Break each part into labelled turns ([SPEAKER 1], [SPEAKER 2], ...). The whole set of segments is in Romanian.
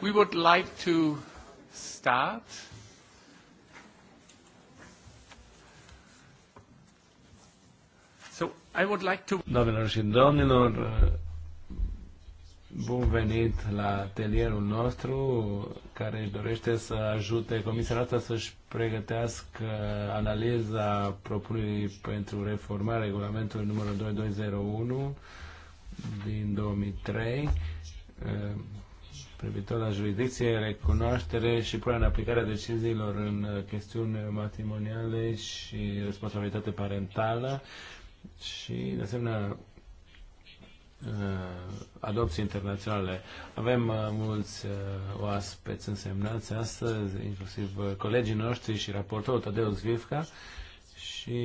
[SPEAKER 1] We would like to start. So I would like to... Doamnelor și domnilor, bun venit la atelierul nostru care își dorește să ajute Comisia să-și pregătească analiza propunerii pentru reformarea regulamentului numărul 2201 din 2003 Uh, privitor la jurisdicție, recunoaștere și punerea în aplicare a deciziilor în uh, chestiuni matrimoniale și responsabilitate parentală și, de asemenea, uh, adopții internaționale. Avem mulți oaspeți însemnați astăzi, inclusiv colegii noștri și raportorul Tadeu Zvivca și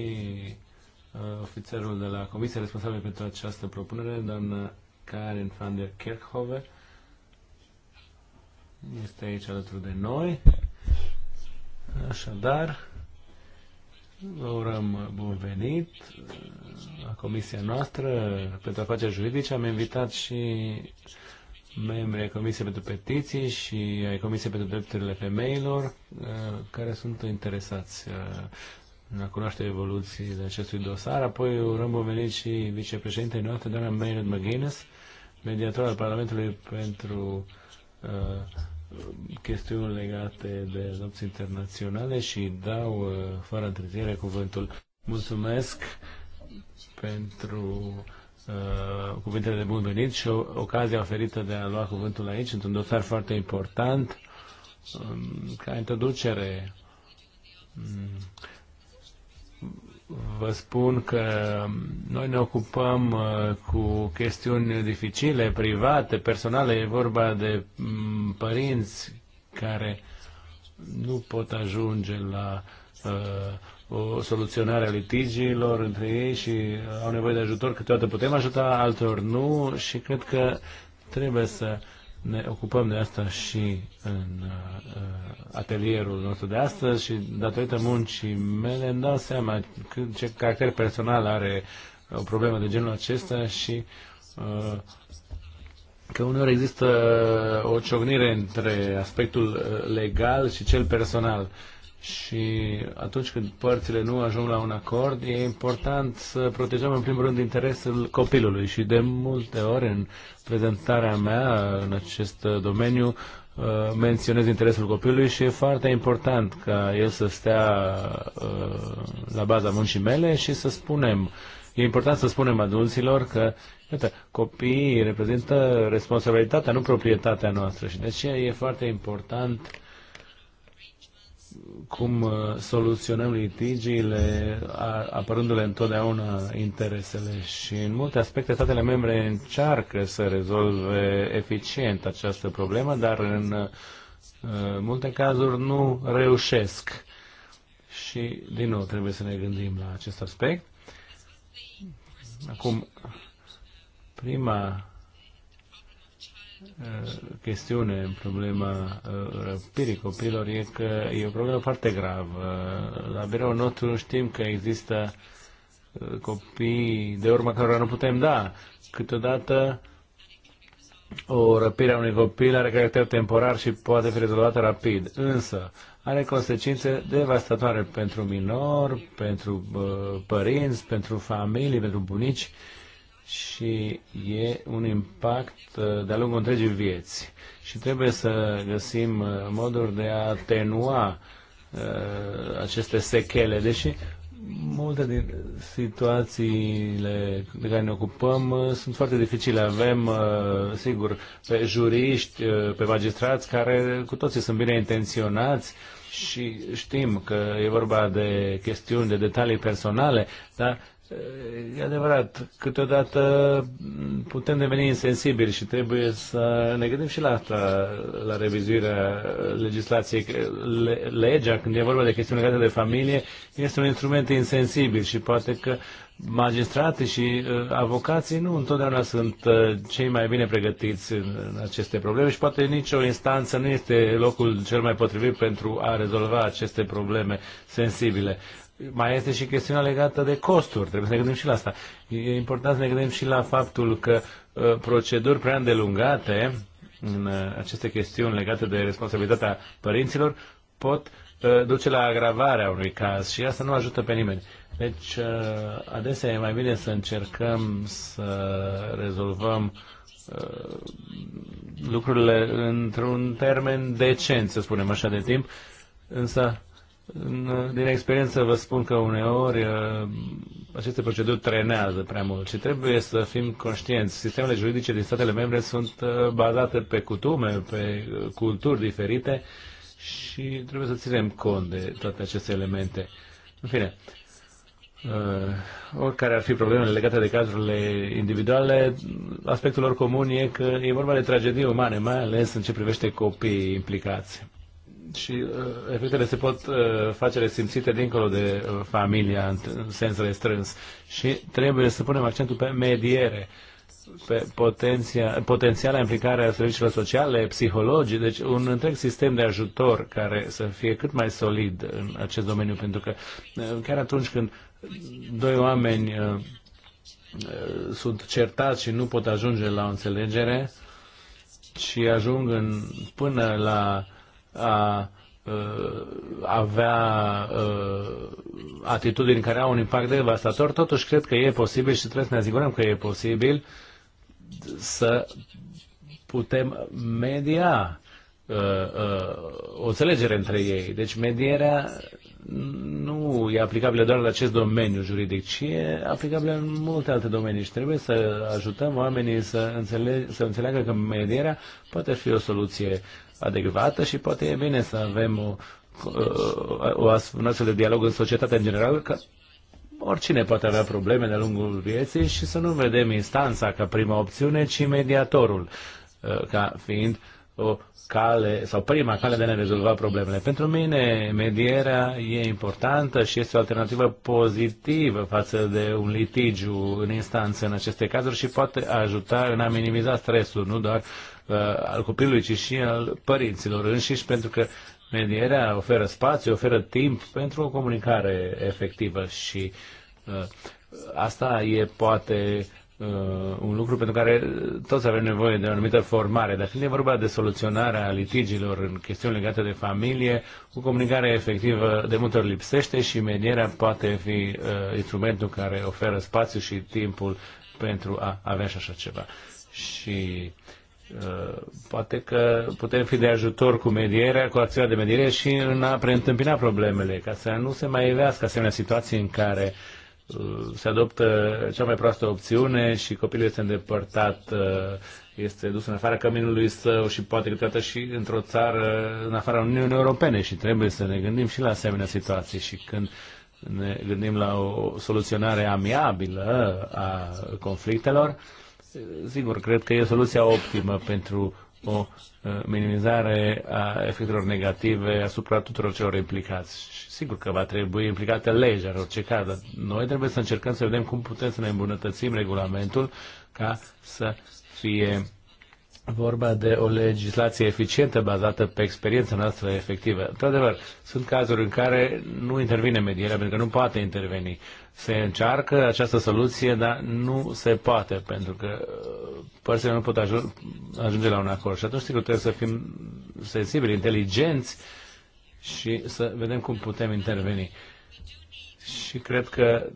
[SPEAKER 1] ofițerul de la Comisia responsabilă pentru această propunere, doamna Karen van der Kerkhove este aici alături de noi. Așadar, vă urăm bun venit la comisia noastră pentru afaceri juridice. Am invitat și membri ai Comisiei pentru Petiții și ai Comisiei pentru Drepturile Femeilor uh, care sunt interesați în uh, a cunoaște evoluțiile acestui dosar. Apoi urăm bun venit și vicepreședintele noastre, doamna Maynard McGuinness, mediator al Parlamentului pentru uh, chestiuni legate de adopții internaționale și dau uh, fără întârziere cuvântul. Mulțumesc pentru uh, cuvintele de bun venit și o, ocazia oferită de a lua cuvântul aici într-un dosar foarte important um, ca introducere um, vă spun că noi ne ocupăm uh, cu chestiuni dificile, private, personale. E vorba de mm, părinți care nu pot ajunge la uh, o soluționare a litigiilor între ei și au nevoie de ajutor. Câteodată putem ajuta, altor nu și cred că trebuie să uh, ne ocupăm de asta și în uh, atelierul nostru de astăzi și datorită muncii mele îmi dau seama ce caracter personal are uh, o problemă de genul acesta și uh, că uneori există o ciocnire între aspectul legal și cel personal și atunci când părțile nu ajung la un acord, e important să protejăm în primul rând interesul copilului și de multe ori în prezentarea mea în acest domeniu uh, menționez interesul copilului și e foarte important ca el să stea uh, la baza muncii mele și să spunem, e important să spunem adulților că Iată, copiii reprezintă responsabilitatea, nu proprietatea noastră și de aceea e foarte important cum uh, soluționăm litigiile, apărându-le întotdeauna interesele și în multe aspecte statele membre încearcă să rezolve eficient această problemă, dar în uh, multe cazuri nu reușesc. Și din nou trebuie să ne gândim la acest aspect. Acum, prima Uh, chestiune în problema uh, răpirii copilor e că e o problemă foarte gravă. Uh, la birou nostru știm că există copii de urmă care nu putem da. Câteodată o răpire a unui copil are caracter temporar și poate fi rezolvată rapid, însă are consecințe devastatoare pentru minor, pentru părinți, pentru familii, pentru bunici și e un impact uh, de-a lungul întregii vieți. Și trebuie să găsim uh, moduri de a atenua uh, aceste sechele, deși multe din situațiile de care ne ocupăm sunt foarte dificile. Avem, sigur, pe juriști, pe magistrați care cu toții sunt bine intenționați și știm că e vorba de chestiuni, de detalii personale, dar E adevărat, câteodată putem deveni insensibili și trebuie să ne gândim și la asta, la revizuirea legislației. Legea, când e vorba de chestiuni legate de familie, este un instrument insensibil și poate că magistrații și uh, avocații nu întotdeauna sunt uh, cei mai bine pregătiți în aceste probleme și poate nicio instanță nu este locul cel mai potrivit pentru a rezolva aceste probleme sensibile mai este și chestiunea legată de costuri. Trebuie să ne gândim și la asta. E important să ne gândim și la faptul că uh, proceduri prea îndelungate în uh, aceste chestiuni legate de responsabilitatea părinților pot uh, duce la agravarea unui caz și asta nu ajută pe nimeni. Deci, adesea e mai bine să încercăm să rezolvăm lucrurile într-un termen decent, să spunem așa, de timp, însă din experiență vă spun că uneori uh, aceste proceduri trenează prea mult și trebuie să fim conștienți. Sistemele juridice din statele membre sunt uh, bazate pe cutume, pe uh, culturi diferite și trebuie să ținem cont de toate aceste elemente. În fine, oricare ar fi problemele legate de cazurile individuale, aspectul lor comun e că e vorba de tragedii umane, mai ales în ce privește copiii implicați și uh, efectele se pot uh, face resimțite dincolo de uh, familia în sens restrâns. Și trebuie să punem accentul pe mediere, pe potenția, potențiala implicare a serviciilor sociale, psihologii, deci un întreg sistem de ajutor care să fie cât mai solid în acest domeniu, pentru că uh, chiar atunci când doi oameni uh, uh, sunt certați și nu pot ajunge la o înțelegere și ajung în, până la a avea uh, atitudini care au un impact devastator, totuși cred că e posibil și trebuie să ne asigurăm că e posibil să putem media o înțelegere între ei. Deci medierea nu e aplicabilă doar la acest domeniu juridic, ci e aplicabilă în multe alte domenii și trebuie să ajutăm oamenii să, înțele- să înțeleagă că medierea poate fi o soluție adecvată și poate e bine să avem o, uh, o, un astfel de dialog în societate în general, că oricine poate avea probleme de-a lungul vieții și să nu vedem instanța ca prima opțiune, ci mediatorul uh, ca fiind o cale sau prima cale de a ne rezolva problemele. Pentru mine, medierea e importantă și este o alternativă pozitivă față de un litigiu în instanță în aceste cazuri și poate ajuta în a minimiza stresul, nu doar Uh, al copilului, ci și al părinților înșiși, pentru că medierea oferă spațiu, oferă timp pentru o comunicare efectivă și uh, asta e poate uh, un lucru pentru care toți avem nevoie de o anumită formare. Dar când e vorba de soluționarea litigilor în chestiuni legate de familie, o comunicare efectivă de multe ori lipsește și medierea poate fi uh, instrumentul care oferă spațiu și timpul pentru a avea și așa ceva. Și uh, Uh, poate că putem fi de ajutor cu medierea, cu acțiunea de mediere și în a preîntâmpina problemele, ca să nu se mai ivească asemenea situații în care uh, se adoptă cea mai proastă opțiune și copilul este îndepărtat, uh, este dus în afara căminului său și poate câteodată și într-o țară în afara Uniunii Europene și trebuie să ne gândim și la asemenea situații și când ne gândim la o soluționare amiabilă a conflictelor, sigur, cred că e soluția optimă pentru o uh, minimizare a efectelor negative asupra tuturor celor implicați. Și sigur că va trebui implicată legea în orice caz, dar noi trebuie să încercăm să vedem cum putem să ne îmbunătățim regulamentul ca să fie vorba de o legislație eficientă bazată pe experiența noastră efectivă. Într-adevăr, sunt cazuri în care nu intervine medierea pentru că nu poate interveni se încearcă această soluție, dar nu se poate, pentru că uh, părțile nu pot ajunge la un acord. Și atunci, că trebuie să fim sensibili, inteligenți și să vedem cum putem interveni. Și cred că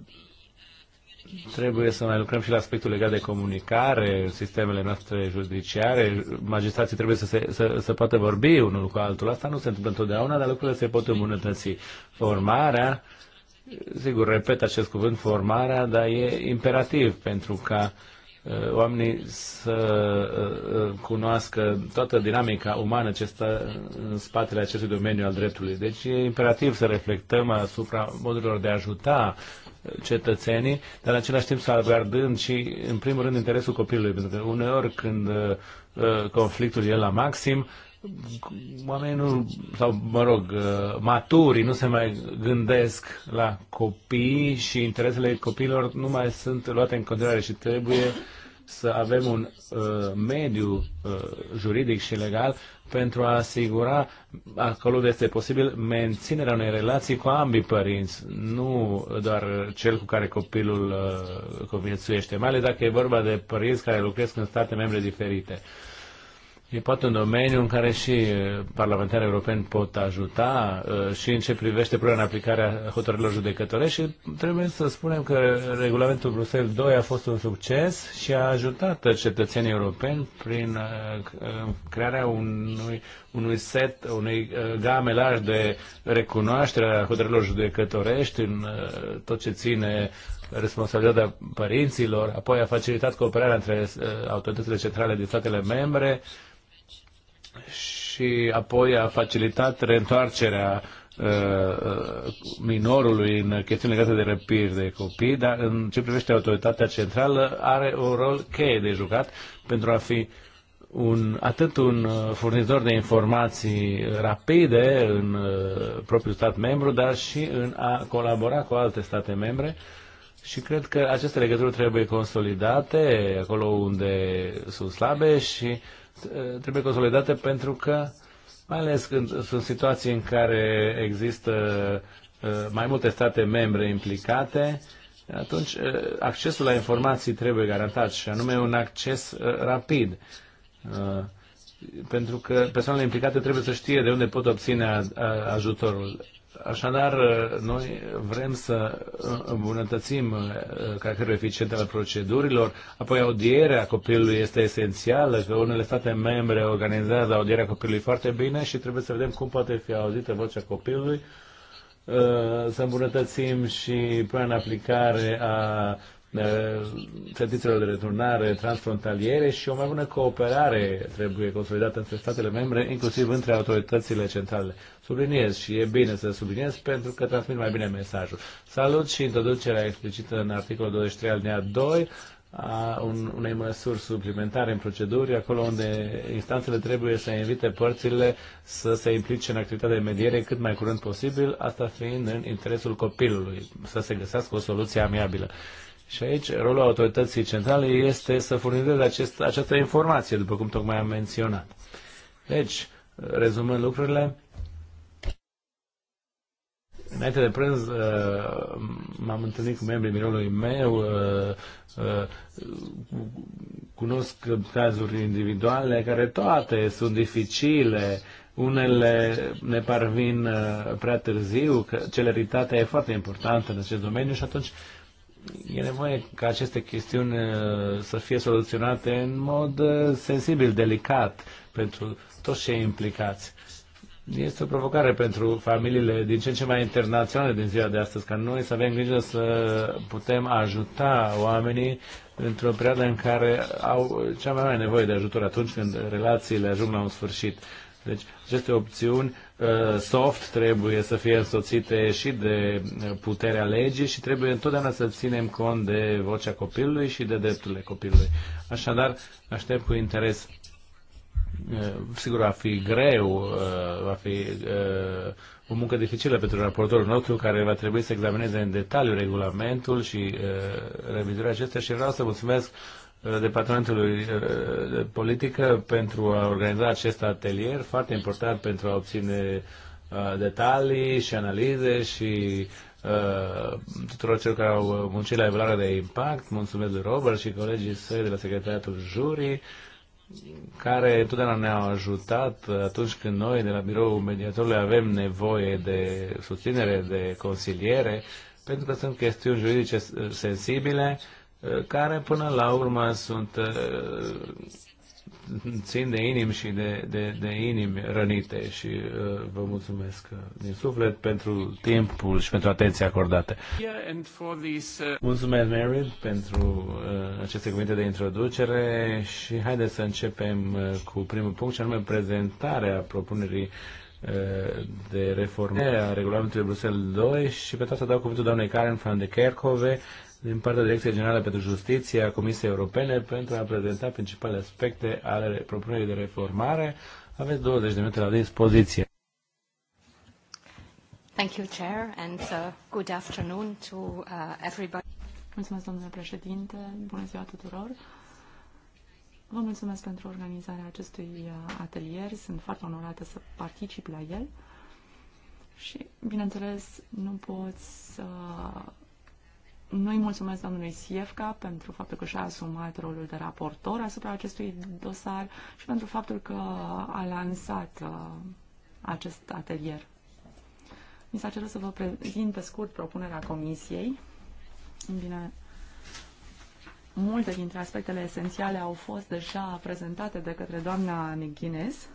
[SPEAKER 1] trebuie să mai lucrăm și la aspectul legat de comunicare, sistemele noastre judiciare, magistrații trebuie să, se, să, să poată vorbi unul cu altul. Asta nu se întâmplă întotdeauna, dar lucrurile se pot îmbunătăți. Formarea, Sigur, repet acest cuvânt, formarea, dar e imperativ pentru ca uh, oamenii să uh, uh, cunoască toată dinamica umană ce stă în spatele acestui domeniu al dreptului. Deci e imperativ să reflectăm asupra modurilor de a ajuta cetățenii, dar în același timp salvgardând și, în primul rând, interesul copilului, pentru că uneori când conflictul e la maxim, oamenii nu, sau mă rog, uh, maturi nu se mai gândesc la copii și interesele copiilor nu mai sunt luate în considerare și trebuie să avem un uh, mediu uh, juridic și legal pentru a asigura, acolo unde este posibil, menținerea unei relații cu ambii părinți, nu doar cel cu care copilul uh, conviețuiește, mai ales dacă e vorba de părinți care lucrez în state membre diferite. Uh, E poate un domeniu în care și parlamentarii europeni pot ajuta și în ce privește problema în aplicarea hotărârilor judecătorești și trebuie să spunem că regulamentul Bruxelles 2 a fost un succes și a ajutat cetățenii europeni prin crearea unui, unui set, unei game larg de recunoaștere a hotărârilor judecătorești în tot ce ține responsabilitatea părinților, apoi a facilitat cooperarea între autoritățile centrale din statele membre, și apoi a facilitat reîntoarcerea uh, uh, minorului în chestiuni legate de răpiri de copii, dar în ce privește autoritatea centrală are un rol cheie de jucat pentru a fi un, atât un uh, furnizor de informații rapide în propriul stat membru, dar și în a colabora cu alte state membre și cred că aceste legături trebuie consolidate acolo unde sunt slabe și uh, trebuie consolidate pentru că, mai ales când sunt situații în care există uh, mai multe state membre implicate, atunci uh, accesul la informații trebuie garantat și anume un acces uh, rapid. Pentru că persoanele implicate trebuie să știe de unde pot obține ajutorul. Așadar, uh, noi vrem să uh, îmbunătățim uh, caracterul eficient al procedurilor, apoi audierea copilului este esențială, că unele state membre organizează audierea copilului foarte bine și trebuie să vedem cum poate fi auzită vocea copilului, să îmbunătățim și până în aplicare a tradițiile da. de returnare transfrontaliere și o mai bună cooperare trebuie consolidată între statele membre, inclusiv între autoritățile centrale. Subliniez și e bine să subliniez pentru că transmit mai bine mesajul. Salut și introducerea explicită în articolul 23 alinea 2 a un, unei măsuri suplimentare în proceduri, acolo unde instanțele trebuie să invite părțile să se implice în activitatea de mediere cât mai curând posibil, asta fiind în interesul copilului, să se găsească o soluție amiabilă. Și aici rolul autorității centrale este să furnizeze acest, această informație, după cum tocmai am menționat. Deci, rezumând lucrurile, Înainte de prânz uh, m-am întâlnit cu membrii mirolului meu, uh, uh, cunosc cazuri individuale care toate sunt dificile, unele ne parvin prea târziu, că celeritatea e foarte importantă în acest domeniu și atunci e nevoie ca aceste chestiuni uh, să fie soluționate în mod uh, sensibil, delicat pentru toți cei implicați. Este o provocare pentru familiile din ce în ce mai internaționale din ziua de astăzi, ca noi să avem grijă să putem ajuta oamenii într-o perioadă în care au cea mai mare nevoie de ajutor atunci când relațiile ajung la un sfârșit. Deci aceste opțiuni Uh, soft trebuie să fie însoțite și de puterea legii și trebuie întotdeauna să ținem cont de vocea copilului și de drepturile copilului. Așadar, aștept cu interes. Uh, sigur, va fi greu, uh, va fi o muncă dificilă pentru raportorul nostru care va trebui să examineze în detaliu regulamentul și revizuirea acestea și vreau să mulțumesc Uh, Departamentului uh, de Politică pentru a organiza acest atelier foarte important pentru a obține uh, detalii și analize și tuturor celor care au muncit la evaluarea de impact. Mulțumesc lui Robert și colegii săi de la Secretariatul Jurii care întotdeauna ne-au ajutat atunci când noi de la biroul mediatorului avem nevoie de susținere, de consiliere, pentru că sunt chestiuni juridice sensibile uh, care până la urmă sunt uh, țin de inim și de, de, de inimi rănite și uh, vă mulțumesc din suflet pentru timpul și pentru atenția acordată. Mulțumesc, Mary, pentru uh, aceste cuvinte de introducere și haideți să începem uh, cu primul punct, și anume prezentarea propunerii uh, de reformare a regulamentului Bruxelles 2 și pe toată dau cuvântul doamnei Karen van de Kerkhove, din partea Direcției Generale pentru Justiție a Comisiei Europene pentru a prezenta principalele aspecte ale propunerii de reformare. Aveți 20 de minute la dispoziție.
[SPEAKER 2] Thank you, Chair, and uh, good afternoon to uh, everybody. Mulțumesc, domnule președinte. Bună ziua tuturor. Vă mulțumesc pentru organizarea acestui uh, atelier. Sunt foarte onorată să particip la el. Și, bineînțeles, nu pot să nu mulțumesc domnului Siefca pentru faptul că și-a asumat rolul de raportor asupra acestui dosar și pentru faptul că a lansat uh, acest atelier. Mi s-a cerut să vă prezint pe scurt propunerea comisiei. Bine, multe dintre aspectele esențiale au fost deja prezentate de către doamna McGuinness.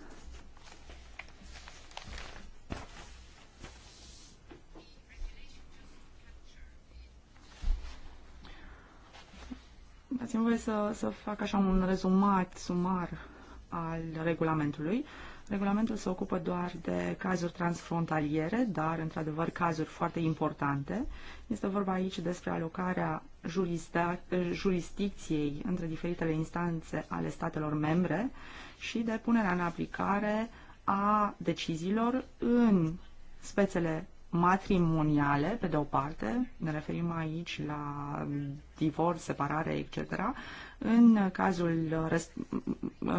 [SPEAKER 2] Dați-mi voie să, să fac așa un rezumat sumar al regulamentului. Regulamentul se ocupă doar de cazuri transfrontaliere, dar, într-adevăr, cazuri foarte importante. Este vorba aici despre alocarea jurisdicției între diferitele instanțe ale statelor membre și de punerea în aplicare a deciziilor în spețele matrimoniale, pe de o parte, ne referim aici la divorț, separare, etc. În cazul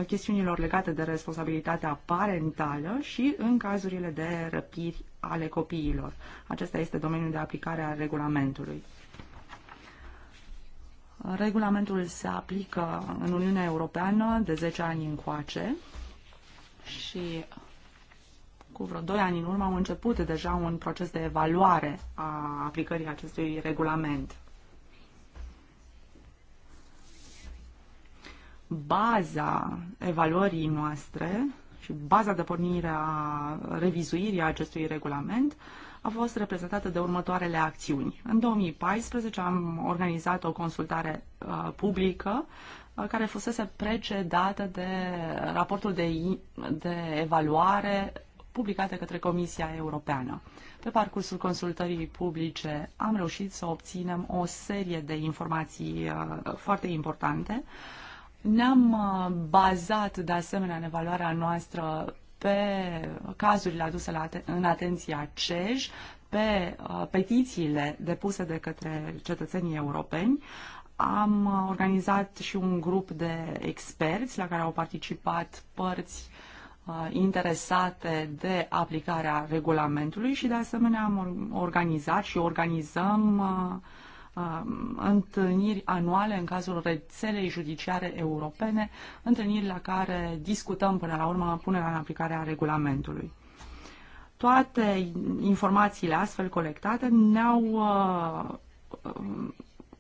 [SPEAKER 2] chestiunilor legate de responsabilitatea parentală și în cazurile de răpiri ale copiilor. Acesta este domeniul de aplicare a regulamentului. Regulamentul se aplică în Uniunea Europeană de 10 ani încoace și cu vreo 2 ani în urmă, am început deja un proces de evaluare a aplicării acestui regulament. Baza evaluării noastre și baza de pornire a revizuirii acestui regulament a fost reprezentată de următoarele acțiuni. În 2014 am organizat o consultare uh, publică uh, care fusese precedată de raportul de, de evaluare publicate către Comisia Europeană. Pe parcursul consultării publice am reușit să obținem o serie de informații uh, foarte importante. Ne-am uh, bazat de asemenea în evaluarea noastră pe cazurile aduse la, în atenția CEJ, pe uh, petițiile depuse de către cetățenii europeni. Am organizat și un grup de experți la care au participat părți Uh, interesate de aplicarea regulamentului și de asemenea am organizat și organizăm uh, uh, întâlniri anuale în cazul rețelei judiciare europene, întâlniri la care discutăm până la urmă punerea în aplicare a regulamentului. Toate informațiile astfel colectate ne-au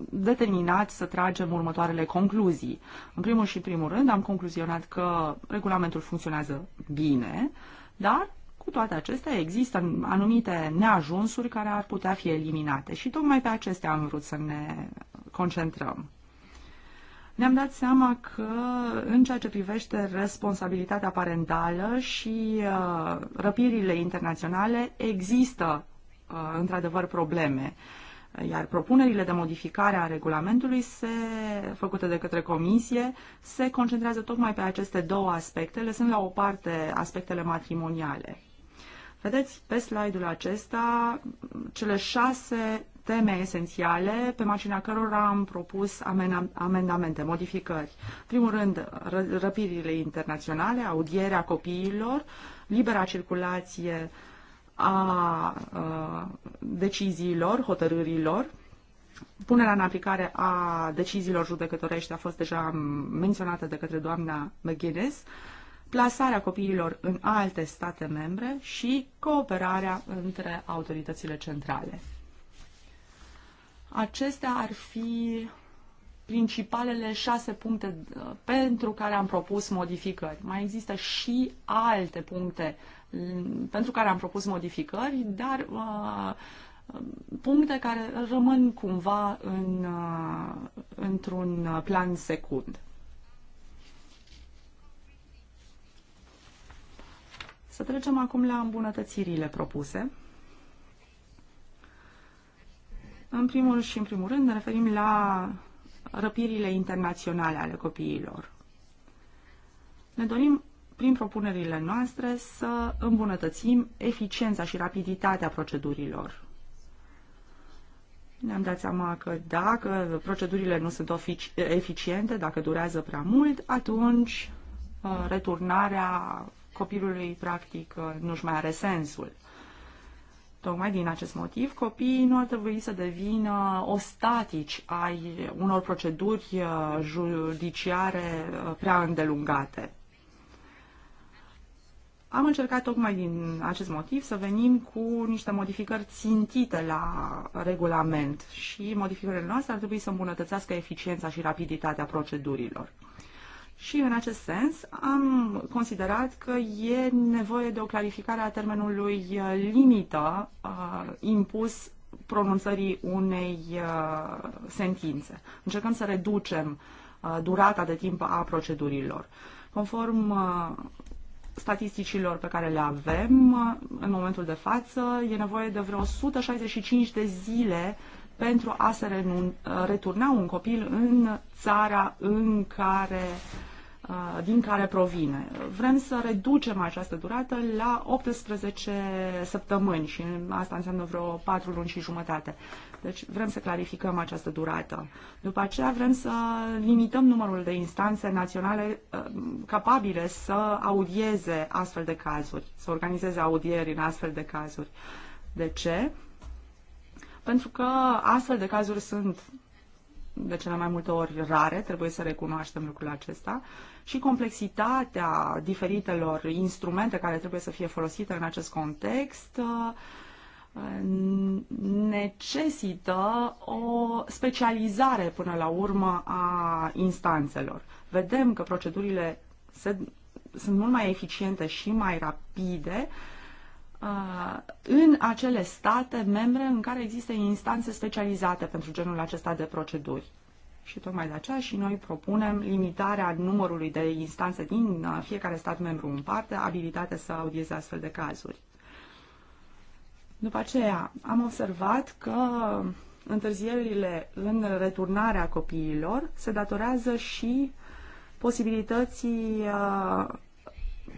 [SPEAKER 2] determinați să tragem următoarele concluzii. În primul și primul rând am concluzionat că regulamentul funcționează bine, dar cu toate acestea există anumite neajunsuri care ar putea fi eliminate și tocmai pe acestea am vrut să ne concentrăm ne-am dat seama că în ceea ce privește responsabilitatea parentală și uh, răpirile internaționale există uh, într-adevăr probleme. Iar propunerile de modificare a regulamentului se, făcute de către comisie se concentrează tocmai pe aceste două aspecte, lăsând la o parte aspectele matrimoniale. Vedeți pe slide-ul acesta cele șase teme esențiale pe marginea cărora am propus amendamente, modificări. Primul rând, răpirile internaționale, audierea copiilor, libera circulație uh, a deciziilor, hotărârilor. Punerea în aplicare a deciziilor judecătorești a fost deja menționată de către doamna McGuinness, plasarea copiilor în alte state membre și cooperarea între autoritățile centrale. Acestea ar fi principalele șase puncte uh, pentru care am propus modificări. Mai există și alte puncte uh, pentru care am propus modificări, dar uh, puncte care rămân cumva în, uh, într-un plan secund. Să trecem acum la îmbunătățirile propuse. În primul și în primul rând ne referim la răpirile internaționale ale copiilor. Ne dorim prin propunerile noastre, să îmbunătățim eficiența și rapiditatea procedurilor. Ne-am dat seama că dacă procedurile nu sunt eficiente, dacă durează prea mult, atunci uh, returnarea copilului, practic, uh, nu-și mai are sensul. Tocmai din acest motiv, copiii nu ar trebui să devină ostatici ai unor proceduri uh, judiciare prea îndelungate. Am încercat tocmai din acest motiv să venim cu niște modificări țintite la regulament și modificările noastre ar trebui să îmbunătățească eficiența și rapiditatea procedurilor. Și în acest sens am considerat că e nevoie de o clarificare a termenului uh, limită uh, impus pronunțării unei uh, sentințe. Încercăm să reducem uh, durata de timp a procedurilor. Conform uh, statisticilor pe care le avem uh, în momentul de față, e nevoie de vreo 165 de zile pentru a se uh, returna un copil în țara în care, uh, din care provine. Vrem să reducem această durată la 18 săptămâni și asta înseamnă vreo 4 luni și jumătate. Deci vrem să clarificăm această durată. După aceea vrem să limităm numărul de instanțe naționale uh, capabile să audieze astfel de cazuri, să organizeze audieri în astfel de cazuri. De ce? Pentru că astfel de cazuri sunt de cele mai multe ori rare, trebuie să recunoaștem lucrul acesta, și complexitatea diferitelor instrumente care trebuie să fie folosite în acest context uh, necesită o specializare până la urmă a instanțelor. Vedem că procedurile se, sunt mult mai eficiente și mai rapide uh, în acele state membre în care există instanțe specializate pentru genul acesta de proceduri. Și tocmai de aceea și noi propunem limitarea numărului de instanțe din uh, fiecare stat membru în parte, abilitate să audieze astfel de cazuri. După aceea, am observat că întârzierile în returnarea copiilor se datorează și posibilității uh,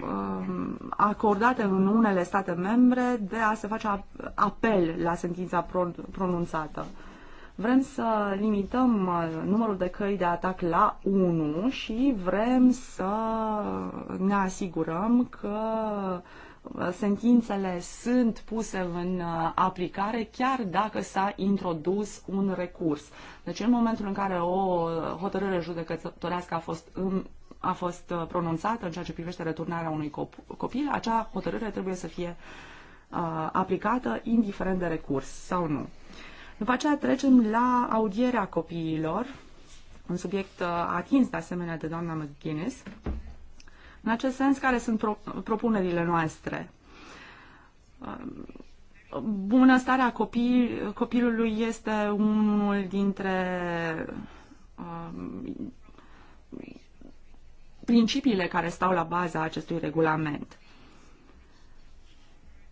[SPEAKER 2] um, acordate în unele state membre de a se face apel la sentința pronunțată. Vrem să limităm uh, numărul de căi de atac la 1 și vrem să ne asigurăm că uh, sentințele sunt puse în uh, aplicare chiar dacă s-a introdus un recurs. Deci în momentul în care o uh, hotărâre judecătorească a fost în a fost uh, pronunțată în ceea ce privește returnarea unui copil, acea hotărâre trebuie să fie uh, aplicată indiferent de recurs sau nu. După aceea trecem la audierea copiilor, un subiect uh, atins de asemenea de doamna McGuinness. În acest sens, care sunt pro- propunerile noastre? Bunăstarea copil, copilului este unul dintre um, principiile care stau la baza acestui regulament.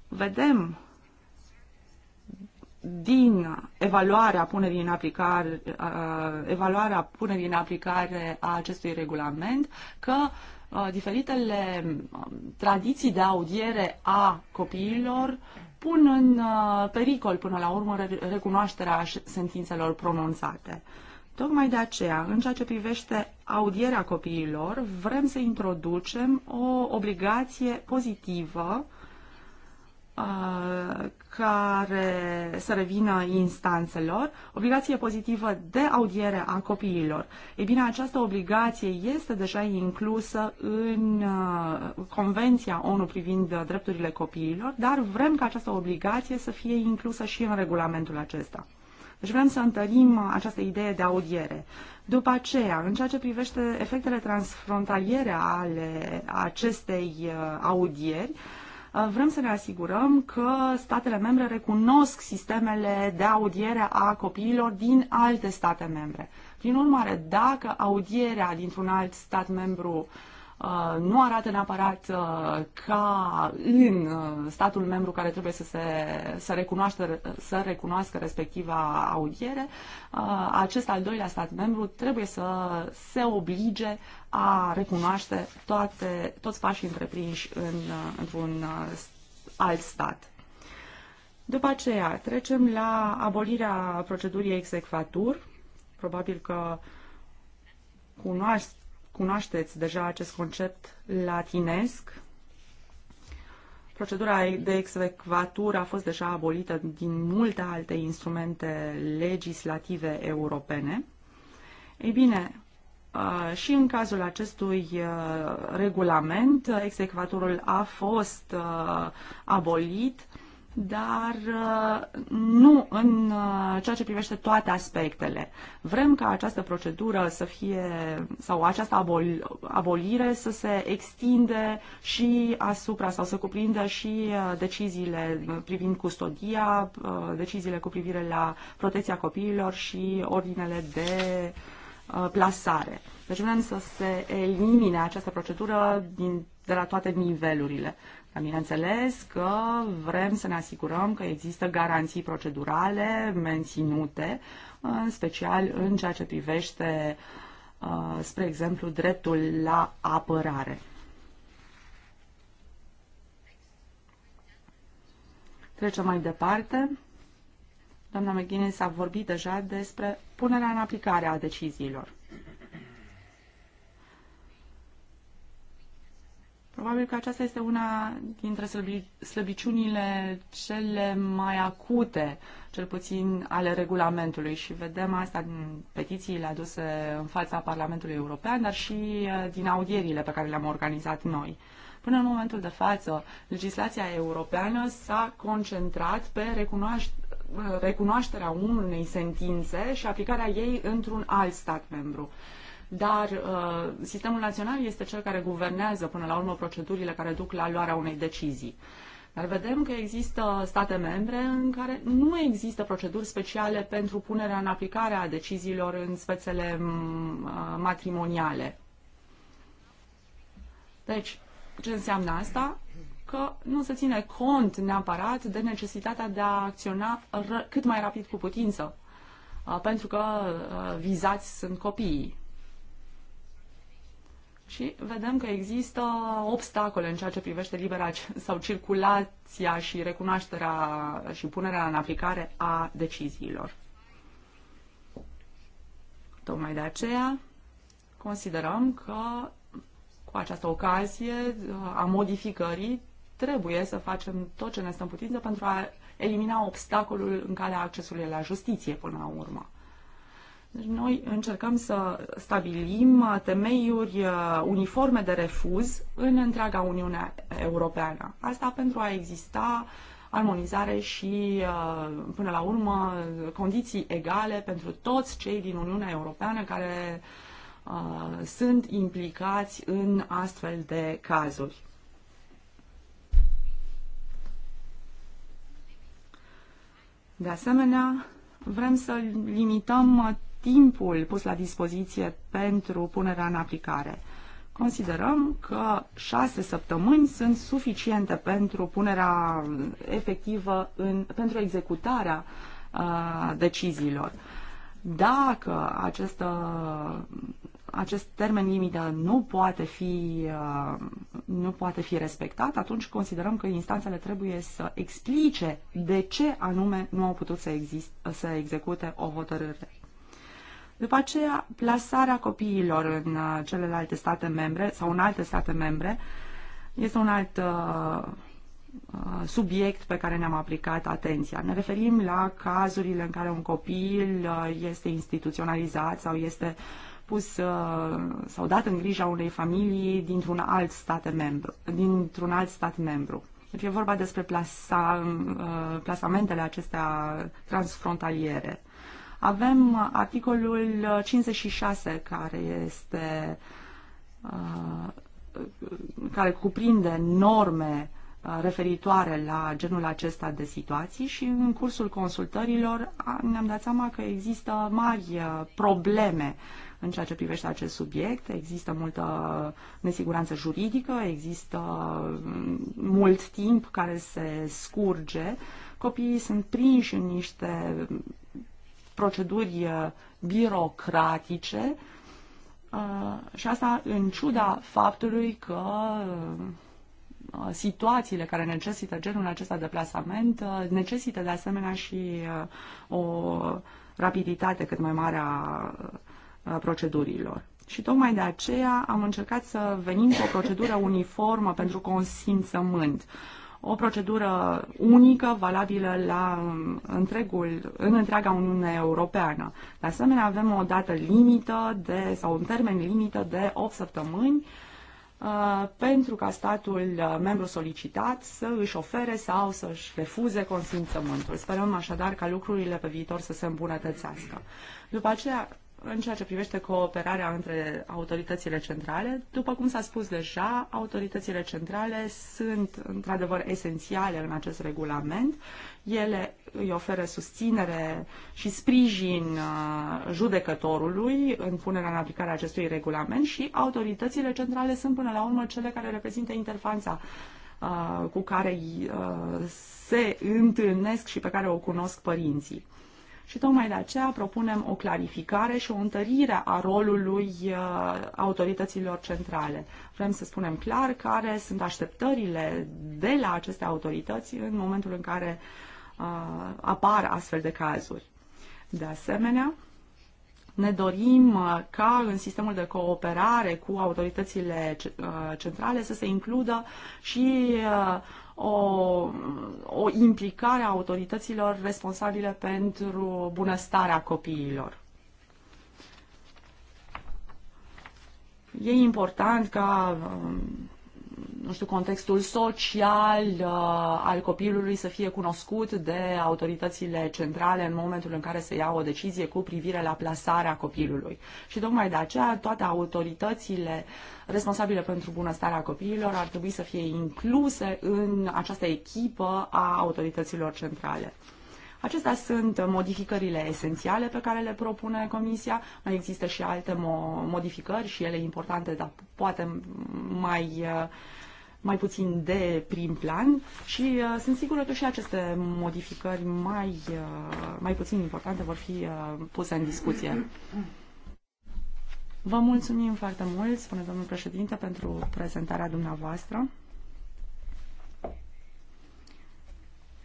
[SPEAKER 2] Vedem din evaluarea punerii în aplicare, uh, evaluarea punerii în aplicare a acestui regulament că uh, Uh, diferitele um, tradiții de audiere a copiilor pun în uh, pericol până la urmă recunoașterea sentințelor pronunțate. Tocmai de aceea, în ceea ce privește audierea copiilor, vrem să introducem o obligație pozitivă Uh, care să revină instanțelor, obligație pozitivă de audiere a copiilor. Ei bine, această obligație este deja inclusă în uh, Convenția ONU privind drepturile copiilor, dar vrem ca această obligație să fie inclusă și în regulamentul acesta. Deci vrem să întărim această idee de audiere. După aceea, în ceea ce privește efectele transfrontaliere ale acestei uh, audieri, Uh, vrem să ne asigurăm că statele membre recunosc sistemele de audiere a copiilor din alte state membre. Prin urmare, dacă audierea dintr-un alt stat membru uh, Uh, nu arată neapărat uh, ca în uh, statul membru care trebuie să se să recunoască, să recunoască respectiva audiere, acest al doilea stat membru trebuie să se oblige a recunoaște toate, toți pașii întreprinși în, într-un alt stat. După aceea, trecem la abolirea procedurii execvatur. Probabil că cunoaște Cunoașteți deja acest concept latinesc. Procedura de execvatură a fost deja abolită din multe alte instrumente legislative europene. Ei bine, și în cazul acestui regulament, execvatorul a fost abolit dar uh, nu în uh, ceea ce privește toate aspectele. Vrem ca această procedură să fie, sau această abolire să se extinde și asupra sau să cuprindă și uh, deciziile privind custodia, deciziile cu privire la protecția copiilor și ordinele de plasare. Deci vrem să se elimine această procedură din, de la toate nivelurile. Bineînțeles că vrem să ne asigurăm că există garanții procedurale menținute, în special în ceea ce privește, uh, spre exemplu, dreptul la apărare. Trecem mai departe. Doamna McGuinness a vorbit deja despre punerea în aplicare a deciziilor. Probabil că aceasta este una dintre slăbiciunile cele mai acute, cel puțin ale regulamentului și vedem asta din petițiile aduse în fața Parlamentului European, dar și uh, din audierile pe care le-am organizat noi. Până în momentul de față, legislația europeană s-a concentrat pe uh, recunoașterea unei sentințe și aplicarea ei într-un alt stat membru dar uh, sistemul național este cel care guvernează până la urmă procedurile care duc la luarea unei decizii. Dar vedem că există state membre în care nu există proceduri speciale pentru punerea în aplicare a deciziilor în spețele mm, uh, matrimoniale. Deci, ce înseamnă asta? Că nu se ține cont neapărat de necesitatea de a acționa cât mai rapid cu putință, uh, pentru că uh, vizați sunt copiii și vedem că există obstacole în ceea ce privește libera sau circulația și recunoașterea și punerea în aplicare a deciziilor. Tocmai de aceea considerăm că cu această ocazie a modificării trebuie să facem tot ce ne stăm putință pentru a elimina obstacolul în calea accesului la justiție până la urmă. Deci noi încercăm să stabilim uh, temeiuri uh, uniforme de refuz în întreaga Uniune Europeană. Asta pentru a exista armonizare și, uh, până la urmă, condiții egale pentru toți cei din Uniunea Europeană care sunt implicați în astfel de cazuri. De asemenea, vrem să limităm timpul pus la dispoziție pentru punerea în aplicare. Considerăm că șase săptămâni sunt suficiente pentru punerea efectivă, în, pentru executarea uh, deciziilor. Dacă acest, uh, acest termen limită nu poate, fi, uh, nu poate fi respectat, atunci considerăm că instanțele trebuie să explice de ce anume nu au putut să, exist, să execute o hotărâre. După aceea, plasarea copiilor în uh, celelalte state membre sau în alte state membre este un alt uh, uh, subiect pe care ne-am aplicat atenția. Ne referim la cazurile în care un copil uh, este instituționalizat sau este pus sau dat în grija unei familii dintr-un alt stat membru. Dintr-un alt stat membru. Deci e vorba despre plasa, plasamentele acestea transfrontaliere. Avem uh, articolul 56 uh, care este uh, care cuprinde norme referitoare la genul acesta de situații și în cursul consultărilor ne-am dat seama că există mari probleme în ceea ce privește acest subiect. Există multă nesiguranță juridică, există mm, mult timp care se scurge. Copiii sunt prinși în niște proceduri uh, birocratice uh, și asta în ciuda faptului că uh, situațiile care necesită genul acesta de plasament necesită de asemenea și o rapiditate cât mai mare a procedurilor. Și tocmai de aceea am încercat să venim cu o procedură uniformă pentru consimțământ. Uh, o procedură unică valabilă la întregul, în întreaga Uniune Europeană. De asemenea, avem o dată limită de, sau un termen limită de 8 săptămâni uh, pentru ca statul uh, membru solicitat să își ofere sau să își refuze consimțământul. Sperăm așadar ca lucrurile pe viitor să se îmbunătățească. După aceea, în ceea ce privește cooperarea între autoritățile centrale. După cum s-a spus deja, autoritățile centrale sunt într-adevăr esențiale în acest regulament. Ele îi oferă susținere și sprijin uh, judecătorului în punerea în aplicare a acestui regulament și autoritățile centrale sunt până la urmă cele care reprezintă interfața uh, cu care uh, se întâlnesc și pe care o cunosc părinții și tocmai de aceea propunem o clarificare și o întărire a rolului uh, autorităților centrale. Vrem să spunem clar care sunt așteptările de la aceste autorități în momentul în care uh, apar astfel de cazuri. De asemenea, ne dorim uh, ca în sistemul de cooperare cu autoritățile centrale să se includă și o, o implicare a autorităților responsabile pentru bunăstarea copiilor. E important ca um, nu știu, contextul social uh, al copilului să fie cunoscut de autoritățile centrale în momentul în care se ia o decizie cu privire la plasarea copilului. Și tocmai de aceea toate autoritățile responsabile pentru bunăstarea copiilor ar trebui să fie incluse în această echipă a autorităților centrale. Acestea sunt modificările esențiale pe care le propune Comisia. Mai există și alte mo- modificări și ele importante, dar poate mai uh, mai puțin de prim plan și uh, sunt sigură că și aceste modificări mai, uh, mai puțin importante vor fi uh, puse în discuție. Vă mulțumim foarte mult, spune domnul președinte, pentru prezentarea dumneavoastră.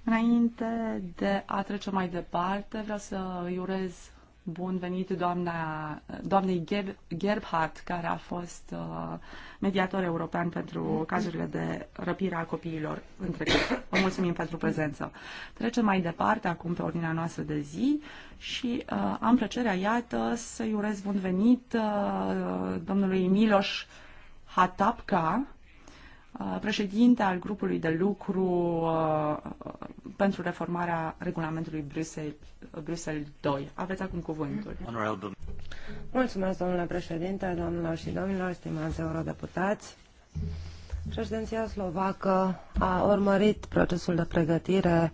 [SPEAKER 2] Înainte de a trece mai departe, vreau să îi urez bun venit doamna, doamnei Ger Gerbhardt, care a fost uh, mediator european pentru cazurile de răpire a copiilor în trecut. Vă mulțumim pentru prezență. Trecem mai departe acum pe ordinea noastră de zi și uh, am plăcerea, iată, să-i urez bun venit uh, domnului Miloș Hatapka, Uh, președinte al grupului de lucru uh, uh, pentru reformarea regulamentului Bruxelles, 2. Aveți acum cuvântul. Mulțumesc, domnule președinte, domnilor
[SPEAKER 3] și domnilor, stimați eurodeputați. Președinția slovacă a urmărit procesul de pregătire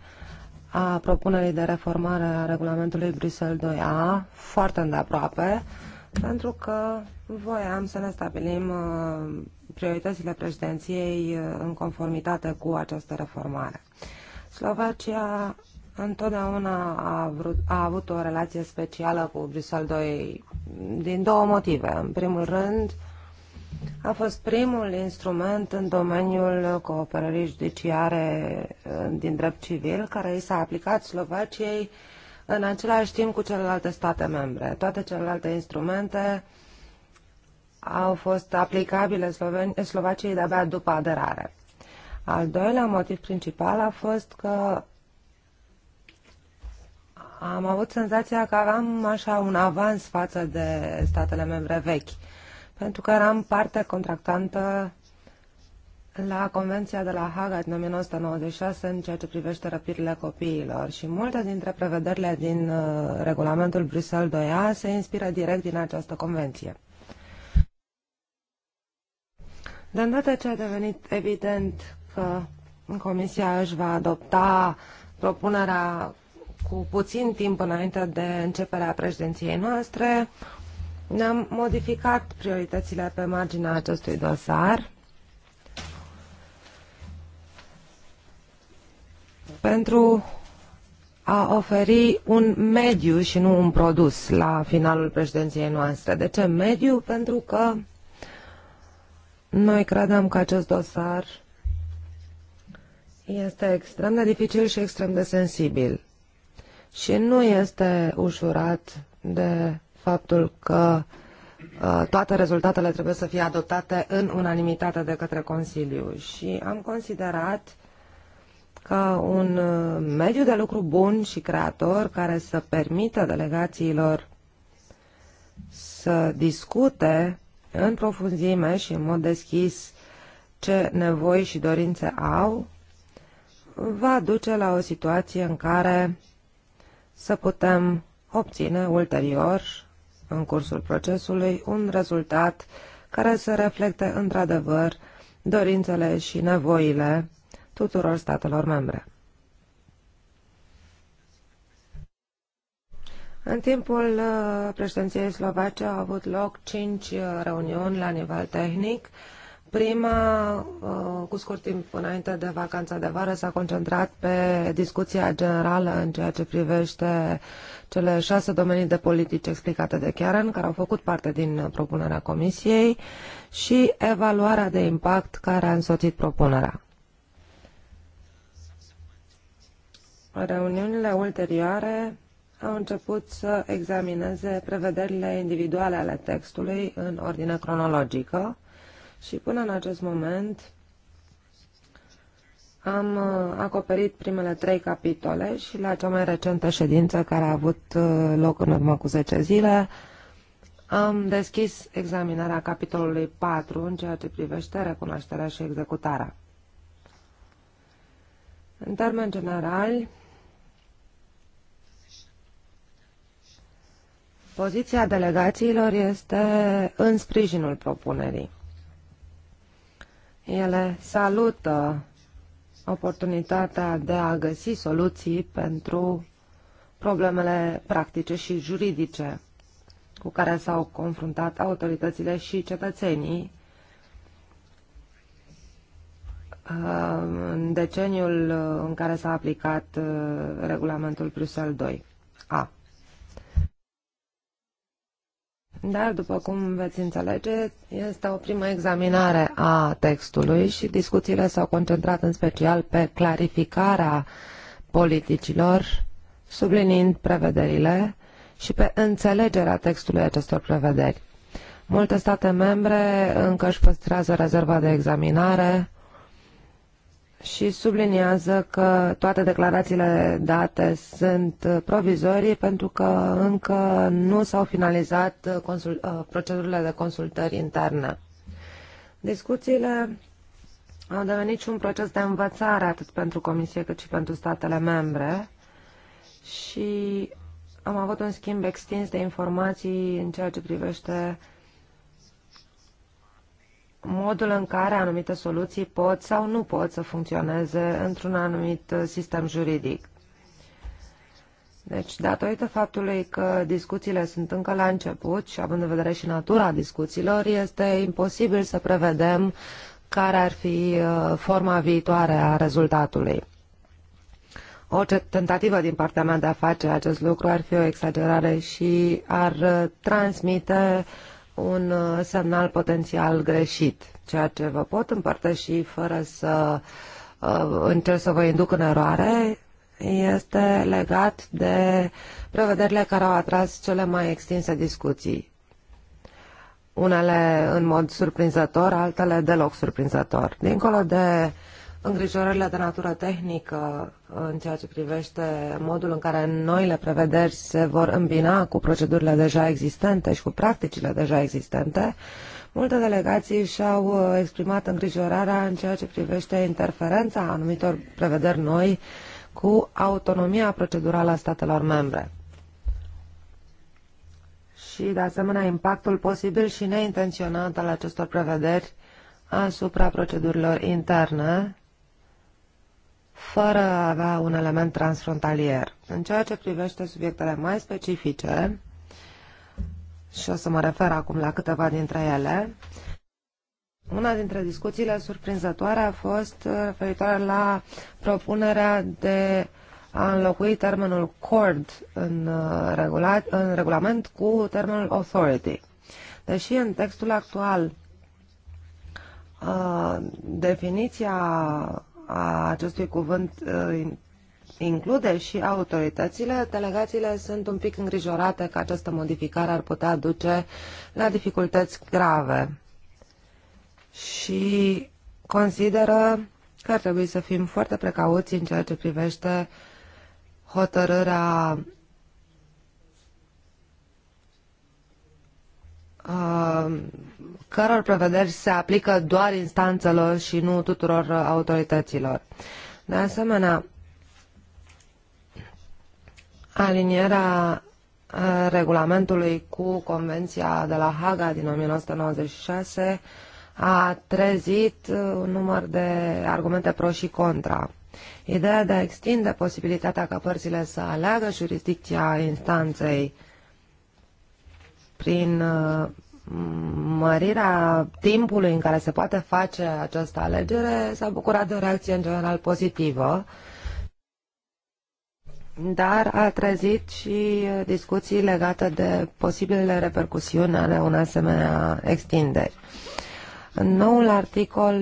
[SPEAKER 3] a propunerii de reformare a regulamentului Bruxelles 2A foarte îndeaproape, pentru că voiam să ne stabilim prioritățile președinției uh, în conformitate cu această reformare. Slovacia întotdeauna a, vrut, a avut o relație specială cu Bruxelles 2 din două motive. În primul rând, a fost primul instrument în domeniul cooperării judiciare uh, din drept civil care i s-a aplicat Slovaciei în același timp cu celelalte state membre. Toate celelalte instrumente uh, au fost aplicabile Slovaciei de-abia după aderare. Al doilea motiv principal a fost că am avut senzația că aveam așa un avans față de statele membre vechi, pentru că eram parte contractantă la Convenția de la Haga din 1996 în ceea ce privește răpirile copiilor și multe dintre prevederile din uh, regulamentul Bruxelles 2A se inspiră direct din această convenție. De îndată ce a devenit evident că Comisia își va adopta propunerea cu puțin timp înainte de începerea președinției noastre, ne-am modificat prioritățile pe marginea acestui dosar. pentru a oferi un mediu și nu un produs la finalul președinției noastre. De ce mediu? Pentru că noi credem că acest dosar este extrem de dificil și extrem de sensibil și nu este ușurat de faptul că uh, toate rezultatele trebuie să fie adoptate în unanimitate de către Consiliu și am considerat că un uh, mediu de lucru bun și creator care să permită delegațiilor să discute în profunzime și în mod deschis ce nevoi și dorințe au, va duce la o situație în care să putem obține ulterior, în cursul procesului, un rezultat care să reflecte într-adevăr dorințele și nevoile tuturor statelor membre. În timpul uh, președinției slovace au avut loc cinci uh, reuniuni la nivel tehnic. Prima, uh, cu scurt timp înainte de vacanța de vară, s-a concentrat pe discuția generală în ceea ce privește cele șase domenii de politici explicate de Chiaran, care au făcut parte din propunerea Comisiei, și evaluarea de impact care a însoțit propunerea. Reuniunile ulterioare au început să examineze prevederile individuale ale textului în ordine cronologică și până în acest moment am uh, acoperit primele trei capitole și la cea mai recentă ședință care a avut uh, loc în urmă cu 10 zile am deschis examinarea capitolului 4 în ceea ce privește recunoașterea și executarea. În termen general, Poziția delegațiilor este în sprijinul propunerii. Ele salută oportunitatea de a găsi soluții pentru problemele practice și juridice cu care s-au confruntat autoritățile și cetățenii uh, în deceniul în care s-a aplicat uh, regulamentul Bruxelles 2. A. Dar, după cum veți înțelege, este o primă examinare a textului și discuțiile s-au concentrat în special pe clarificarea politicilor, subliniind prevederile și pe înțelegerea textului acestor prevederi. Multe state membre încă își păstrează rezerva de examinare și subliniază că toate declarațiile date sunt provizorii pentru că încă nu s-au finalizat uh, procedurile de consultări interne. Discuțiile au devenit și un proces de învățare atât pentru Comisie cât și pentru statele membre și am avut un schimb extins de informații în ceea ce privește uh, modul în care anumite soluții pot sau nu pot să funcționeze într-un anumit uh, sistem juridic. Deci, datorită faptului că discuțiile sunt încă la început și având în vedere și natura discuțiilor, este imposibil să prevedem care ar fi uh, forma viitoare a rezultatului. Orice tentativă din partea mea de a face acest lucru ar fi o exagerare și ar uh, transmite uh, un uh, semnal potențial greșit, ceea ce vă pot împărtăși fără să uh, încerc să vă induc în eroare este legat de prevederile care au atras cele mai extinse discuții. Unele în mod surprinzător, altele deloc surprinzător. Dincolo de uh, îngrijorările de natură tehnică în ceea ce privește modul în care noile prevederi se vor îmbina cu procedurile deja existente și cu practicile deja existente, multe delegații și-au uh, exprimat îngrijorarea în ceea ce privește interferența anumitor prevederi noi cu autonomia procedurală a statelor membre și, de asemenea, impactul posibil și neintenționat al acestor prevederi asupra procedurilor interne fără a avea un element transfrontalier. În ceea ce privește subiectele mai specifice, și o să mă refer acum la câteva dintre ele, una dintre discuțiile surprinzătoare a fost referitoare la propunerea de a înlocui termenul cord în, uh, regula, în regulament cu termenul authority. Deși în textul actual uh, definiția a acestui cuvânt uh, include și autoritățile, delegațiile sunt un pic îngrijorate că această modificare ar putea duce la dificultăți grave și consideră că ar trebui să fim foarte precauți în ceea ce privește hotărârea uh, căror prevederi se aplică doar instanțelor și nu tuturor uh, autorităților. De asemenea, alinierea uh, regulamentului cu Convenția de la Haga din 1996 a trezit uh, un număr de argumente pro și contra. Ideea de a extinde posibilitatea ca părțile să aleagă jurisdicția instanței prin mărirea timpului în care se poate face această alegere s-a bucurat de o reacție în general pozitivă, dar a trezit și discuții legate de posibilele repercusiuni ale unei asemenea extinderi. În noul articol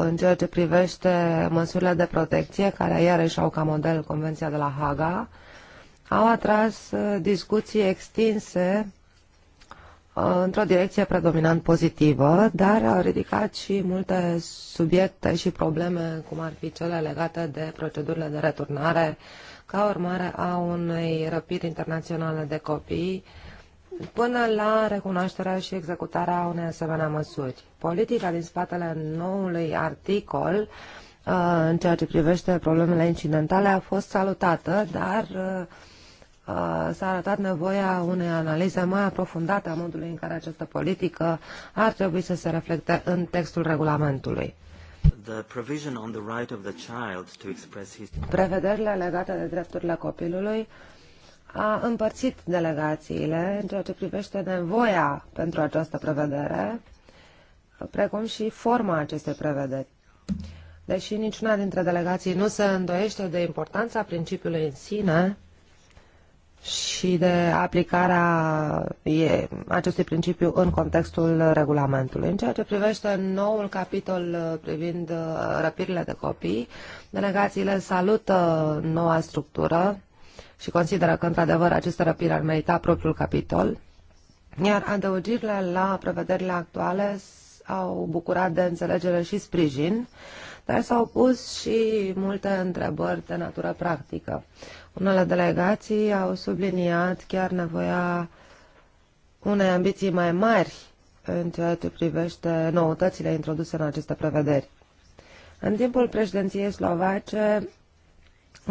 [SPEAKER 3] în ceea ce privește măsurile de protecție, care iarăși au ca model Convenția de la Haga, au atras discuții extinse într-o direcție predominant pozitivă, dar au ridicat și multe subiecte și probleme, cum ar fi cele legate de procedurile de returnare, ca urmare a unei răpiri internaționale de copii, până la recunoașterea și executarea unei asemenea măsuri. Politica din spatele noului articol uh, în ceea ce privește problemele incidentale a fost salutată, dar uh, Uh, s-a arătat nevoia unei analize mai aprofundate a modului în care această politică ar trebui să se reflecte în textul regulamentului. Right his... Prevederile legate de drepturile copilului a împărțit delegațiile în ceea ce privește nevoia pentru această prevedere, precum și forma acestei prevederi. Deși niciuna dintre delegații nu se îndoiește de importanța principiului în sine, și de aplicarea acestui principiu în contextul regulamentului. În ceea ce privește noul capitol uh, privind uh, răpirile de copii, delegațiile salută uh, noua structură și consideră că, într-adevăr, aceste răpiri ar merita propriul capitol, iar adăugirile la prevederile actuale au bucurat de înțelegere și sprijin, dar s-au pus și multe întrebări de natură practică. Unele delegații au subliniat chiar nevoia unei ambiții mai mari în ceea ce privește noutățile introduse în aceste prevederi. În timpul președinției slovace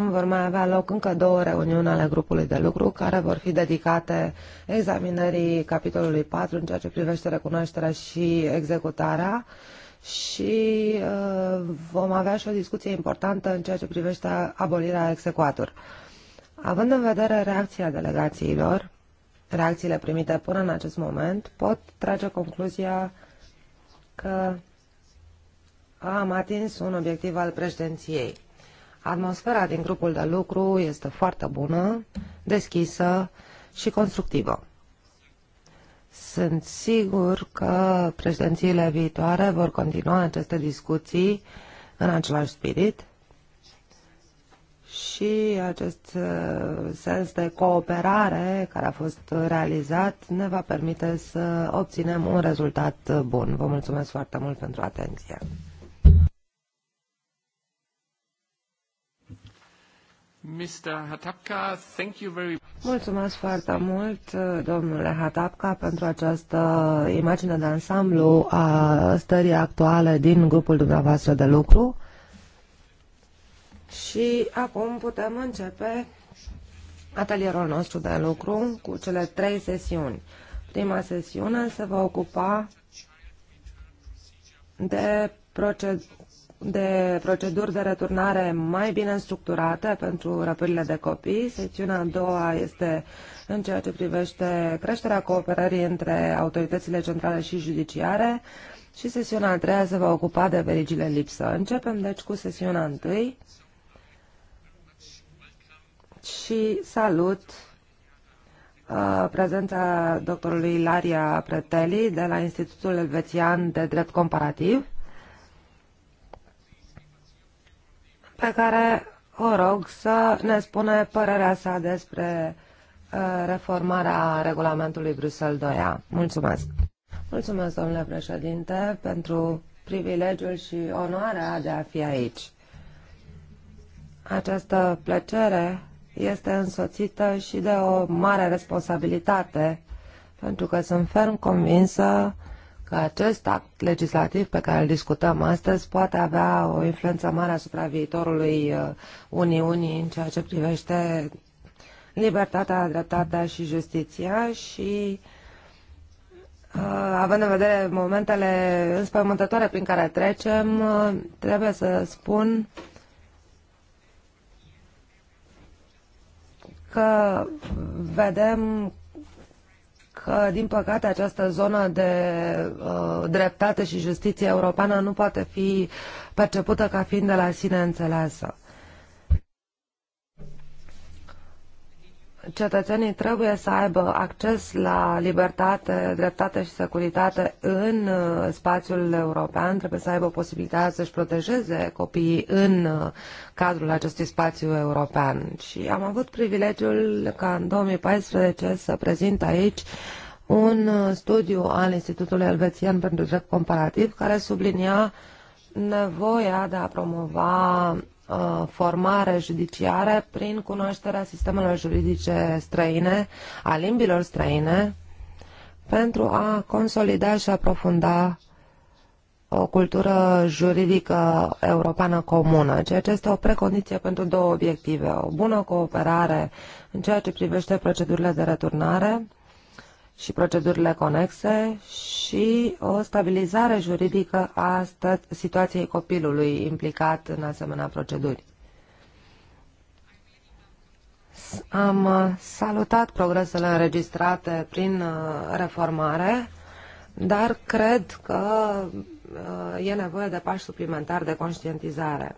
[SPEAKER 3] vor mai avea loc încă două reuniuni ale grupului de lucru care vor fi dedicate examinării capitolului 4 în ceea ce privește recunoașterea și executarea și uh, vom avea și o discuție importantă în ceea ce privește abolirea execuator. Având în vedere reacția delegațiilor, reacțiile primite până în acest moment, pot trage concluzia că am atins un obiectiv al președinției Atmosfera din grupul de lucru este foarte bună, deschisă și constructivă. Sunt sigur că președințiile viitoare vor continua aceste discuții în același spirit și acest uh, sens de cooperare care a fost realizat ne va permite să obținem un rezultat bun. Vă mulțumesc foarte mult pentru atenție.
[SPEAKER 1] Mr. Hatapka, thank you very
[SPEAKER 3] Mulțumesc foarte mult, domnule Hatapka, pentru această imagine de ansamblu a stării actuale din grupul dumneavoastră de lucru. Și acum putem începe atelierul nostru de lucru cu cele trei sesiuni. Prima sesiune se va ocupa de de proceduri de returnare mai bine structurate pentru răpirile de copii. Secțiunea a doua este în ceea ce privește creșterea cooperării între autoritățile centrale și judiciare și sesiunea a treia se va ocupa de verigile lipsă. Începem deci cu sesiunea întâi și salut uh, prezența doctorului Ilaria Preteli de la Institutul Elvețian de Drept Comparativ pe care o rog să ne spune părerea sa despre uh, reformarea regulamentului Bruxelles 2A. Mulțumesc! Mulțumesc, domnule președinte, pentru privilegiul și onoarea de a fi aici. Această plăcere este însoțită și de o mare responsabilitate, pentru că sunt ferm convinsă că acest act legislativ pe care îl discutăm astăzi poate avea o influență mare asupra viitorului uh, Uniunii în ceea ce privește libertatea, dreptatea și justiția și uh, având în vedere momentele înspăimântătoare prin care trecem, uh, trebuie să spun că vedem că, din păcate, această zonă de uh, dreptate și justiție europeană nu poate fi percepută ca fiind de la sine înțeleasă. cetățenii trebuie să aibă acces la libertate, dreptate și securitate în uh, spațiul european, trebuie să aibă posibilitatea să-și protejeze copiii în uh, cadrul acestui spațiu european. Și am avut privilegiul ca în 2014 să prezint aici un uh, studiu al Institutului Elvețian pentru Drept Comparativ care sublinia nevoia de a promova Uh, formare judiciară prin cunoașterea sistemelor juridice străine, a limbilor străine, pentru a consolida și aprofunda o cultură juridică europeană comună, ceea ce este o precondiție pentru două obiective. O bună cooperare în ceea ce privește procedurile de returnare și procedurile conexe și o stabilizare juridică a situației copilului implicat în asemenea proceduri. Am uh, salutat progresele înregistrate prin uh, reformare, dar cred că uh, e nevoie de pași suplimentari de conștientizare.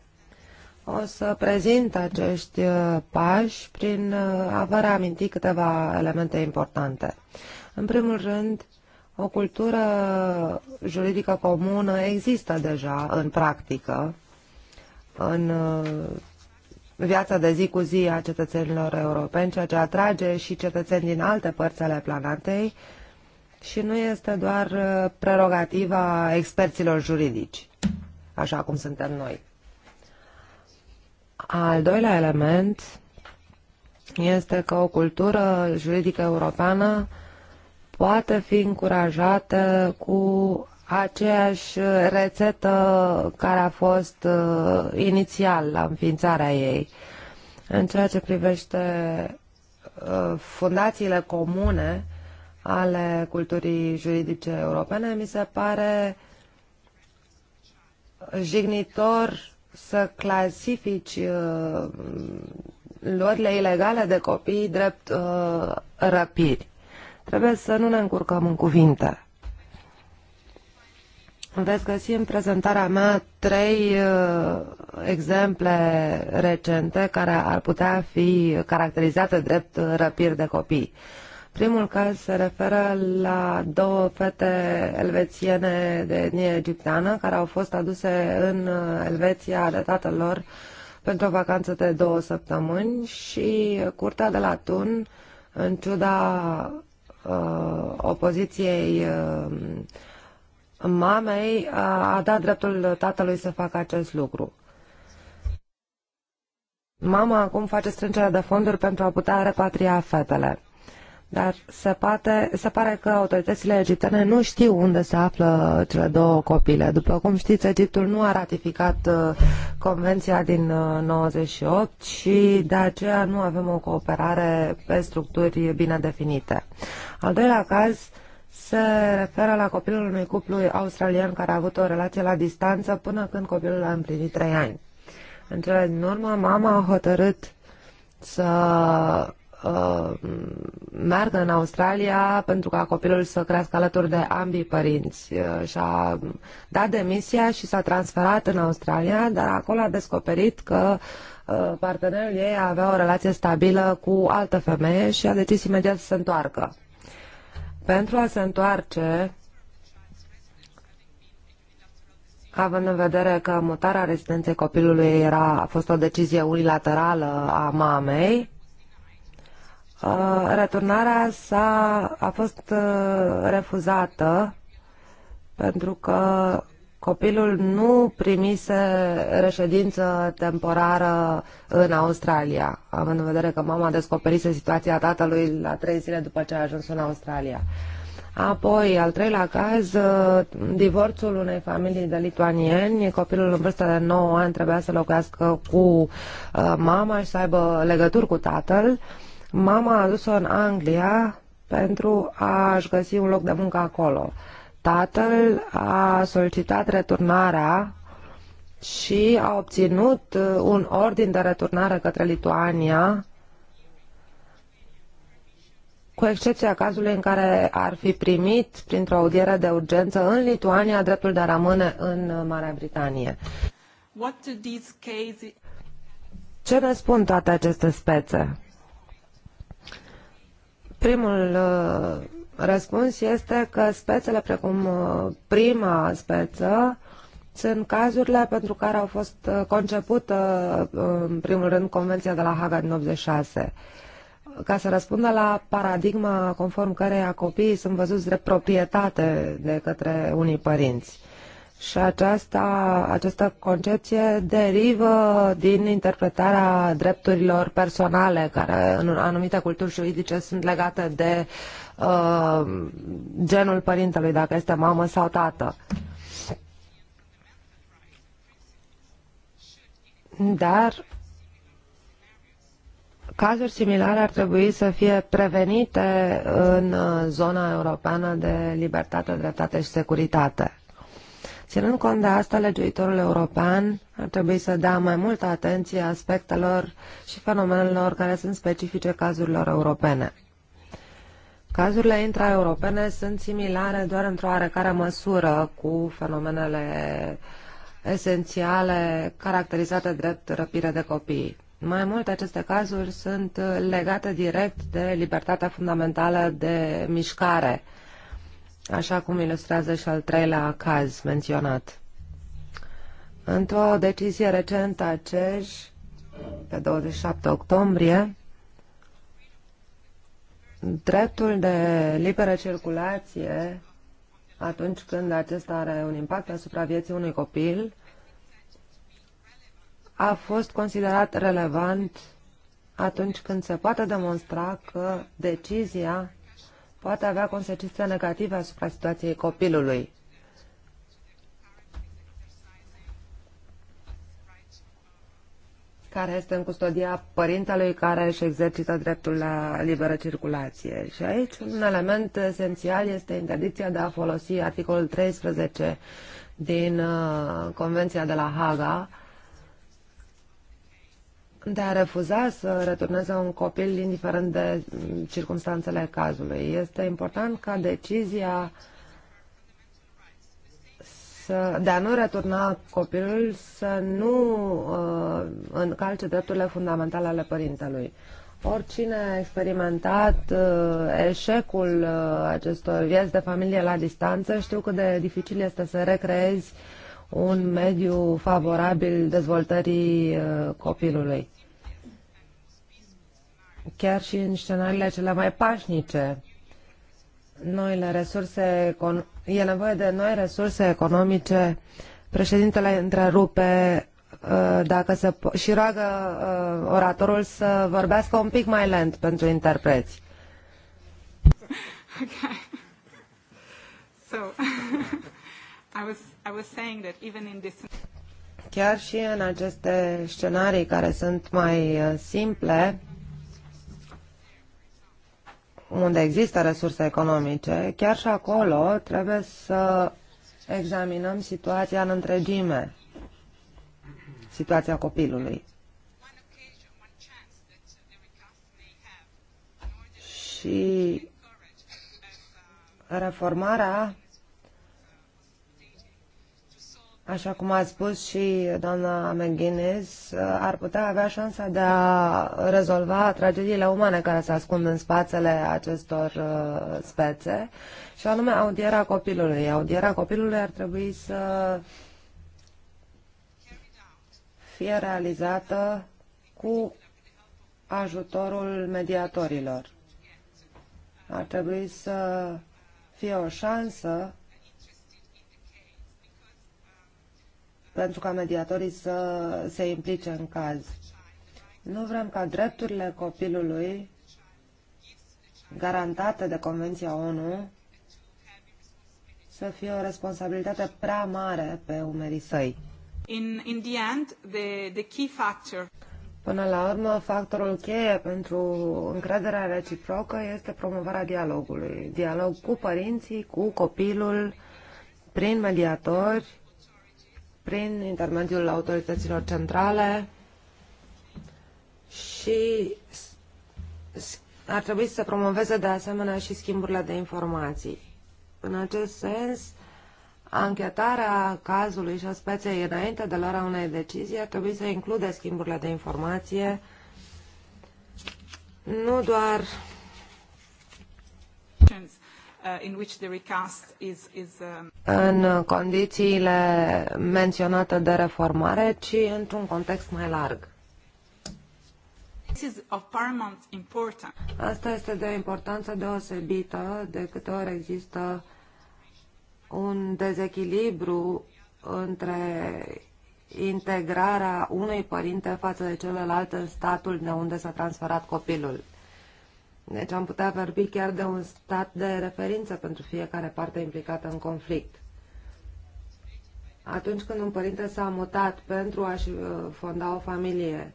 [SPEAKER 3] O să prezint acești pași prin a vă reaminti câteva elemente importante. În primul rând, o cultură juridică comună există deja în practică, în uh, viața de zi cu zi a cetățenilor europeni, ceea ce atrage și cetățeni din alte părți ale planetei și nu este doar uh, prerogativa experților juridici, așa cum suntem noi. Al doilea element este că o cultură juridică europeană poată fi încurajată cu aceeași rețetă care a fost uh, inițial la înființarea ei. În ceea ce privește uh, fundațiile comune ale culturii juridice europene, mi se pare jignitor să clasifici uh, luările ilegale de copii drept uh, răpiri Trebuie să nu ne încurcăm în cuvinte. Veți găsi în prezentarea mea trei uh, exemple recente care ar putea fi caracterizate drept răpiri de copii. Primul caz se referă la două fete elvețiene de etnie egipteană care au fost aduse în uh, Elveția de tatăl lor pentru o vacanță de două săptămâni și curtea de la Tun, în ciuda uh, opoziției uh, mamei a, a dat dreptul tatălui să facă acest lucru. Mama acum face strângerea de fonduri pentru a putea repatria fetele. Dar se, poate, se pare că autoritățile egiptene nu știu unde se află cele două copile. După cum știți, Egiptul nu a ratificat uh, convenția din 98 uh, și de aceea nu avem o cooperare pe structuri bine definite. Al doilea caz se referă la copilul unui cuplu australian care a avut o relație la distanță până când copilul a împlinit 3 ani. În cele din urmă, mama a hotărât să Uh, meargă în Australia pentru ca copilul să crească alături de ambii părinți. Uh, și-a dat demisia și s-a transferat în Australia, dar acolo a descoperit că uh, partenerul ei avea o relație stabilă cu altă femeie și a decis imediat să se întoarcă. Pentru a se întoarce, Având în vedere că mutarea rezidenței copilului era, a fost o decizie unilaterală a mamei, Uh, returnarea s-a, a fost uh, refuzată pentru că copilul nu primise reședință temporară în Australia, având în vedere că mama descoperise situația tatălui la trei zile după ce a ajuns în Australia. Apoi, al treilea caz, uh, divorțul unei familii de lituanieni. Copilul în vârstă de 9 ani trebuia să locuiască cu uh, mama și să aibă legături cu tatăl. Uh, Mama a dus-o în Anglia pentru a-și găsi un loc de muncă acolo. Tatăl a solicitat returnarea și a obținut uh, un ordin de returnare către Lituania, cu excepția cazului în care ar fi primit, printr-o audiere de urgență în Lituania, dreptul de a rămâne în uh, Marea Britanie. Ce ne spun toate aceste spețe? Primul uh, răspuns este că spețele precum uh, prima speță sunt cazurile pentru care au fost uh, concepută, în primul rând, Convenția de la Haga din 86, ca să răspundă la paradigma conform căreia copiii sunt văzuți drept proprietate de către unii părinți. Și aceasta, această concepție derivă din interpretarea drepturilor personale, care în anumite culturi juridice sunt legate de uh, genul părintelui, dacă este mamă sau tată. Dar cazuri similare ar trebui să fie prevenite în zona europeană de libertate, dreptate și securitate. Ținând cont de asta, legiuitorul european ar trebui să dea mai multă atenție aspectelor și fenomenelor care sunt specifice cazurilor europene. Cazurile intraeuropene sunt similare doar într-o oarecare măsură cu fenomenele esențiale caracterizate drept răpire de copii. Mai mult, aceste cazuri sunt legate direct de libertatea fundamentală de mișcare așa cum ilustrează și al treilea caz menționat. Într-o decizie recentă a CEJ, pe 27 octombrie, dreptul de liberă circulație, atunci când acesta are un impact asupra vieții unui copil, a fost considerat relevant atunci când se poate demonstra că decizia poate avea consecințe negative asupra situației copilului. care este în custodia părintelui care își exercită dreptul la liberă circulație. Și aici un element esențial este interdicția de a folosi articolul 13 din uh, Convenția de la Haga, de a refuza să returneze un copil, indiferent de mm, circunstanțele cazului. Este important ca decizia să, de a nu returna copilul să nu uh, încalce drepturile fundamentale ale părintelui. Oricine a experimentat uh, eșecul uh, acestor vieți de familie la distanță știu cât de dificil este să recreezi un mediu favorabil dezvoltării uh, copilului chiar și în scenariile cele mai pașnice. Noile resurse, e nevoie de noi resurse economice. Președintele întrerupe uh, dacă se și roagă uh, oratorul să vorbească un pic mai lent pentru interpreți. Okay.
[SPEAKER 4] So, I was, I was saying that even in this...
[SPEAKER 3] Chiar și în aceste scenarii care sunt mai uh, simple, unde există resurse economice, chiar și acolo trebuie să examinăm situația în întregime, situația copilului. Și reformarea așa cum a spus și doamna McGuinness, ar putea avea șansa de a rezolva tragediile umane care se ascund în spațele acestor uh, spețe, și anume audierea copilului. Audierea copilului ar trebui să fie realizată cu ajutorul mediatorilor. Ar trebui să fie o șansă pentru ca mediatorii să se implice în caz. Nu vrem ca drepturile copilului garantate de Convenția ONU să fie o responsabilitate prea mare pe umerii săi.
[SPEAKER 4] In, in the end, the, the key factor.
[SPEAKER 3] Până la urmă, factorul cheie pentru încrederea reciprocă este promovarea dialogului. Dialog cu părinții, cu copilul, prin mediatori, prin intermediul autorităților centrale și ar trebui să promoveze de asemenea și schimburile de informații. În acest sens, anchetarea cazului și a speției înainte de luarea unei decizii ar trebui să include schimburile de informație nu doar
[SPEAKER 4] Uh,
[SPEAKER 3] um, în condițiile menționate de reformare, ci într-un context mai larg. Asta este de o importanță deosebită de câte ori există un dezechilibru între integrarea unui părinte față de celălalt în statul de unde s-a transferat copilul. Deci am putea vorbi chiar de un stat de referință pentru fiecare parte implicată în conflict. Atunci când un părinte s-a mutat pentru a-și uh, fonda o familie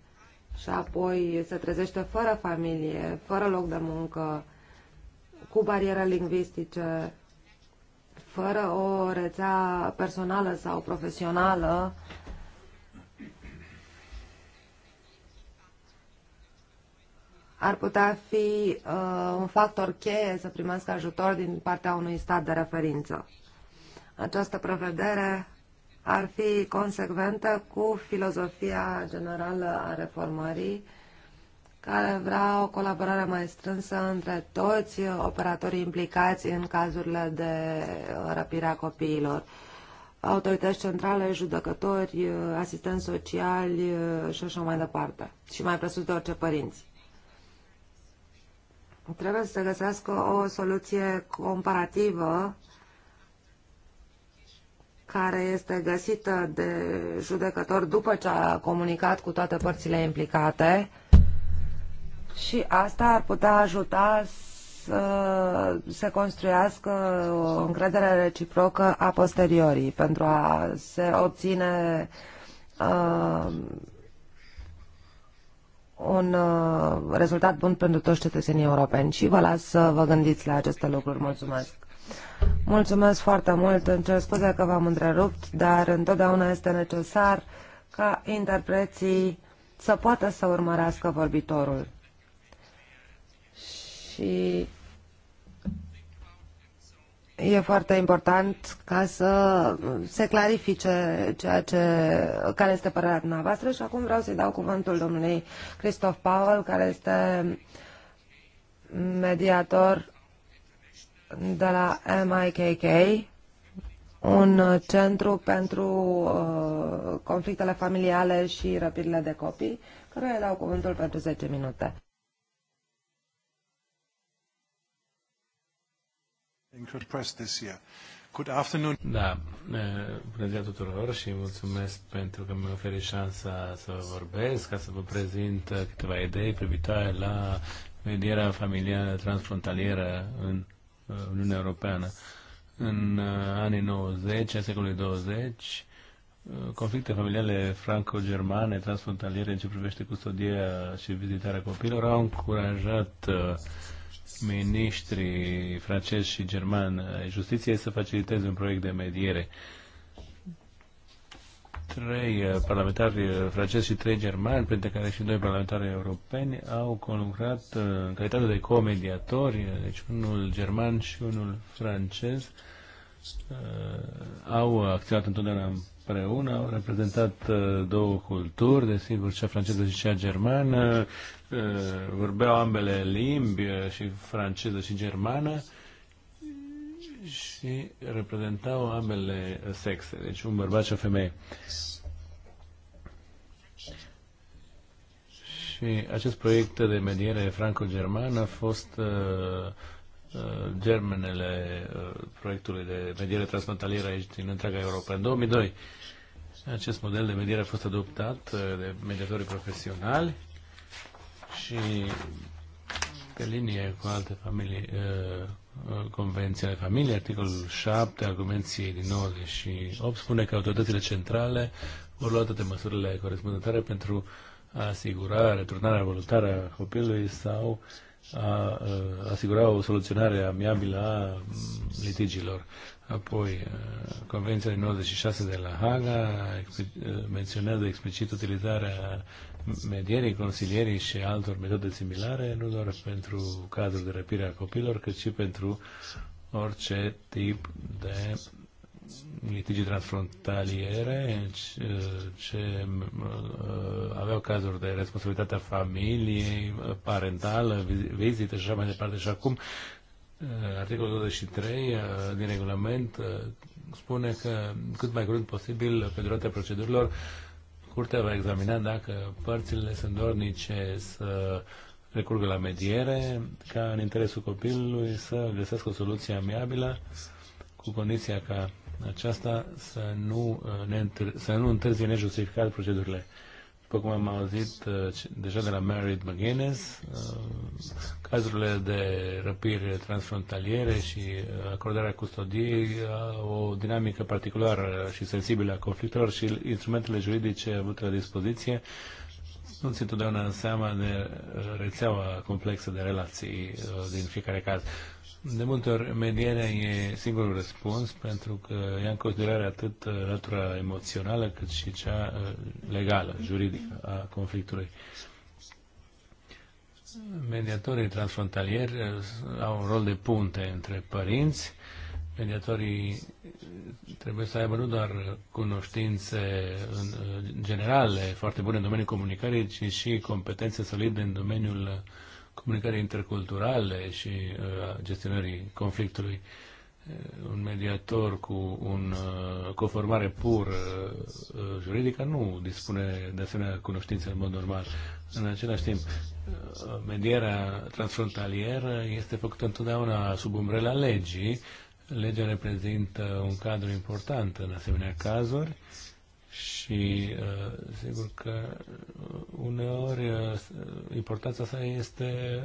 [SPEAKER 3] și apoi se trezește fără familie, fără loc de muncă, cu bariere lingvistice, fără o rețea personală sau profesională ar putea fi uh, un factor cheie să primească ajutor din partea unui stat de referință. Această prevedere ar fi consecventă cu filozofia generală a reformării, care vrea o colaborare mai strânsă între toți operatorii implicați în cazurile de uh, răpire a copiilor. Autorități centrale, judecători, uh, asistenți sociali uh, și așa mai departe. Și mai presus de orice părinți. Trebuie să găsească o soluție comparativă care este găsită de judecător după ce a comunicat cu toate părțile implicate și asta ar putea ajuta să se construiască o încredere reciprocă a posteriorii pentru a se obține uh, un uh, rezultat bun pentru toți cetățenii europeni și vă las să vă gândiți la aceste lucruri. Mulțumesc! Mulțumesc foarte mult, îmi cer scuze că v-am întrerupt, dar întotdeauna este necesar ca interpreții să poată să urmărească vorbitorul. Și E foarte important ca să se clarifice ceea ce, care este părerea dumneavoastră și acum vreau să-i dau cuvântul domnului Christoph Powell, care este mediator de la MIKK, un centru pentru uh, conflictele familiale și răpirile de copii, care îi dau cuvântul pentru 10 minute.
[SPEAKER 2] press this year.
[SPEAKER 1] Good afternoon. Da, bună ziua tuturor și mulțumesc pentru că mi a oferit șansa să vorbesc, ca să vă prezint câteva idei privitoare la medierea familială transfrontalieră în Uniunea Europeană. În anii 90, în secolului 20, conflicte familiale franco-germane transfrontaliere în ce privește custodia și vizitarea copilor au încurajat uh, Ministri francez și german ai eh, justiției să faciliteze un proiect de mediere. Trei eh, parlamentari eh, francezi și trei germani, printre care și doi parlamentari europeni, au conlucrat în calitate de comediatori, deci unul german și unul francez, au acționat întotdeauna împreună, au reprezentat două culturi, desigur, cea franceză și cea germană, Eh, vorbeau ambele limbi, eh, și franceză și germană, și reprezentau ambele sexe, deci un bărbat și o femeie. Și acest proiect de mediere franco-german a fost uh, germenele proiectului de mediere transfrontalieră aici din întreaga Europa. În 2002 acest model de mediere a fost adoptat de mediatorii profesionali și pe linie cu alte familii, uh, uh, convenții ale familiei, articolul 7 al Convenției din 98 spune că autoritățile centrale vor lua toate măsurile corespunzătoare pentru a asigura returnarea voluntară a copilului sau a, uh, asigura o soluționare amiabilă a mm, litigilor. Apoi, uh, Convenția din 96 de la Haga menționează explicit utilizarea medierii, consilierii și altor metode similare, nu doar pentru cazuri de răpire a copilor, cât și pentru orice tip de litigi transfrontaliere ce uh, aveau cazuri de responsabilitatea familiei, parentală, vizite și așa mai departe. Și acum uh, Articolul 23 uh, din regulament spune că cât mai curând posibil pe durata procedurilor Curtea va examina dacă părțile sunt dornice să recurgă la mediere, ca în interesul copilului să găsească o soluție amiabilă, cu condiția ca aceasta să nu, uh, ne, să nu întârzie nejustificat procedurile. După cum am auzit uh, deja de la Mary McGuinness, uh, cazurile de răpiri transfrontaliere și uh, acordarea custodiei au o dinamică particulară și sensibilă a conflictelor și instrumentele juridice avute la dispoziție nu țin întotdeauna seama de rețeaua complexă de relații din fiecare caz. De multe ori, medierea e singurul răspuns, pentru că ia în considerare atât uh, natura emoțională, cât și cea uh, legală, juridică a conflictului. Mediatorii transfrontalieri uh, au un rol de punte între părinți. Mediatorii trebuie să aibă nu doar cunoștințe în generale foarte bune în domeniul comunicării, ci și competențe solide în domeniul uh, comunicării interculturale și uh, a gestionării conflictului. Uh, un mediator cu, un, uh, cu o formare pur juridică nu dispune de asemenea cunoștințe în mod normal. În același timp, medierea transfrontalieră este făcută întotdeauna sub umbrela legii. Legea reprezintă un cadru important în asemenea cazuri și uh, sigur că uh, uneori uh, importanța sa este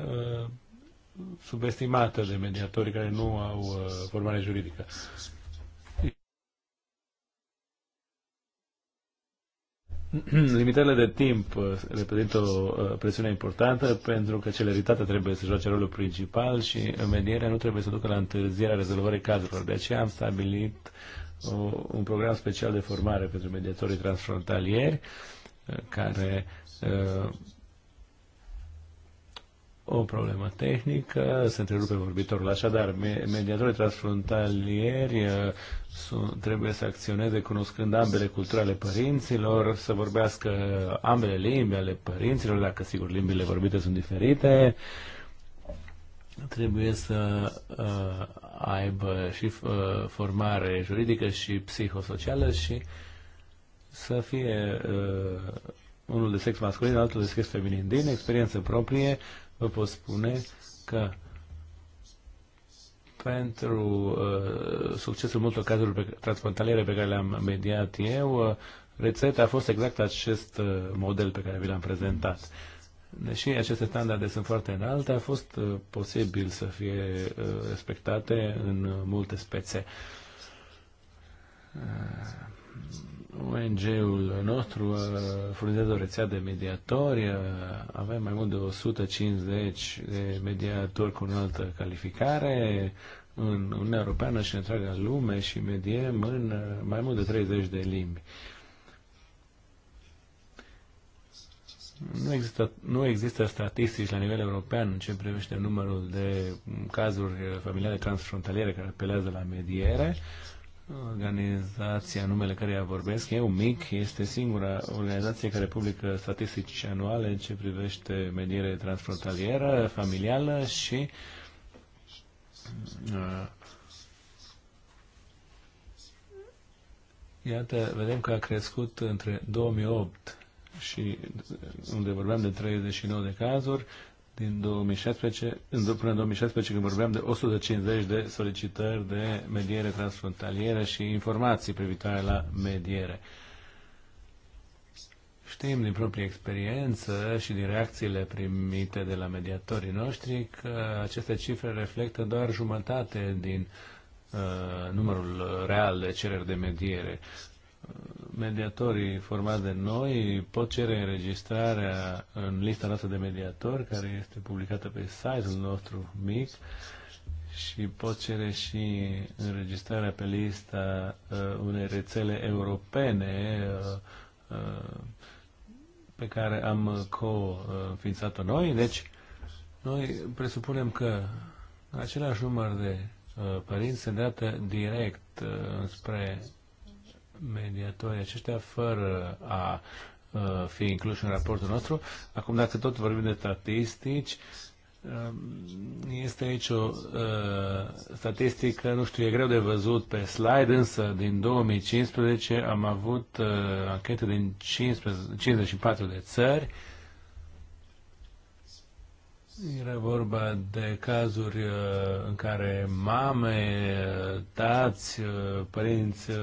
[SPEAKER 1] subestimată de mediatorii care nu au formare juridică. Limitările de timp reprezintă o presiune importantă pentru că celeritatea trebuie să joace rolul principal și medierea nu trebuie să ducă la întârzierea rezolvării cazurilor. De aceea am stabilit un program special de formare pentru mediatorii transfrontalieri uh, care uh, o problemă tehnică, se întrerupe vorbitorul. Așadar, mediatorii transfrontalieri uh, sunt, trebuie să acționeze cunoscând ambele culturi ale părinților, să vorbească ambele limbi ale părinților, dacă sigur limbile vorbite sunt diferite, uh, trebuie să uh, aibă și uh, formare juridică și psihosocială și să fie uh, unul de sex masculin, altul de sex feminin. Din experiență proprie vă pot spune că pentru uh, succesul multor cazuri pe, transfrontaliere pe care le-am mediat eu, uh, rețeta a fost exact acest uh, model pe care vi l-am prezentat deși aceste standarde sunt foarte înalte, a fost uh, posibil să fie uh, respectate în uh, multe spețe. ONG-ul nostru furnizează o rețea de mediatori, avem mai mult de 150 de mediatori cu înaltă calificare în Uniunea Europeană și în întreaga lume și mediem în mai mult de 30 de limbi. Nu există, nu există statistici la nivel european în ce privește numărul de cazuri eh, familiale transfrontaliere care apelează la mediere. Organizația numele care vorbesc eu, MIC, este singura organizație care publică statistici anuale în ce privește mediere transfrontalieră, familială și mm, eh, Iată, vedem că a crescut între 2008 și unde vorbeam de 39 de cazuri, din 2016, până în 2016 când vorbeam de 150 de solicitări de mediere transfrontalieră și informații privitoare la mediere. Știm din proprie experiență și din reacțiile primite de la mediatorii noștri că aceste cifre reflectă doar jumătate din uh, numărul real de cereri de mediere mediatorii formați de noi pot cere înregistrarea în lista noastră de mediatori, care este publicată pe site-ul nostru mic, și pot cere și înregistrarea pe lista uh, unei rețele europene uh, uh, pe care am co-înființat-o noi. Deci, noi presupunem că același număr de uh, părinți se dată direct uh, spre mediatorii aceștia fără a uh, fi incluși în raportul nostru. Acum, dacă tot vorbim de statistici, um, este aici o uh, statistică, nu știu, e greu de văzut pe slide, însă din 2015 am avut uh, anchete din 15, 54 de țări. Era vorba de cazuri uh, în care mame, uh, tați, uh, părinți uh,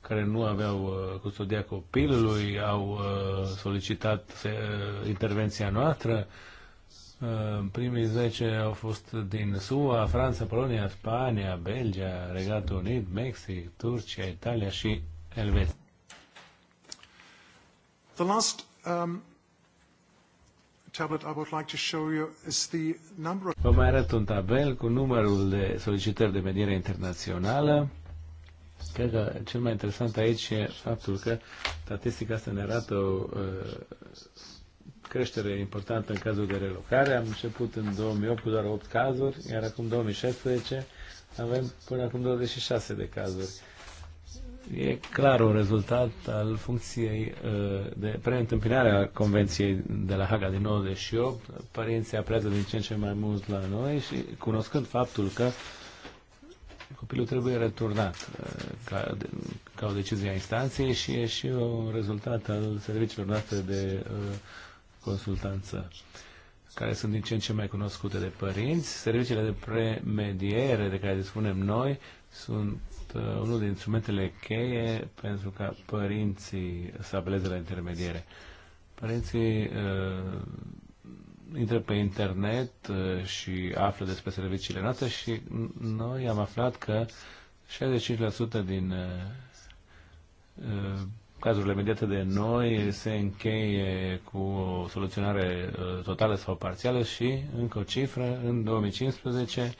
[SPEAKER 1] care nu aveau uh, custodia copilului, au uh, solicitat uh, intervenția noastră. Primii 10 au fost din SUA, Franța, Polonia, Spania, Belgia, Regatul Unit, Mexic, Turcia, Italia și Elveția. The last
[SPEAKER 2] um, tablet I would like to show you is the
[SPEAKER 1] number of... Vă mai arăt un tabel cu numărul de solicitări de mediere internațională Cred că cel mai interesant aici e faptul că statistica asta ne arată o uh, creștere importantă în cazul de relocare. Am început în 2008 cu doar 8 cazuri, iar acum 2016 avem până acum 26 de cazuri. E clar un rezultat al funcției uh, de preîntâmpinare a Convenției de la Haga din 98. Părinții apreză din ce în ce mai mult la noi și cunoscând faptul că uh, copilul trebuie returnat uh, ca, ca o decizie a instanței și e și un rezultat al serviciilor noastre de uh, consultanță care sunt din ce în ce mai cunoscute de părinți. Serviciile de premediere de care dispunem noi sunt uh, unul din instrumentele cheie pentru ca părinții să apeleze la intermediere. Părinții uh, intră pe internet uh, și află despre serviciile noastre și noi am aflat că 65% din uh, uh, cazurile mediate de noi se încheie cu o soluționare totală sau parțială și încă o cifră, în 2015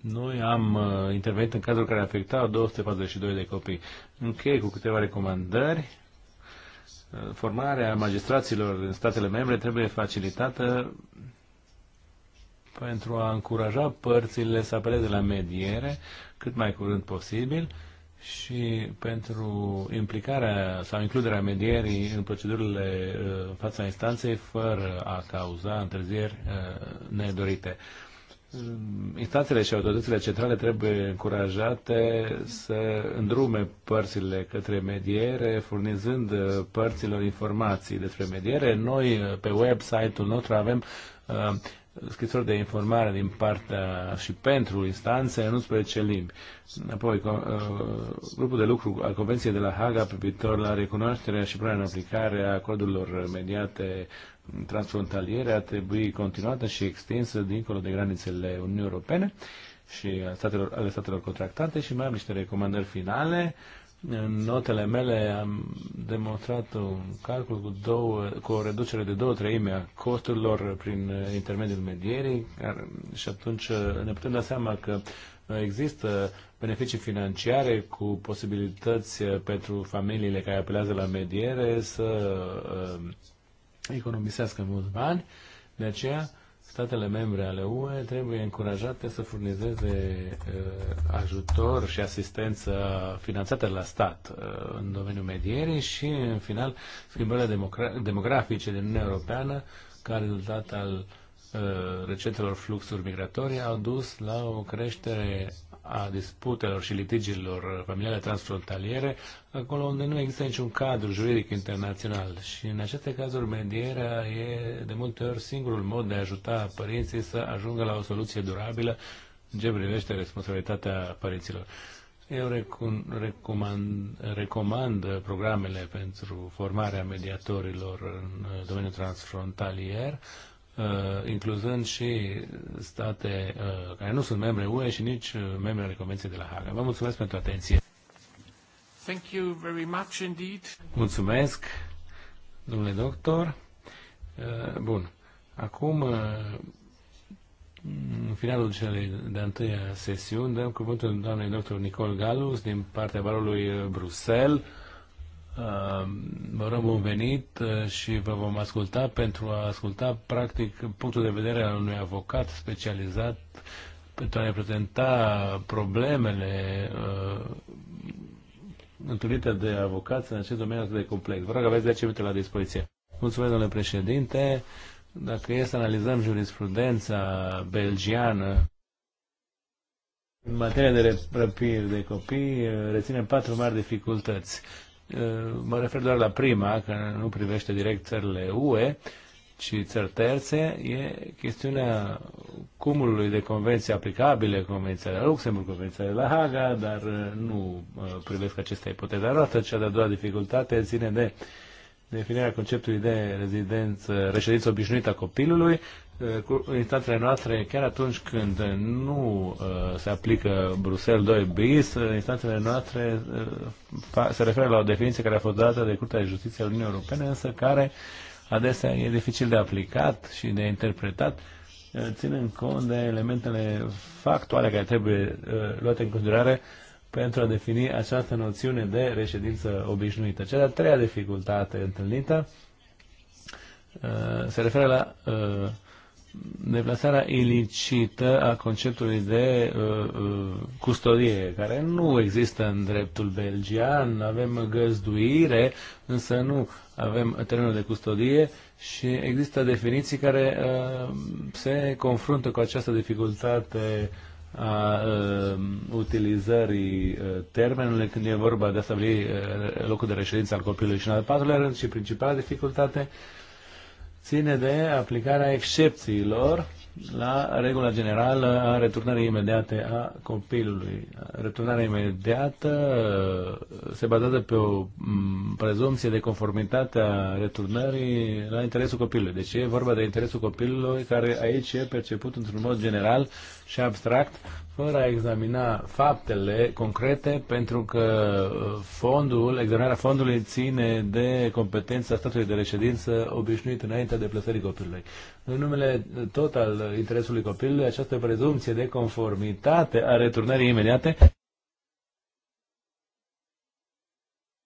[SPEAKER 1] noi am intervenit în cazuri care afectau 242 de copii. Închei cu câteva recomandări formarea magistraților în statele membre trebuie facilitată pentru a încuraja părțile să apeleze la mediere cât mai curând posibil și pentru implicarea sau includerea medierii în procedurile uh, în fața instanței fără a cauza întârzieri uh, nedorite instanțele și autoritățile centrale trebuie încurajate să îndrume părțile către mediere, furnizând uh, părților informații despre mediere. Noi, uh, pe website-ul nostru, avem uh, scrisori de informare din partea și pentru instanțe spre ce limbi. Apoi, uh, grupul de lucru al Convenției de la Haga privitor la recunoașterea și punerea în aplicare a acordurilor mediate transfrontaliere ar trebui continuată și extinsă dincolo de granițele Uniunii Europene și statelor, ale statelor contractante și mai am niște recomandări finale. În notele mele am demonstrat un calcul cu, două, cu o reducere de două treime a costurilor prin intermediul medierii și atunci uh, ne putem da seama că uh, există beneficii financiare cu posibilități uh, pentru familiile care apelează la mediere să economisească mulți bani, de aceea statele membre ale UE trebuie încurajate să furnizeze uh, ajutor și asistență finanțată la stat uh, în domeniul medierii și, în final, schimbările demografice din Uniunea Europeană, care, rezultat al uh, recetelor fluxuri migratorii, au dus la o creștere a disputelor și litigiilor familiale transfrontaliere, acolo unde nu există niciun cadru juridic internațional. Și în aceste cazuri, medierea e de multe ori singurul mod de a ajuta părinții să ajungă la o soluție durabilă în ce privește responsabilitatea părinților. Eu recomand, recomand programele pentru formarea mediatorilor în domeniul transfrontalier Uh, incluzând și state uh, care nu sunt membre UE și nici uh, membre ale Convenției de la Haga. Vă mulțumesc pentru atenție. Thank you very much indeed. Mulțumesc, domnule doctor. Bun. Acum, în finalul celei de-a întâia sesiuni, dăm cuvântul doamnei doctor Nicol Galus din partea barului Bruxelles. Ehm, vă rog bun venit eh, și vă vom asculta pentru a asculta practic punctul de vedere al unui avocat specializat pentru a ne prezenta problemele eh, întâlnite de avocați în acest domeniu atât de complex. Vă rog, aveți 10 deci minute la dispoziție. Mulțumesc, domnule președinte. Dacă e să analizăm jurisprudența belgiană în materie de răpiri de copii, eh, reținem patru mari dificultăți mă refer doar la prima, că nu privește direct țările UE, ci țări terțe, e chestiunea cumulului de convenții aplicabile, convenția de la Luxemburg, convenția de la Haga, dar uh, nu uh, privesc aceste ipoteze noastră. Cea de-a doua dificultate ține de definirea conceptului de rezidență, reședință obișnuită a copilului. Eh, cu instanțele noastre, chiar atunci când nu uh, se aplică Bruxelles 2 bis, eh, instanțele noastre uh, se referă la o definiție care a fost dată de Curtea de Justiție a Uniunii Europene, însă care adesea e dificil de aplicat și de interpretat, uh, ținând cont de elementele factuale care trebuie uh, luate în considerare pentru a defini această noțiune de reședință obișnuită. Cea de-a treia dificultate întâlnită uh, se referă la uh, deplasarea ilicită a conceptului de uh, uh, custodie, care nu există în dreptul belgian. Avem găzduire, însă nu avem termenul de custodie și există definiții care uh, se confruntă cu această dificultate a uh, utilizării uh, termenului când e vorba de a stabili uh, locul de reședință al copilului. Și în al patrulea rând și principala dificultate uh, ține de aplicarea excepțiilor la regula generală a returnării imediate a copilului. Returnarea imediată uh, se bazează pe o mm, prezumție de conformitate a returnării la interesul copilului. Deci e vorba de interesul copilului care aici e perceput într-un mod general și abstract fără a examina faptele concrete, pentru că uh, fondul, examinarea fondului ține de competența statului de reședință obișnuit înainte de plăsării copilului. În numele tot al interesului copilului, această prezumție de conformitate a returnării imediate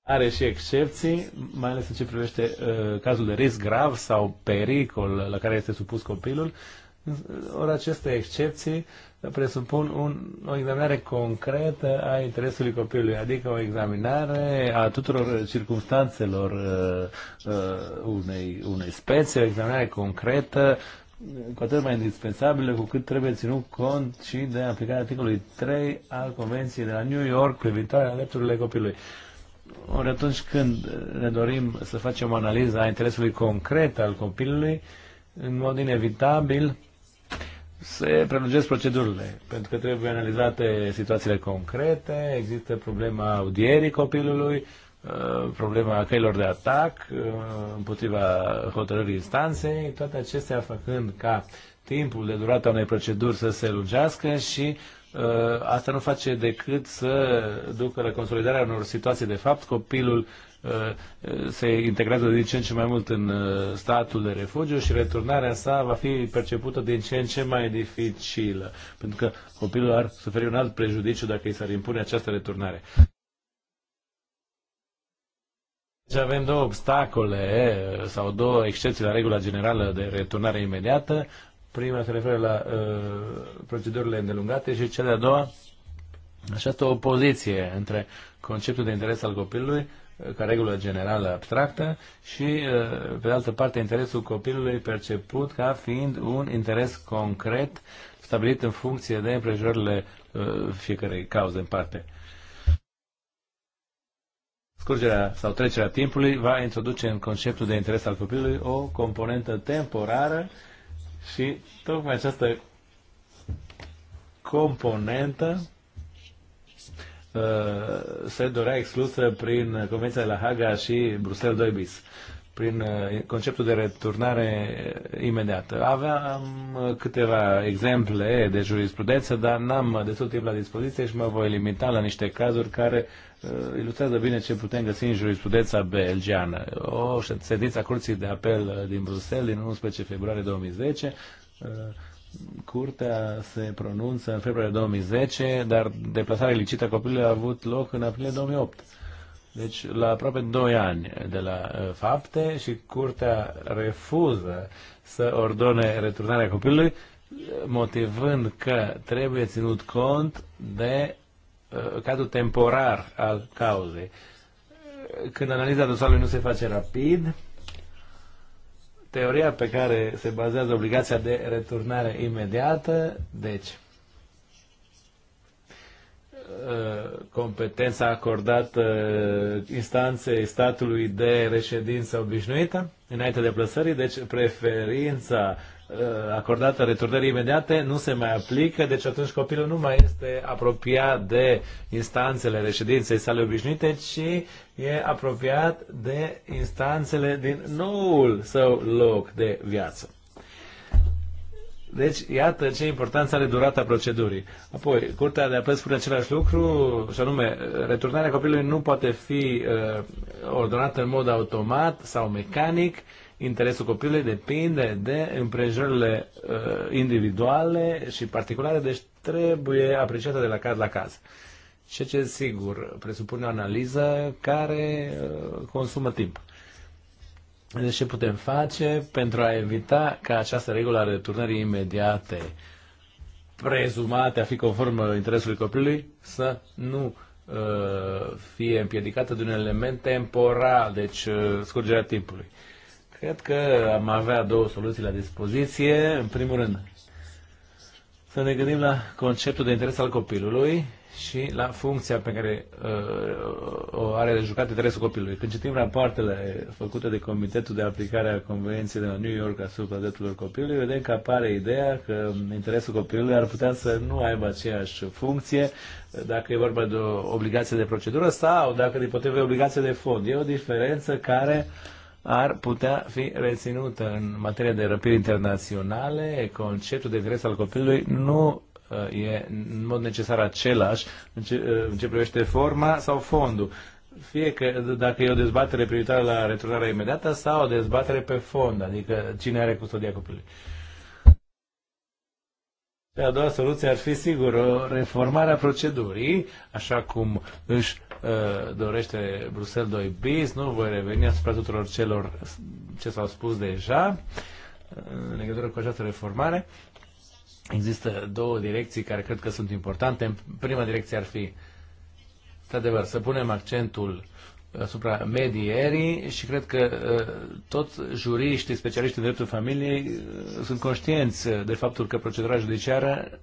[SPEAKER 1] are și excepții, mai ales în ce privește uh, cazul de risc grav sau pericol la care este supus copilul. Ori aceste excepții presupun un, o examinare concretă a interesului copilului, adică o examinare a tuturor circumstanțelor uh, uh, unei, unei specii, o examinare concretă, cu atât mai indispensabilă cu cât trebuie ținut cont și de aplicarea articolului 3 al Convenției de la New York privitoare la drepturile copilului. Ori atunci când ne dorim să facem o analiză a interesului concret al copilului, în mod inevitabil, se prelungesc procedurile, pentru că trebuie analizate situațiile concrete, există problema audierii copilului, uh, problema căilor de atac uh, împotriva hotărârii instanței, toate acestea făcând ca timpul de a unei proceduri să se lungească și uh, asta nu face decât să ducă la consolidarea unor situații de fapt, copilul se integrează din ce în ce mai mult în uh, statul de refugiu și returnarea sa va fi percepută din ce în ce mai dificilă, pentru că copilul ar suferi un alt prejudiciu dacă i s-ar impune această returnare. Deci avem două obstacole uh, sau două excepții la regula generală de returnare imediată. Prima se referă la uh, procedurile îndelungate și cea de-a doua, această opoziție între conceptul de interes al copilului ca regulă generală abstractă și, uh, pe de altă parte, interesul copilului perceput ca fiind un interes concret stabilit în funcție de împrejurările uh, fiecarei cauze în parte. Scurgerea sau trecerea timpului va introduce în conceptul de interes al copilului o componentă temporară și tocmai această componentă Uh, se dorea exclusă uh, prin Convenția de la Haga și Bruxelles 2 bis prin uh, conceptul de returnare imediată. Aveam câteva exemple de jurisprudență, dar n-am destul timp la dispoziție și mă voi limita la niște cazuri care ilustrează bine ce putem găsi în jurisprudența belgiană. O sentință a Curții de Apel din Bruxelles din 11 februarie 2010 Curtea se pronunță în februarie 2010, dar deplasarea ilicită a copilului a avut loc în aprilie 2008. Deci la aproape 2 ani de la uh, fapte și curtea refuză să ordone returnarea copilului, motivând că trebuie ținut cont de uh, cadrul temporar al cauzei. Când analiza dosarului nu se face rapid, teoria pe care se bazează obligația de returnare imediată, deci uh, competența acordată uh, instanței statului de reședință obișnuită înainte de plăsării, deci preferința Uh, acordată returnării imediate nu se mai aplică, deci atunci copilul nu mai este apropiat de instanțele reședinței sale obișnuite, ci e apropiat de instanțele din noul său loc de viață. Deci, iată ce importanță are durata procedurii. Apoi, Curtea de Apel spune același lucru, și anume, returnarea copilului nu poate fi uh, ordonată în mod automat sau mecanic, uh, interesul copilului depinde de împrejurile uh, individuale și particulare, deci trebuie apreciată de la caz la caz. Ceea ce, sigur, presupune o analiză care uh, consumă timp. Deci ce putem face pentru a evita ca această regulă a returnării imediate prezumate a fi conform interesului copilului să nu uh, fie împiedicată de un element temporal, deci uh, scurgerea timpului. Uh, Cred că am avea două soluții la dispoziție. În primul rând, să ne gândim la conceptul de interes al copilului și la funcția pe care uh, o are de jucat interesul copilului. Când citim rapoartele făcute de Comitetul de Aplicare a Convenției de la New York asupra drepturilor copilului, vedem că apare ideea că interesul copilului ar putea să nu aibă aceeași funcție uh, dacă e vorba de o obligație de procedură sau dacă, din potrivă, e obligație de fond. E o diferență care uh, ar putea fi reținută în materie de răpiri internaționale. Conceptul de interes al copilului nu uh, e în mod necesar același în ce, uh, în ce privește forma sau fondul. Fie că dacă e o dezbatere privitoare la returnarea imediată sau o dezbatere pe fond, adică cine are custodia copilului. A doua soluție ar fi, sigur, reformarea procedurii, așa cum își Eh, dorește Bruxelles 2 bis, nu voi reveni asupra tuturor celor ce s-au spus deja eh, în legătură cu această reformare. Există două direcții care cred că sunt importante. Prima direcție ar fi, într-adevăr, să punem accentul asupra medierii și cred că eh, toți juriștii, specialiștii în dreptul familiei sunt conștienți de faptul că procedura judiciară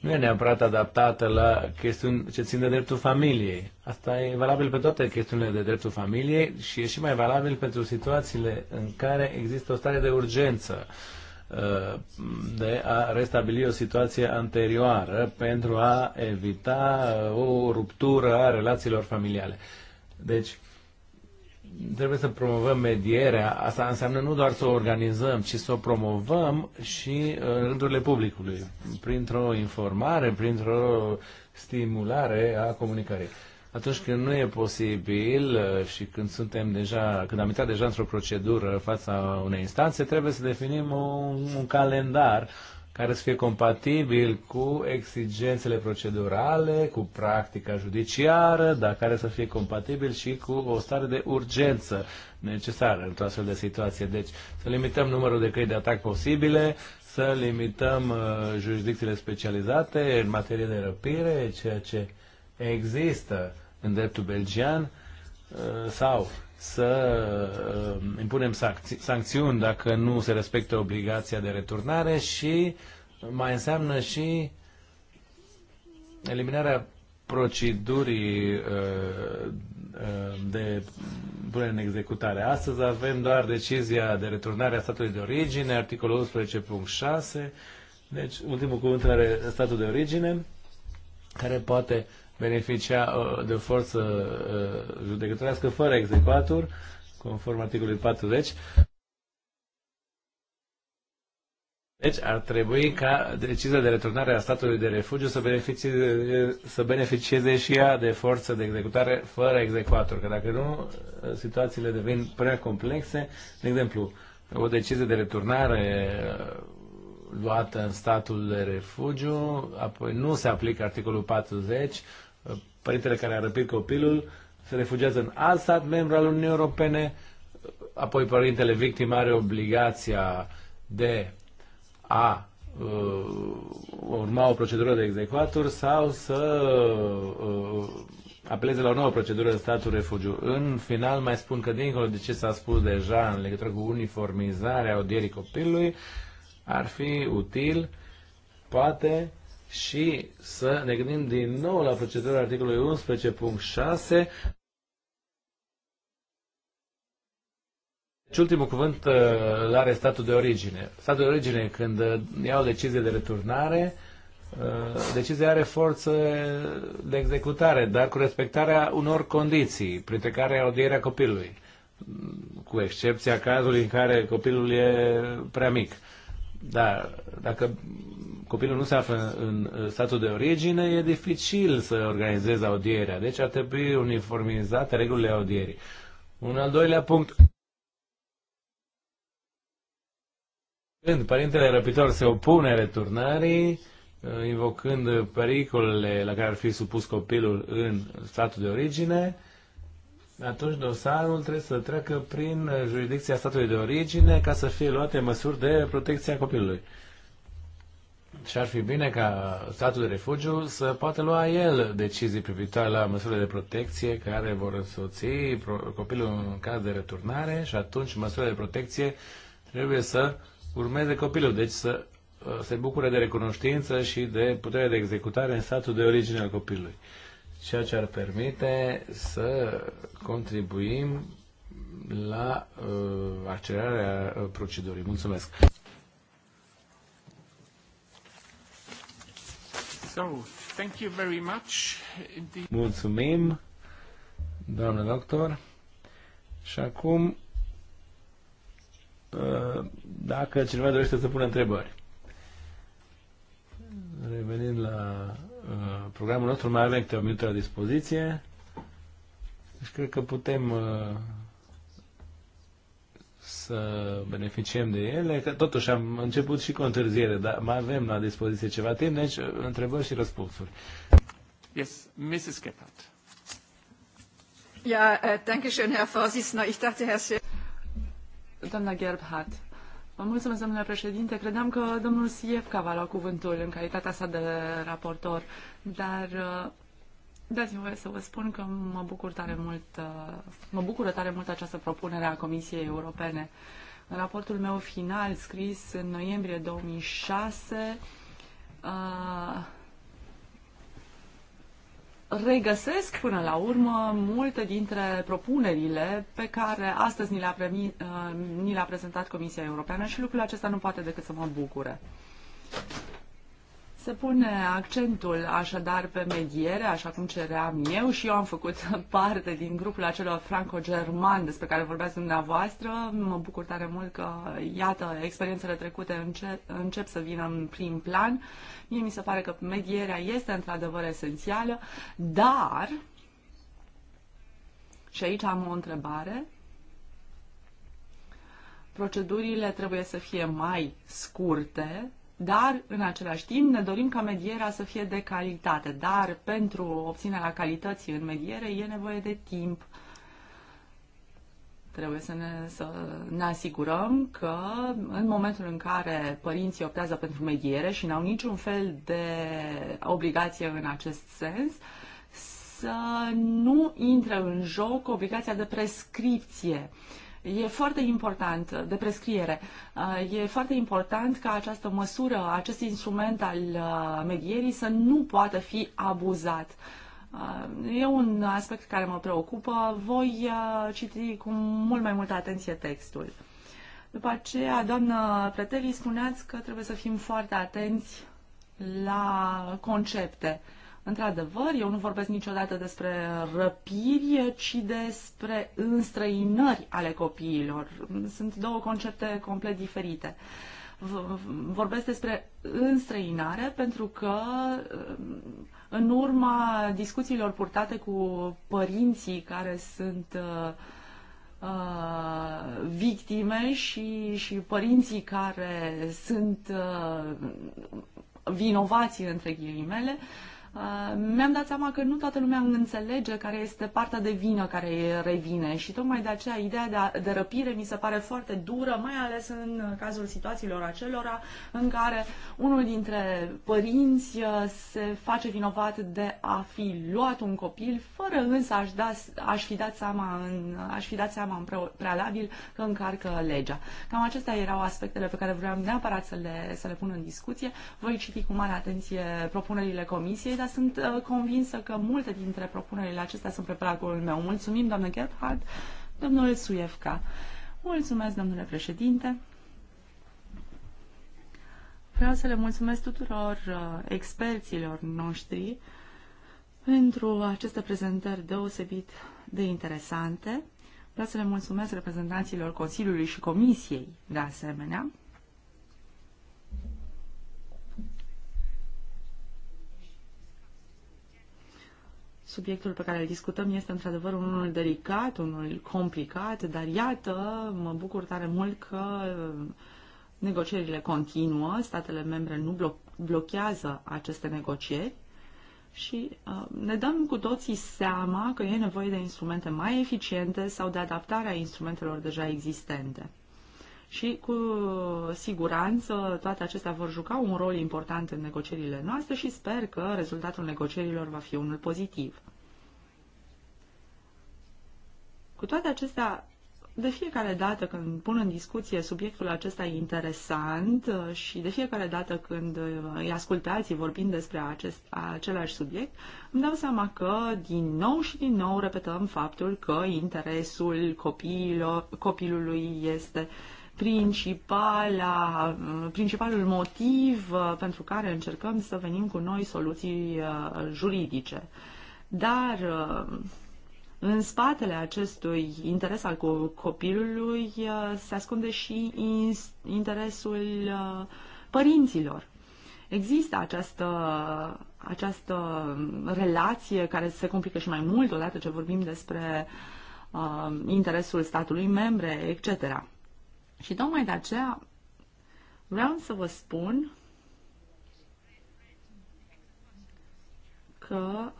[SPEAKER 1] nu e neapărat adaptată la chestiuni ce țin de dreptul familiei. Asta e valabil pe toate chestiunile de dreptul familiei și e și mai valabil pentru situațiile în care există o stare de urgență uh, de a restabili o situație anterioară pentru a evita uh, o ruptură a relațiilor familiale. Deci, trebuie să promovăm medierea. Asta înseamnă nu doar să o organizăm, ci să o promovăm și uh, în rândurile publicului, printr-o informare, printr-o stimulare a comunicării. Atunci când nu e posibil uh, și când suntem deja, când am intrat deja într-o procedură fața unei instanțe, trebuie să definim un, un calendar care să fie compatibil cu exigențele procedurale, cu practica judiciară, dar care să fie compatibil și cu o stare de urgență necesară într-o astfel de situație. Deci să limităm numărul de căi de atac posibile, să limităm uh, jurisdicțiile specializate în materie de răpire, ceea ce există în dreptul belgian, uh, sau să uh, impunem sancți- sancțiuni dacă nu se respectă obligația de returnare și mai înseamnă și eliminarea procedurii uh, uh, de punere în executare. Astăzi avem doar decizia de returnare a statului de origine, articolul 11.6, deci ultimul cuvânt are statul de origine, care poate beneficia uh, de o forță uh, judecătorească fără execuatur, conform articolului 40. Deci ar trebui ca decizia de returnare a statului de refugiu să beneficieze, să beneficieze și ea de forță de executare fără execuator, că dacă nu, situațiile devin prea complexe. De exemplu, o decizie de returnare uh, luată în statul de refugiu, apoi nu se aplică articolul 40 părintele care a răpit copilul se refugiază în alt stat membru al Uniunii Europene, apoi părintele victim are obligația de a uh, urma o procedură de execuator sau să uh, apeleze la o nouă procedură în statul refugiu. În final mai spun că dincolo de ce s-a spus deja în legătură cu uniformizarea odierii copilului, ar fi util poate și să ne gândim din nou la procedura articolului 11.6. Și deci ultimul cuvânt uh, îl are statul de origine. Statul de origine, când uh, iau decizie de returnare, uh, decizia are forță de executare, dar cu respectarea unor condiții, printre care audierea copilului, cu excepția cazului în care copilul e prea mic. Da, dacă copilul nu se află în statul de origine, e dificil să organizeze audierea. Deci ar trebui uniformizate regulile audierii. Un al doilea punct. Când părintele răpitor se opune returnării, uh, invocând pericolele la care ar fi supus copilul în statul de origine, atunci dosarul trebuie să treacă prin jurisdicția statului de origine ca să fie luate măsuri de protecție a copilului. Și ar fi bine ca statul de refugiu să poată lua el decizii privitoare la măsurile de protecție care vor însoți copilul în caz de returnare și atunci măsurile de protecție trebuie să urmeze copilul, deci să uh, se bucure de recunoștință și de putere de executare în statul de origine al copilului. Ceea ce ar permite să contribuim la uh, accelerarea uh, procedurii. Mulțumesc! thank you very much. Mulțumim, doamnă doctor. Și acum, ă, dacă cineva dorește să pună întrebări. Revenind la ă, programul nostru, mai avem câteva minute la dispoziție. Deci cred că putem ă, să beneficiem de ele, că totuși am început și cu întârziere, dar mai avem la dispoziție ceva timp, deci întrebări și răspunsuri. Yes, Mrs. Gephardt.
[SPEAKER 2] Ja, äh, danke schön, Herr Vorsitzender. Ich dachte, Herr Schiff... Doamna Gerbhardt, Vă mulțumesc, domnule președinte. Credeam că domnul Siefca va lua cuvântul în calitatea sa de raportor, dar uh, Dați-mi voie să vă spun că mă bucur tare mult, uh, mă bucură tare mult această propunere a Comisiei Europene. În raportul meu final, scris în noiembrie 2006, uh, regăsesc până la urmă multe dintre propunerile pe care astăzi ni le-a, premi, uh, ni le-a prezentat Comisia Europeană și lucrul acesta nu poate decât să mă bucure. Se pune accentul așadar pe mediere, așa cum ceream eu și eu am făcut parte din grupul acelor franco-german despre care vorbeați dumneavoastră. Mă bucur tare mult că, iată, experiențele trecute încep, încep să vină în prim plan. Mie mi se pare că medierea este într-adevăr esențială, dar, și aici am o întrebare, procedurile trebuie să fie mai scurte, dar în același timp ne dorim ca medierea să fie de calitate, dar pentru obținerea calității în mediere e nevoie de timp. Trebuie să ne, să ne asigurăm că în momentul în care părinții optează pentru mediere și n-au niciun fel de obligație în acest sens, să nu intre în joc obligația de prescripție. Uh, E foarte important uh, de prescriere. Uh, e foarte important ca această măsură, acest instrument al uh, medierii să nu poată fi abuzat. E un aspect care mă preocupă. Voi citi cu mult mai multă atenție textul. După aceea, doamnă Preteli, spuneați că trebuie să fim foarte atenți la concepte. Uh, Într-adevăr, eu nu vorbesc niciodată despre răpiri, ci despre înstrăinări ale copiilor. Sunt două concepte complet diferite. Vorbesc despre înstrăinare pentru că în urma discuțiilor purtate cu părinții care sunt uh, uh victime și, și părinții care sunt uh, vinovați între ghilimele, uh, Uh, mi-am dat seama că nu toată lumea înțelege care este partea de vină care îi revine și tocmai de aceea ideea de, a, de răpire mi se pare foarte dură, mai ales în cazul situațiilor acelora în care unul dintre părinți uh, se face vinovat de a fi luat un copil fără însă aș, da, aș fi dat seama în, aș fi dat seama în prealabil că încarcă legea. Cam acestea erau aspectele pe care vreau neapărat să le, să le pun în discuție. Voi citi cu mare atenție propunerile comisiei, dar sunt uh, convinsă că multe dintre propunerile acestea sunt pe placul meu. Mulțumim, doamnă Gerhardt, domnul Suievca. Mulțumesc, domnule președinte. Vreau să le mulțumesc tuturor uh, experților noștri pentru aceste prezentări deosebit de interesante. Vreau să le mulțumesc reprezentanților Consiliului și Comisiei, de asemenea. Subiectul pe care îl discutăm este într-adevăr unul delicat, unul complicat, dar iată, mă bucur tare mult că uh, negocierile continuă, statele membre nu blo- blochează aceste negocieri și uh, ne dăm cu toții seama că e nevoie de instrumente mai eficiente sau de adaptarea instrumentelor deja existente și cu siguranță toate acestea vor juca un rol important în negocierile noastre și sper că rezultatul negocierilor va fi unul pozitiv. Cu toate acestea, de fiecare dată când pun în discuție subiectul acesta interesant uh, și de fiecare dată când uh, îi ascultați vorbind despre acest, același subiect, îmi dau seama că din nou și din nou repetăm faptul că interesul copiilor, copilului este uh, principala, principalul motiv uh, pentru care încercăm să venim cu noi soluții uh, juridice. Dar uh, în spatele acestui interes al copilului se ascunde și interesul părinților. Există această, această relație care se complică și mai mult odată ce vorbim despre uh, interesul statului membre, etc. Și tocmai de aceea vreau să vă spun că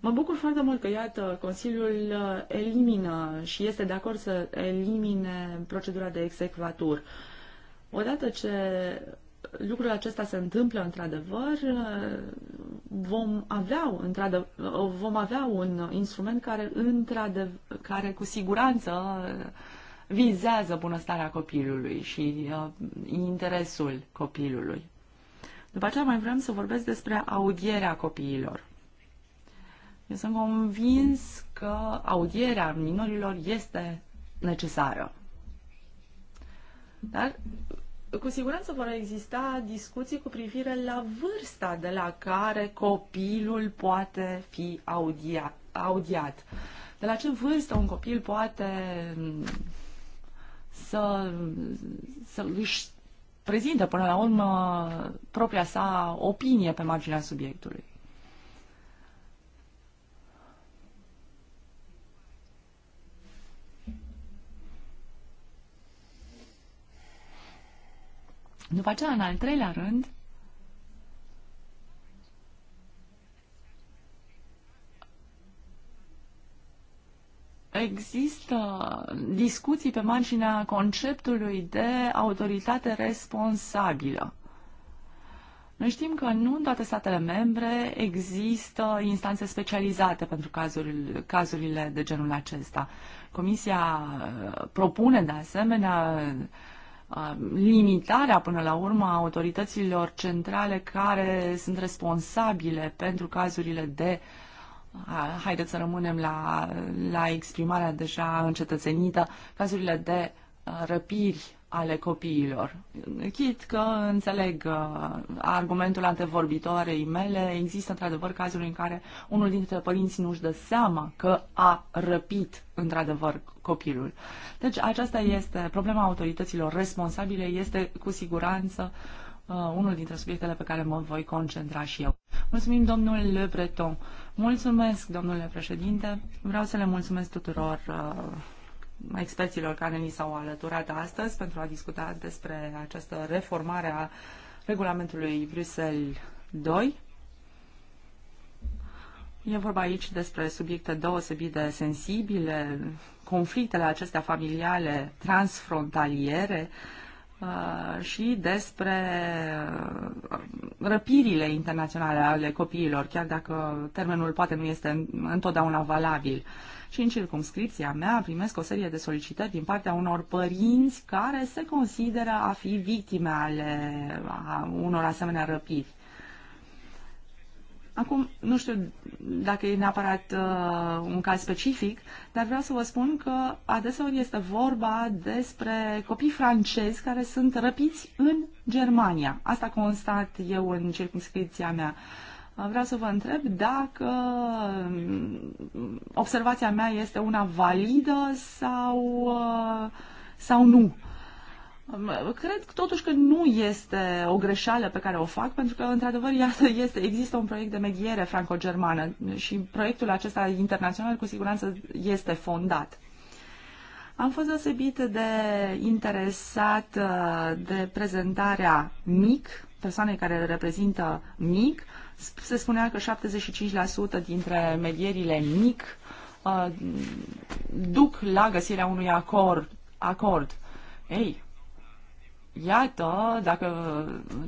[SPEAKER 2] mă bucur foarte mult că, iată, Consiliul uh, elimină și este de acord să elimine procedura de execvatur. Odată ce lucrul acesta se întâmplă într-adevăr, vom avea, într vom avea un instrument care, într care cu siguranță vizează bunăstarea copilului și uh, interesul copilului. După aceea mai vrem să vorbesc despre audierea copiilor. Eu sunt convins că audierea minorilor este necesară. Dar cu siguranță vor exista discuții cu privire la vârsta de la care copilul poate fi audia, audiat. De la ce vârstă un copil poate mm, să, să își prezinte până la urmă propria sa opinie pe marginea subiectului. După aceea, în al treilea rând, există discuții pe marginea conceptului de autoritate responsabilă. Noi știm că nu în toate statele membre există instanțe specializate pentru cazurile, cazurile de genul acesta. Comisia uh, propune de asemenea limitarea până la urmă a autorităților centrale care sunt responsabile pentru cazurile de haideți să rămânem la, la exprimarea deja încetățenită, cazurile de răpiri ale copiilor. Chit că înțeleg uh, argumentul antevorbitoarei mele, există într-adevăr cazuri în care unul dintre părinți nu-și dă seama că a răpit într-adevăr copilul. Deci aceasta este problema autorităților responsabile, este cu siguranță uh, unul dintre subiectele pe care mă voi concentra și eu. Mulțumim, domnul Le Breton. Mulțumesc, domnule președinte. Vreau să le mulțumesc tuturor uh, experților care ni s-au alăturat astăzi pentru a discuta despre această reformare a regulamentului Bruxelles 2. E vorba aici despre subiecte deosebit de sensibile, conflictele acestea familiale transfrontaliere uh, și despre uh, răpirile internaționale ale copiilor, chiar dacă termenul poate nu este întotdeauna valabil și în circumscripția mea primesc o serie de solicitări din partea unor părinți care se consideră a fi victime ale unor asemenea răpiri. Acum, nu știu dacă e neapărat uh, un caz specific, dar vreau să vă spun că adeseori este vorba despre copii francezi care sunt răpiți în Germania. Asta constat eu în circunscripția mea. Uh, Vreau să vă întreb dacă mm, observația mea este una validă sau, uh, sau nu. Mm, cred totuși că nu este o greșeală pe care o fac, pentru că, într-adevăr, iată, este, există un proiect de mediere franco-germană și proiectul acesta internațional cu siguranță este fondat. Am fost deosebit de interesat uh, de prezentarea MIC, persoanei care reprezintă MIC, se spunea că 75% dintre medierile mic uh, duc la găsirea unui acord. acord. Ei, iată, dacă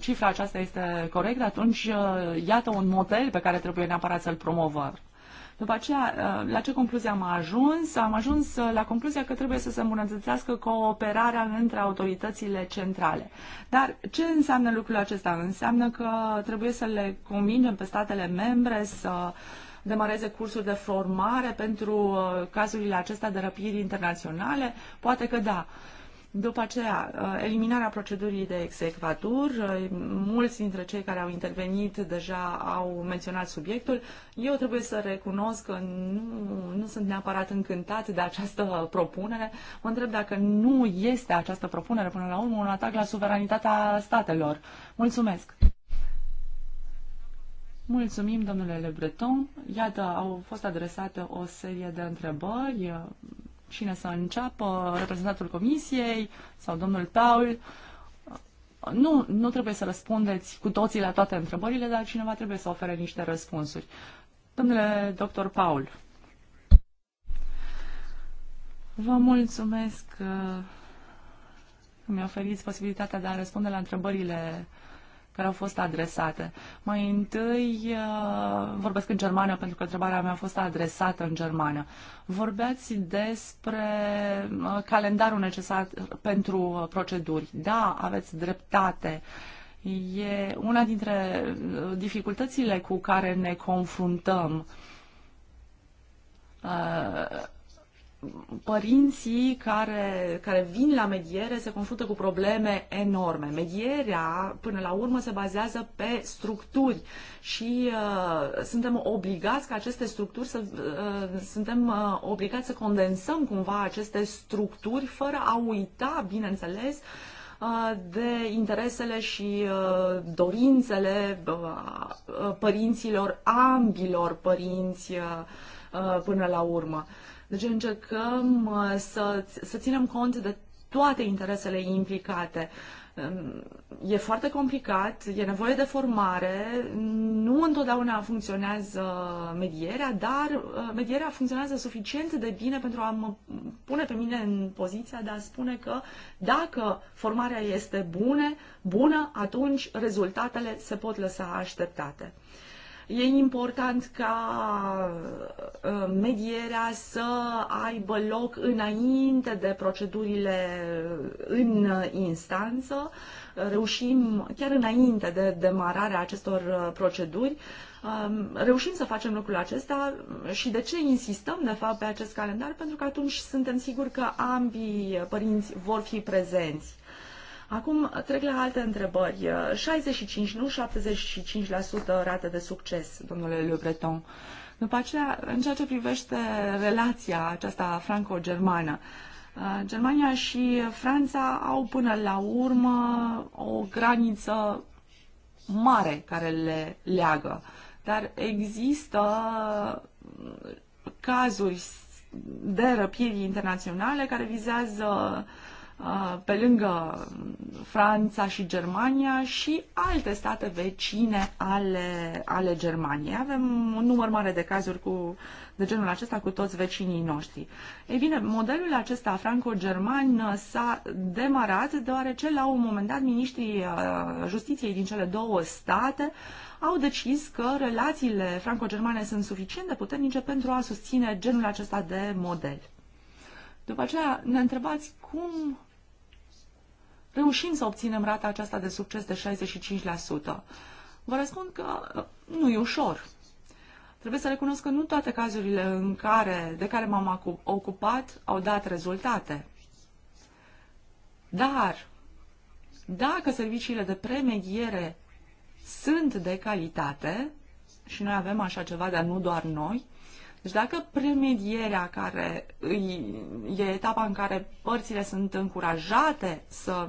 [SPEAKER 2] cifra aceasta este corectă, atunci uh, iată un model pe care trebuie neapărat să-l promovăm. După aceea, uh, la ce concluzie am ajuns? Am ajuns uh, la concluzia că trebuie să se îmbunătățească cooperarea între autoritățile centrale. Dar ce înseamnă lucrul acesta? Înseamnă că trebuie să le convingem pe statele membre să demareze cursuri de formare pentru uh, cazurile acestea de răpiri internaționale? Poate că da. După aceea, uh, eliminarea procedurii de execvatur, uh, mulți dintre cei care au intervenit deja au menționat subiectul. Eu trebuie să recunosc că nu, nu sunt neapărat încântat de această propunere. Mă întreb dacă nu este această propunere până la urmă un atac la suveranitatea statelor. Mulțumesc! Mulțumim, domnule Le Breton. Iată, au fost adresate o serie de întrebări cine să înceapă, reprezentantul comisiei sau domnul Paul. Nu, nu trebuie să răspundeți cu toții la toate întrebările, dar cineva trebuie să ofere niște răspunsuri. Domnule doctor Paul, vă mulțumesc că mi oferit posibilitatea de a răspunde la întrebările uh, care au fost adresate. Mai întâi uh, vorbesc în germană pentru că întrebarea mea a fost adresată în germană. Vorbeați despre uh, calendarul necesar pentru uh, proceduri. Da, aveți dreptate. E una dintre dificultățile cu care ne confruntăm părinții care, care vin la mediere se confruntă cu probleme enorme. Medierea, până la urmă, se bazează pe structuri și uh, suntem obligați ca aceste structuri să uh, suntem uh, obligați să condensăm cumva aceste structuri fără a uita, bineînțeles, uh, de interesele și uh, dorințele uh, părinților, ambilor părinți până la urmă. Deci încercăm uh, să, să ținem cont de toate interesele implicate. Um, e foarte complicat, e nevoie de formare, nu întotdeauna funcționează medierea, dar uh, medierea funcționează suficient de bine pentru a mă pune pe mine în poziția de a spune că dacă formarea este bune, bună, atunci rezultatele se pot lăsa așteptate. E important ca ă, medierea să aibă loc înainte de procedurile în instanță. Reușim, chiar înainte de demararea acestor proceduri, ă, reușim să facem lucrul acesta și de ce insistăm, de fapt, pe acest calendar? Pentru că atunci suntem siguri că ambii părinți vor fi prezenți. Acum trec la alte întrebări. 65, nu 75% rată de succes, domnule Le Breton. După aceea, în ceea ce privește relația aceasta franco-germană, uh, Germania și Franța au până la urmă o graniță mare care le leagă. Dar există uh, cazuri de răpiri internaționale care vizează pe lângă Franța și Germania și alte state vecine ale, ale Germaniei. Avem un număr mare de cazuri cu, de genul acesta cu toți vecinii noștri. Ei bine, modelul acesta franco-german s-a demarat deoarece la un moment dat miniștrii justiției din cele două state au decis că relațiile franco-germane sunt suficient de puternice pentru a susține genul acesta de model. După aceea ne întrebați cum reușim să obținem rata aceasta de succes de 65%? Vă răspund că uh, nu e ușor. Trebuie să recunosc că nu toate cazurile în care, de care m-am ocupat au dat rezultate. Dar dacă serviciile de premediere sunt de calitate, și noi avem așa ceva, dar nu doar noi, deci dacă premedierea care e etapa în care părțile sunt încurajate să,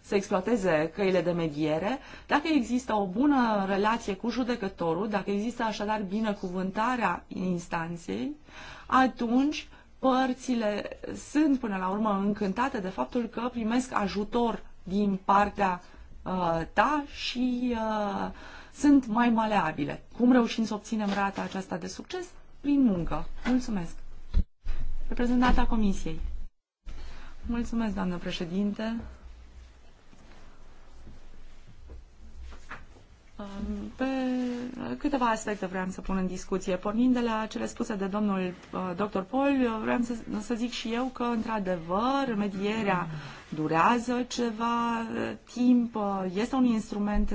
[SPEAKER 2] să exploateze căile de mediere, dacă există o bună relație cu judecătorul, dacă există așadar binecuvântarea instanței, atunci părțile sunt până la urmă încântate de faptul că primesc ajutor din partea uh, ta și uh, sunt mai maleabile. Cum reușim să obținem rata aceasta de succes? Prin muncă. Mulțumesc. Reprezentanta Comisiei. Mulțumesc, doamnă președinte. Câteva aspecte vreau să pun în discuție. Pornind de la cele spuse de domnul uh, dr. Paul, vreau să, să zic și eu că, într-adevăr, medierea durează ceva uh, timp, uh, este un instrument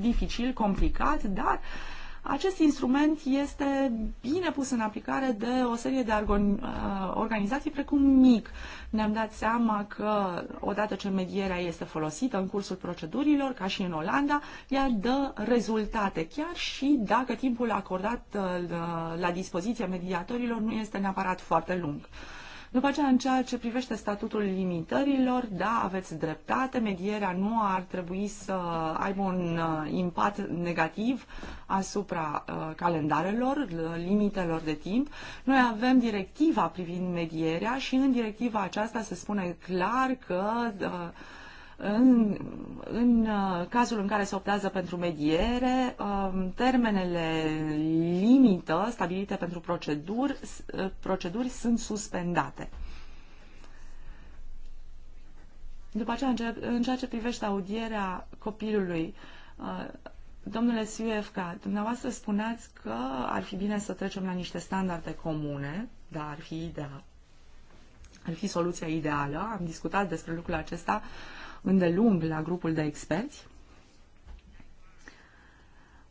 [SPEAKER 2] dificil, complicat, dar uh, acest instrument este bine pus în aplicare de o serie de uh, organizații precum MIC. Ne-am dat seama că odată ce medierea este folosită în cursul procedurilor, ca și în Olanda, ea dă rezultate, chiar și dacă timpul acordat uh, la dispoziția mediatorilor nu este neapărat foarte lung. După aceea, în ceea ce privește statutul limitărilor, da, aveți dreptate, medierea nu ar trebui să aibă un uh, impact negativ asupra uh, calendarelor, uh, limitelor de timp. Noi avem directiva privind medierea și în directiva aceasta se spune clar că uh, în, în uh, cazul în care se optează pentru mediere, um, termenele limită stabilite pentru proceduri, uh, proceduri sunt suspendate. După aceea, în ceea ce privește audierea copilului, uh, domnule Siuefca, dumneavoastră spuneați că ar fi bine să trecem la niște standarde comune, dar ar fi ideal. Ar fi soluția ideală. Am discutat despre lucrul acesta uh, îndelung la grupul de experți.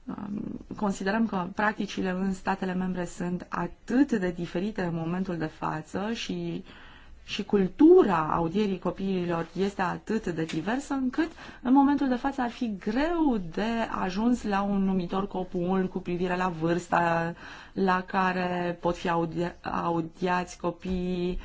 [SPEAKER 2] Um, considerăm că practicile în statele membre sunt atât de diferite în momentul de față și și cultura audierii copiilor este atât de diversă încât în momentul de față ar fi greu de ajuns la un numitor comun cu privire la vârsta la care pot fi audiați copiii,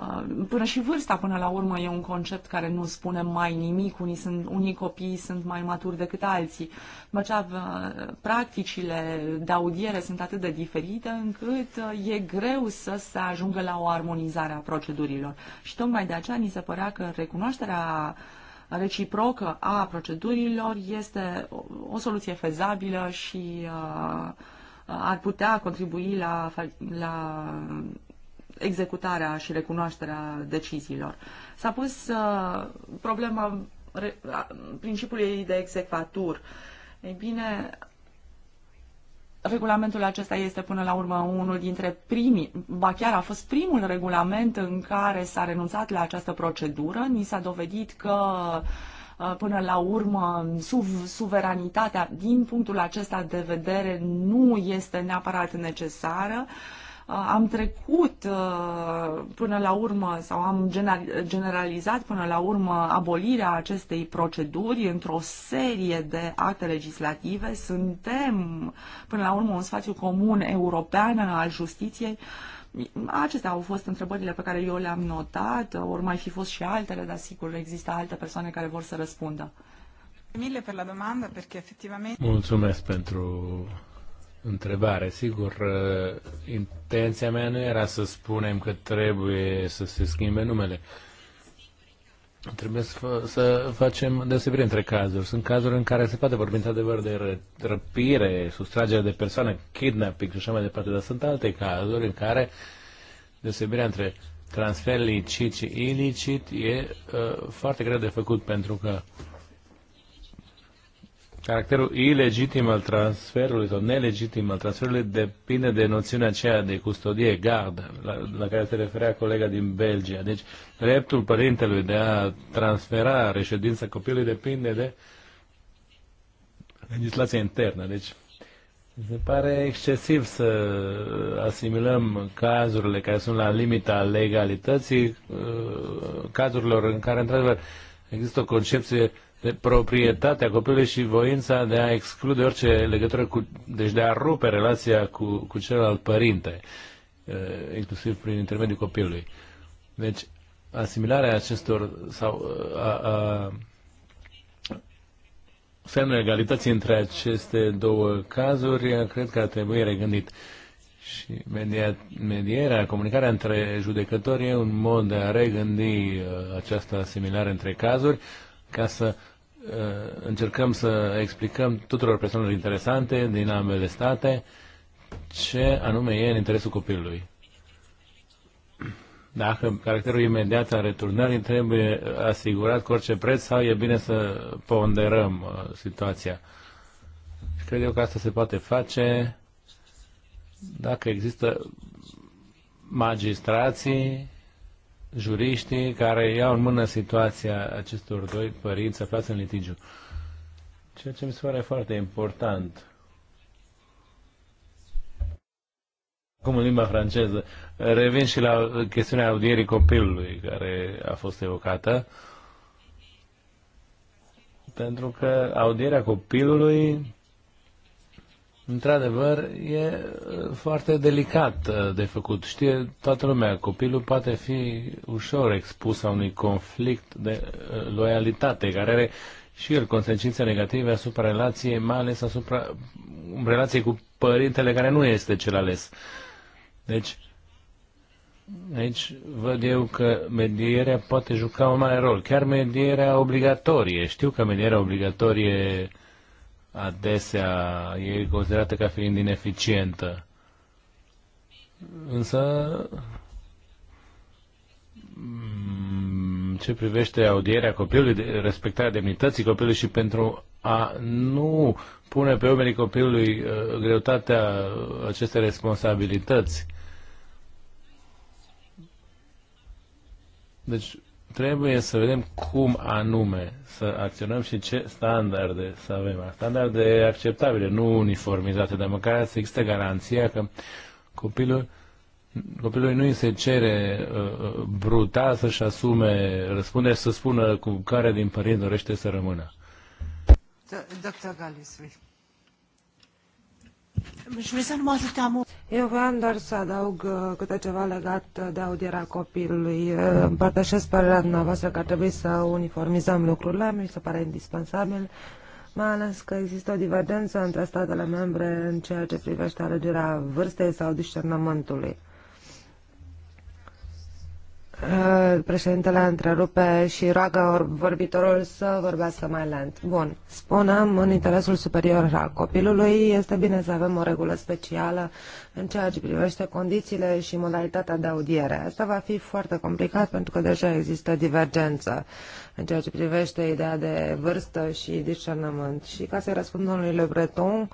[SPEAKER 2] Uh, până și vârsta, până la urmă, e un concept care nu spune mai nimic. Unii, sunt, unii copii sunt mai maturi decât alții. După aceea, uh, practicile de audiere sunt atât de diferite încât uh, e greu să se ajungă la o armonizare a procedurilor. Și tocmai de aceea ni se părea că recunoașterea reciprocă a procedurilor este o soluție fezabilă și ar putea contribui la, la executarea și recunoașterea deciziilor. S-a pus uh, problema re, a, principiului de execvatur. Ei bine, regulamentul acesta este până la urmă unul dintre primii, ba chiar a fost primul regulament în care s-a renunțat la această procedură. Ni s-a dovedit că uh, până la urmă sub, suveranitatea din punctul acesta de vedere nu este neapărat necesară. Uh, Uh, am trecut uh, până la urmă sau am generalizat până la urmă abolirea acestei proceduri într-o serie de acte legislative. Suntem până la urmă un spațiu comun european al justiției. Acestea au fost întrebările pe care eu le-am notat, uh, or mai fi fost și altele, dar sigur există alte persoane care vor să răspundă. Mille Mulțumesc
[SPEAKER 1] pentru întrebare. Sigur, uh, intenția mea nu era să spunem că trebuie să se schimbe numele. Trebuie să, fă, să facem deosebire între cazuri. Sunt cazuri în care se poate vorbi într-adevăr de răpire, sustragere de persoane, kidnapping și așa mai departe, dar sunt alte cazuri în care deosebirea între transfer licit și ilicit e uh, foarte greu de făcut pentru că uh, Caracterul ilegitim al transferului sau nelegitim al transferului depinde de noțiunea aceea de custodie, gard, la, la care se referea colega din Belgia. Deci, dreptul părintelui de a transfera reședința copilului depinde de legislația internă. Deci, se pare excesiv să asimilăm cazurile care sunt la limita legalității, uh, cazurilor în care, într-adevăr, există o concepție de proprietatea copilului și voința de a exclude orice legătură cu, deci de a rupe relația cu, cu celălalt părinte, eh, inclusiv prin intermediul copilului. Deci, asimilarea acestor sau eh, a, a, semnul egalității între aceste două cazuri, eh, cred că ar trebui regândit. Și media, medierea, comunicarea între judecători e un mod de a regândi această asimilare între cazuri ca să Eh, încercăm să explicăm tuturor persoanelor interesante din ambele state ce anume e în interesul copilului. Dacă caracterul imediat al returnării trebuie asigurat cu orice preț sau e bine să ponderăm uh, situația. cred eu că asta se poate face dacă există magistrații juriștii care iau în mână situația acestor doi părinți aflați în litigiu. Ceea ce mi se pare foarte important. Acum în limba franceză. Revin și la chestiunea audierii copilului care a fost evocată. Pentru că audierea copilului într-adevăr, e foarte delicat de făcut. Știe toată lumea, copilul poate fi ușor expus a unui conflict de loialitate, care are și el consecințe negative asupra relației, mai ales asupra relației cu părintele care nu este cel ales. Deci, Aici deci, văd eu că medierea poate juca un mare rol. Chiar medierea obligatorie. Știu că medierea obligatorie adesea e considerată ca fiind ineficientă. Însă, mm, ce privește audierea copilului, respectarea demnității copilului și pentru a nu pune pe oamenii copilului uh, greutatea acestei responsabilități. Deci, trebuie să vedem cum anume să acționăm și ce standarde să avem. Standarde acceptabile, nu uniformizate, dar măcar să există garanția că copilul copilului nu îi se cere uh, uh brutal să-și asume răspunde să spună cu care din părinți dorește să rămână.
[SPEAKER 3] Dr. Gallis, deci, Eu voiam doar să adaug uh, câte ceva legat de audierea copilului. Uh, împărtășesc părerea dumneavoastră că ar trebui să uniformizăm lucrurile, mi se pare indispensabil, mai ales că există o divergență între statele membre în ceea ce privește alegerea vârstei sau discernământului. Uh, președintele întrerupe și roagă vorbitorul să vorbească mai lent. Bun, Spunem, în interesul superior al copilului este bine să avem o regulă specială în ceea ce privește condițiile și modalitatea de audiere. Asta va fi foarte complicat pentru că deja există divergență în ceea ce privește ideea de vârstă și discernământ. Și ca să-i răspund domnului Le Breton, uh,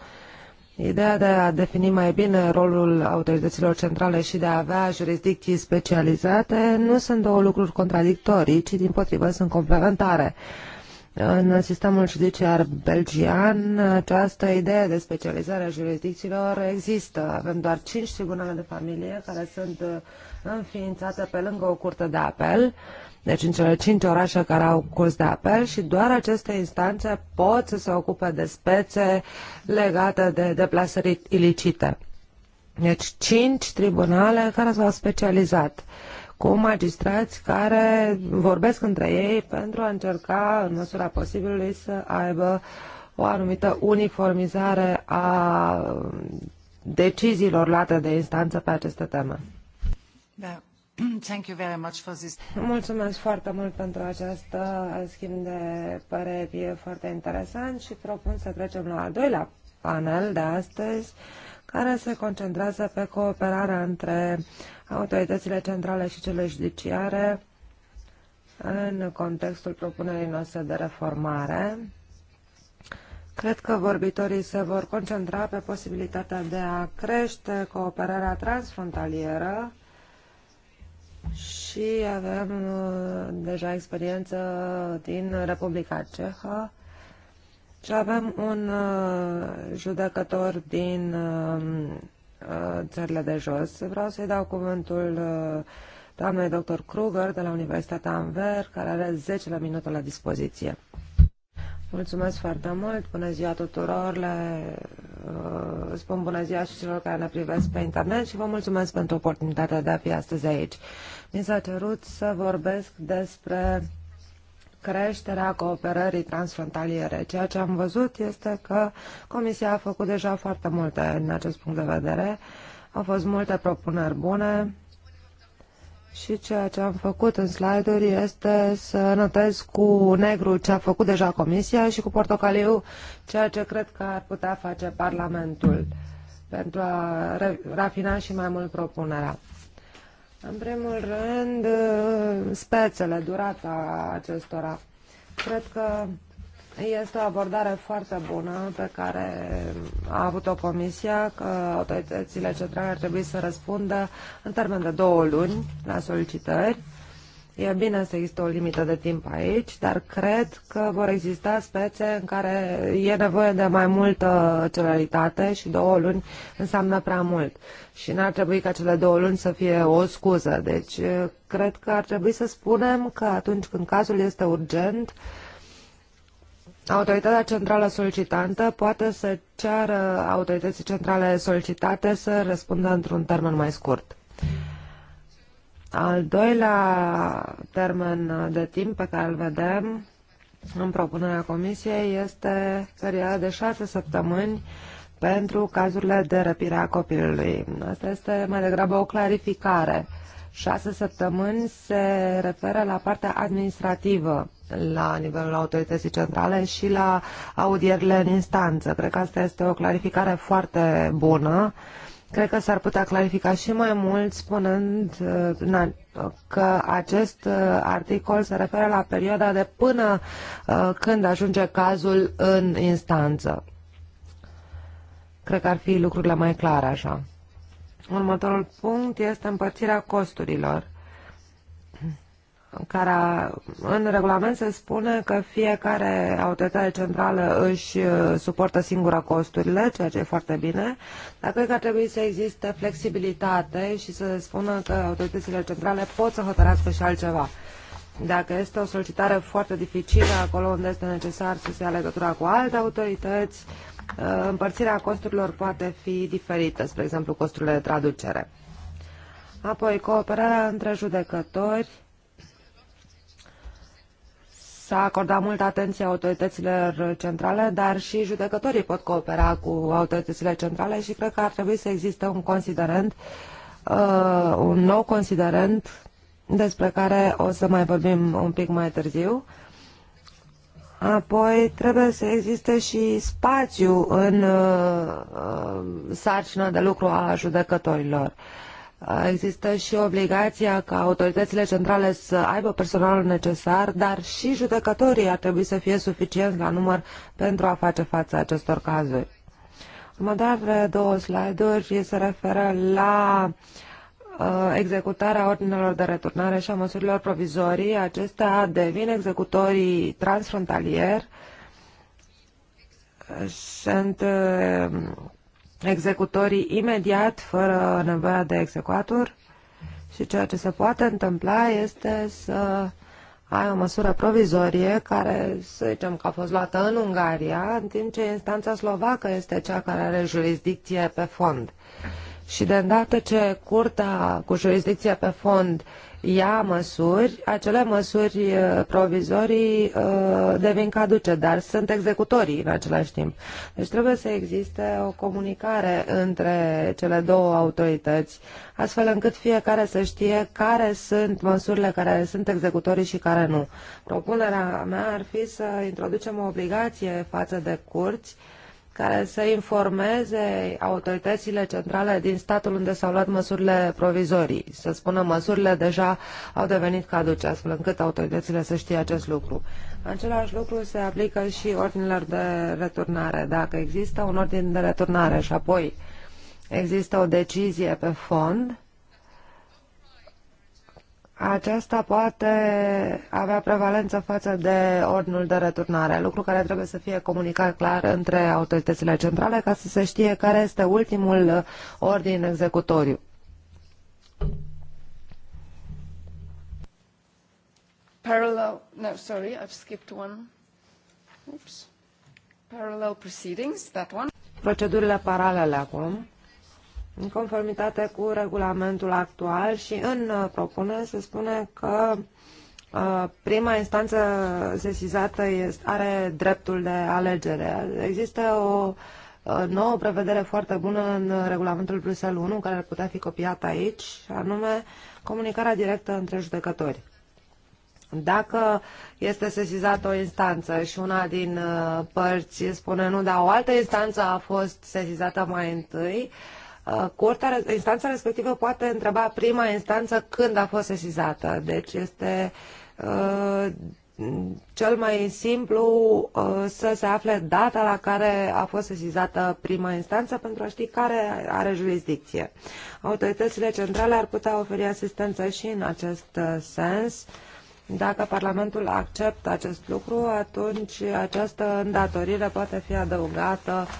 [SPEAKER 3] Ideea de a defini mai bine rolul autorităților centrale și de a avea jurisdicții specializate nu sunt două lucruri contradictorii, ci din potrivă sunt complementare. În sistemul judiciar belgian, această idee de specializare a jurisdicțiilor există. Avem doar cinci tribunale de familie care sunt uh, înființate pe lângă o curte de apel deci în cele cinci orașe care au curs de apel și doar aceste instanțe pot să se ocupe de spețe legate de deplasări ilicite. Deci cinci tribunale care s-au specializat cu magistrați care vorbesc între ei pentru a încerca, în măsura posibilului, să aibă o anumită uniformizare a deciziilor luate de instanță pe aceste teme. Da. Thank you very much for this. Mulțumesc foarte mult pentru acest uh, schimb de păreri foarte interesant și propun să trecem la al doilea panel de astăzi, care se concentrează pe cooperarea între autoritățile centrale și cele judiciare în contextul propunerii noastre de reformare. Cred că vorbitorii se vor concentra pe posibilitatea de a crește cooperarea transfrontalieră și avem uh, deja experiență din Republica Cehă și avem un uh, judecător din um, uh, țările de jos. Vreau să-i dau cuvântul doamnei dr. Kruger de la Universitatea Anver, care are 10 minute la dispoziție. Mulțumesc foarte mult, bună ziua tuturor, le uh, spun bună ziua și celor care ne privesc pe internet și vă mulțumesc pentru oportunitatea de a fi astăzi aici. Mi s-a cerut să vorbesc despre creșterea cooperării transfrontaliere. Ceea ce am văzut este că Comisia a făcut deja foarte multe în acest punct de vedere. Au fost multe propuneri bune și ceea ce am făcut în slide-uri este să notez cu negru ce a făcut deja Comisia și cu portocaliu ceea ce cred că ar putea face Parlamentul pentru a rafina și mai mult propunerea. În primul rând, uh, spețele, durata acestora. Cred că este o abordare foarte bună pe care a avut-o comisia, că autoritățile centrale ar trebui să răspundă în termen de două luni la solicitări. E bine să există o limită de timp aici, dar cred că vor exista spețe în care e nevoie de mai multă celeritate și două luni înseamnă prea mult. Și n-ar trebui ca cele două luni să fie o scuză. Deci cred că ar trebui să spunem că atunci când cazul este urgent, uh, Autoritatea centrală solicitantă poate să ceară autorității centrale solicitate să răspundă într-un termen mai scurt. Al doilea termen de timp pe care îl vedem în propunerea comisiei este perioada de șase săptămâni pentru cazurile de răpire a copilului. Asta este mai degrabă o clarificare. Șase săptămâni se referă la partea administrativă la nivelul autorității centrale și la audierile în instanță. Cred că asta este o clarificare foarte bună. Cred că s-ar putea clarifica și mai mult spunând uh, că acest uh, articol se referă la perioada de până uh, când ajunge cazul în instanță. Cred că ar fi lucrurile mai clare așa. Următorul punct este împărțirea costurilor care în regulament se spune că fiecare autoritate centrală își uh, suportă singură costurile, ceea ce e foarte bine, dar cred că ar trebui să existe flexibilitate și să se spună că autoritățile centrale pot să hotărească și altceva. Dacă este o solicitare foarte dificilă acolo unde este necesar să se ia legătura cu alte autorități, uh, împărțirea costurilor poate fi diferită, spre exemplu costurile de traducere. Apoi, cooperarea între judecători, S-a acordat multă atenție autorităților centrale, dar și judecătorii pot coopera cu autoritățile centrale și cred că ar trebui să existe un considerent, uh, un nou considerent despre care o să mai vorbim un pic mai târziu. Apoi trebuie să existe și spațiu în uh, uh sarcina de lucru a judecătorilor. Uh, Există și obligația ca autoritățile centrale să aibă personalul necesar, dar și judecătorii ar trebui să fie suficienți la număr pentru a face față acestor cazuri. Următoarele două slide-uri se referă la executarea ordinelor de returnare și a măsurilor provizorii. Acestea devin executorii transfrontalieri. Sunt executorii imediat, fără nevoia de execuator și ceea ce se poate întâmpla este să ai o măsură provizorie care, să zicem că a fost luată în Ungaria, în timp ce instanța slovacă este cea care are jurisdicție pe fond. Și de îndată ce curtea cu jurisdicție pe fond ia măsuri, acele măsuri uh, provizorii uh, devin caduce, dar sunt executorii în același timp. Deci trebuie să existe o comunicare între cele două autorități, astfel încât fiecare să știe care sunt măsurile care sunt executorii și care nu. Propunerea mea ar fi să introducem o obligație față de curți, care să informeze autoritățile centrale din statul unde s-au luat măsurile provizorii. Să spună, măsurile deja au devenit caduce, astfel încât autoritățile să știe acest lucru. Același lucru se aplică și ordinilor de returnare. Dacă există un ordin de returnare și apoi există o decizie pe fond, aceasta poate avea prevalență față de ordinul de returnare, lucru care trebuie să fie comunicat clar între autoritățile centrale ca să se știe care este ultimul ordin executoriu.
[SPEAKER 4] Parallel, no, sorry, I've skipped one. Oops. Parallel proceedings, that one.
[SPEAKER 3] Procedurile paralele acum în conformitate cu regulamentul actual și în uh, propunere se spune că uh, prima instanță sesizată este, are dreptul de alegere. Există o uh, nouă prevedere foarte bună în regulamentul Bruxelles 1, care ar putea fi copiată aici, anume comunicarea directă între judecători. Dacă este sesizată o instanță și una din părți spune nu, dar o altă instanță a fost sesizată mai întâi, uh, Uh, curtea, instanța respectivă poate întreba prima instanță când a fost sesizată. Deci este uh, cel mai simplu uh, să se afle data la care a fost sesizată prima instanță pentru a ști care are jurisdicție. Autoritățile centrale ar putea oferi asistență și în acest sens. Dacă Parlamentul acceptă acest lucru, atunci această îndatorire poate fi adăugată uh,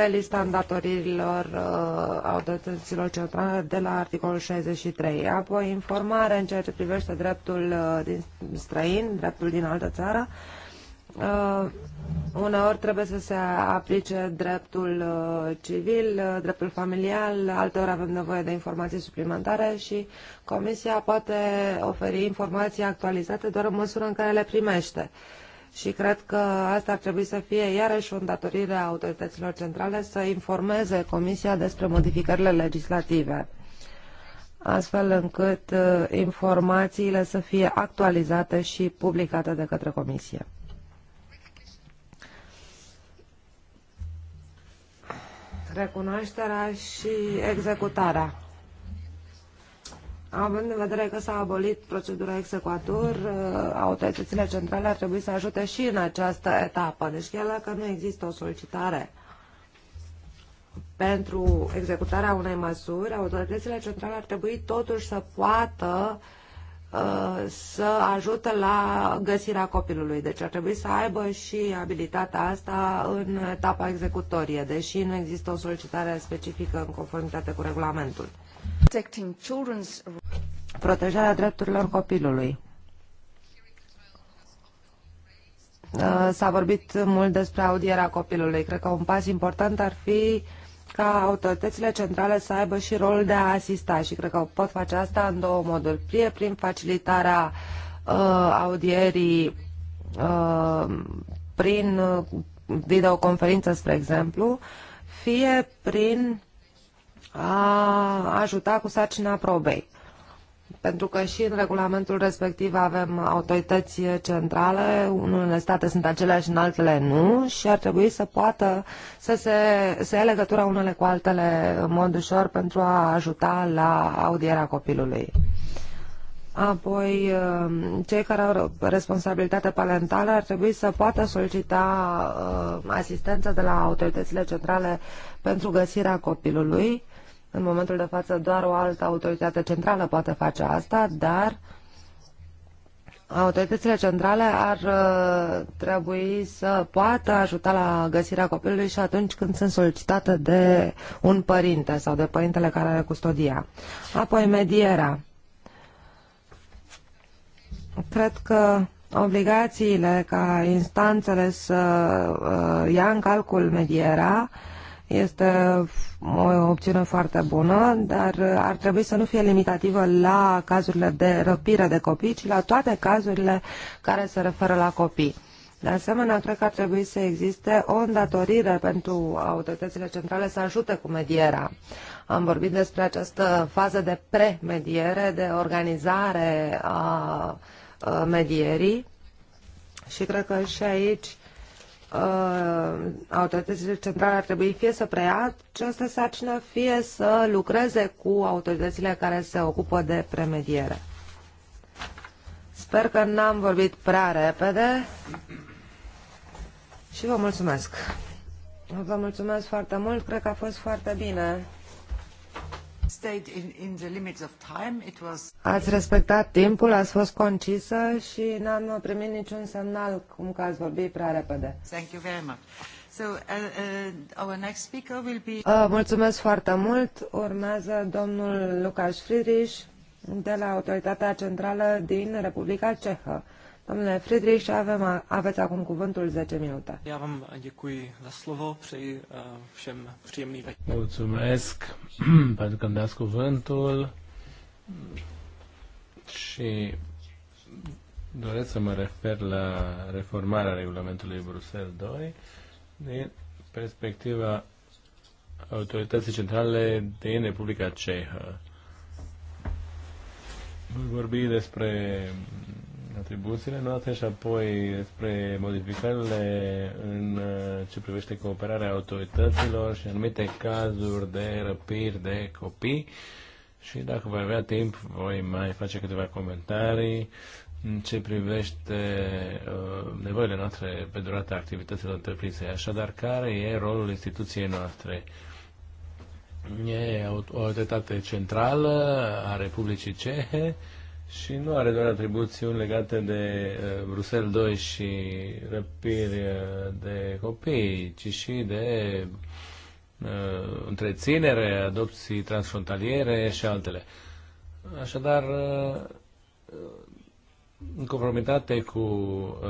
[SPEAKER 3] pe lista îndatoririlor uh, autorităților centrale de la articolul 63. Apoi informare în ceea ce privește dreptul uh, din străin, dreptul din altă țară. Uh, uneori trebuie să se aplice dreptul uh, civil, uh, dreptul familial, alteori avem nevoie de informații suplimentare și Comisia poate oferi informații actualizate doar în măsură în care le primește. Uh, și cred că asta ar trebui să fie iarăși o îndatorire a autorităților centrale să informeze Comisia despre modificările legislative, astfel încât uh, informațiile să fie actualizate și publicate de către Comisie. Recunoașterea și executarea Având în vedere că s-a abolit procedura execuator, uh, autoritățile centrale ar trebui să ajute și în această etapă. Deci chiar dacă nu există o solicitare pentru executarea unei măsuri, autoritățile centrale ar trebui totuși să poată uh, să ajute la găsirea copilului. Deci ar trebui să aibă și abilitatea asta în etapa executorie, deși nu există o solicitare specifică în conformitate cu regulamentul. Protejarea drepturilor copilului. Uh, s-a vorbit mult despre audierea copilului. Cred că un pas important ar fi ca autoritățile centrale să aibă și rolul de a asista și cred că pot face asta în două moduri. Fie prin facilitarea uh, audierii uh, prin uh, videoconferință, spre exemplu, fie prin a ajuta cu sarcina probei. Pentru că și în regulamentul respectiv avem autorități centrale, unele state sunt aceleași, în altele nu, și ar trebui să poată să se să ia legătura unele cu altele în mod ușor pentru a ajuta la audierea copilului. Apoi, um, cei care au responsabilitate parentală ar trebui să poată solicita um, asistență de la autoritățile centrale pentru găsirea copilului în momentul de față doar o altă autoritate centrală poate face asta, dar autoritățile centrale ar uh, trebui să poată ajuta la găsirea copilului și atunci când sunt solicitate de un părinte sau de părintele care are custodia. Apoi medierea. Cred că obligațiile ca instanțele să uh, ia în calcul medierea uh, este uh, o opțiune foarte bună, dar uh, ar trebui să nu fie limitativă la cazurile de răpire de copii, ci la toate cazurile care se referă la copii. De asemenea, cred că ar trebui să existe o îndatorire pentru autoritățile centrale să ajute cu medierea. Am vorbit despre această fază de premediere, de organizare a uh, medierii și cred că și aici uh, autoritățile centrale ar trebui fie să preia această sarcină, fie să lucreze cu autoritățile care se ocupă de premediere. Sper că n-am vorbit prea repede și vă mulțumesc. Vă mulțumesc foarte mult, cred că a fost foarte bine. Ați respectat timpul, ați fost concisă și n-am primit niciun semnal cum că ați vorbit prea repede.
[SPEAKER 4] Thank you very much. So, uh, uh, our next
[SPEAKER 3] speaker will be... Uh, mulțumesc foarte mult. Urmează domnul Lucas Friedrich de la Autoritatea Centrală din Republica Cehă. Domnule Friedrich, avem, aveți acum cuvântul 10 minute.
[SPEAKER 1] Já vám děkuji za slovo, přeji eh, všem příjemný večer. Mulțumesc pentru că îmi dați cuvântul și doresc să mă refer la reformarea regulamentului Bruxelles 2 din perspectiva autorității centrale din Republica Cehă. Voi vorbi despre atribuțiile noastre și apoi spre modificările în uh, ce privește cooperarea autorităților și anumite cazuri de răpiri de copii. Și dacă voi avea timp, voi mai face câteva comentarii în ce privește uh, nevoile noastre pe durata activităților întreprinse. Așadar, care e rolul instituției noastre? E o autoritate centrală a Republicii Cehe, și nu are doar atribuțiuni legate de uh, Bruxelles 2 și răpiri uh, de copii, ci și de uh, întreținere, adopții transfrontaliere și altele. Așadar, uh, în conformitate cu uh,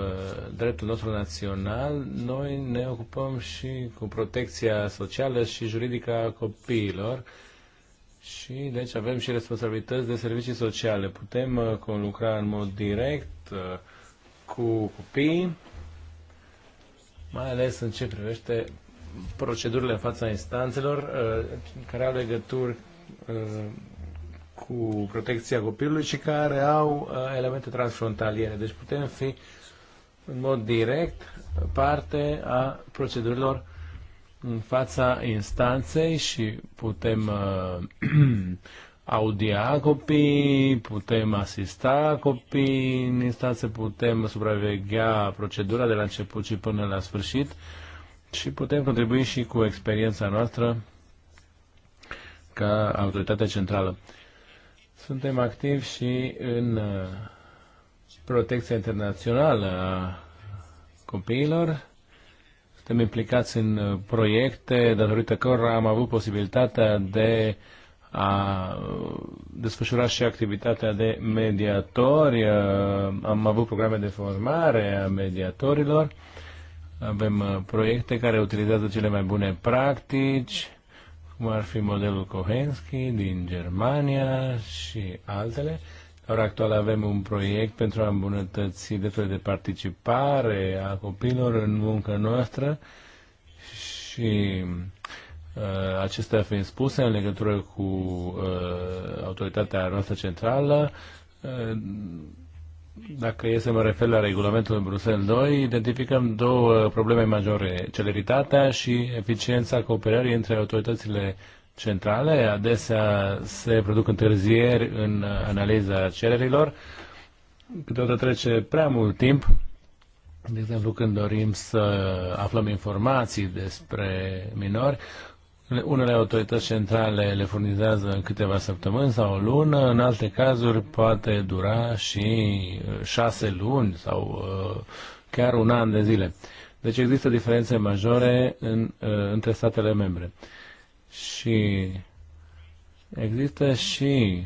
[SPEAKER 1] dreptul nostru național, noi ne ocupăm și cu protecția socială și juridică a copiilor, uh, și deci avem și responsabilități de servicii sociale. Putem uh, conlucra în mod direct uh, cu copii, mai ales în ce privește procedurile în fața instanțelor uh, care au legături cu protecția copilului și care au elemente transfrontaliere. Deci putem fi în mod direct parte a procedurilor în fața instanței și putem uh, audia copii, putem asista copii în instanță, putem supraveghea procedura de la început și până la sfârșit și putem contribui și cu experiența noastră ca autoritate centrală. Suntem activi și în uh, protecția internațională a copiilor suntem implicați în uh, proiecte datorită cărora am avut posibilitatea de a uh, desfășura și activitatea de mediatori. Uh, am avut programe de formare a mediatorilor. Avem proiecte care utilizează cele mai bune practici, cum ar fi modelul Kohensky din Germania și altele. La ora actuală avem un proiect pentru a îmbunătăți drepturile de participare a copiilor în munca noastră și uh, acestea fiind spuse în legătură cu uh, autoritatea noastră centrală, uh, dacă e să mă refer la regulamentul Bruxelles 2, identificăm două probleme majore, celeritatea și eficiența cooperării între autoritățile centrale. Adesea se produc întârzieri în analiza cererilor. Câteodată trece prea mult timp. De exemplu, când dorim să aflăm informații despre minori, unele autorități centrale le furnizează în câteva săptămâni sau o lună, în alte cazuri poate dura și uh, șase luni sau uh, chiar un an de zile. Deci există diferențe majore în, uh, între statele membre. Și există și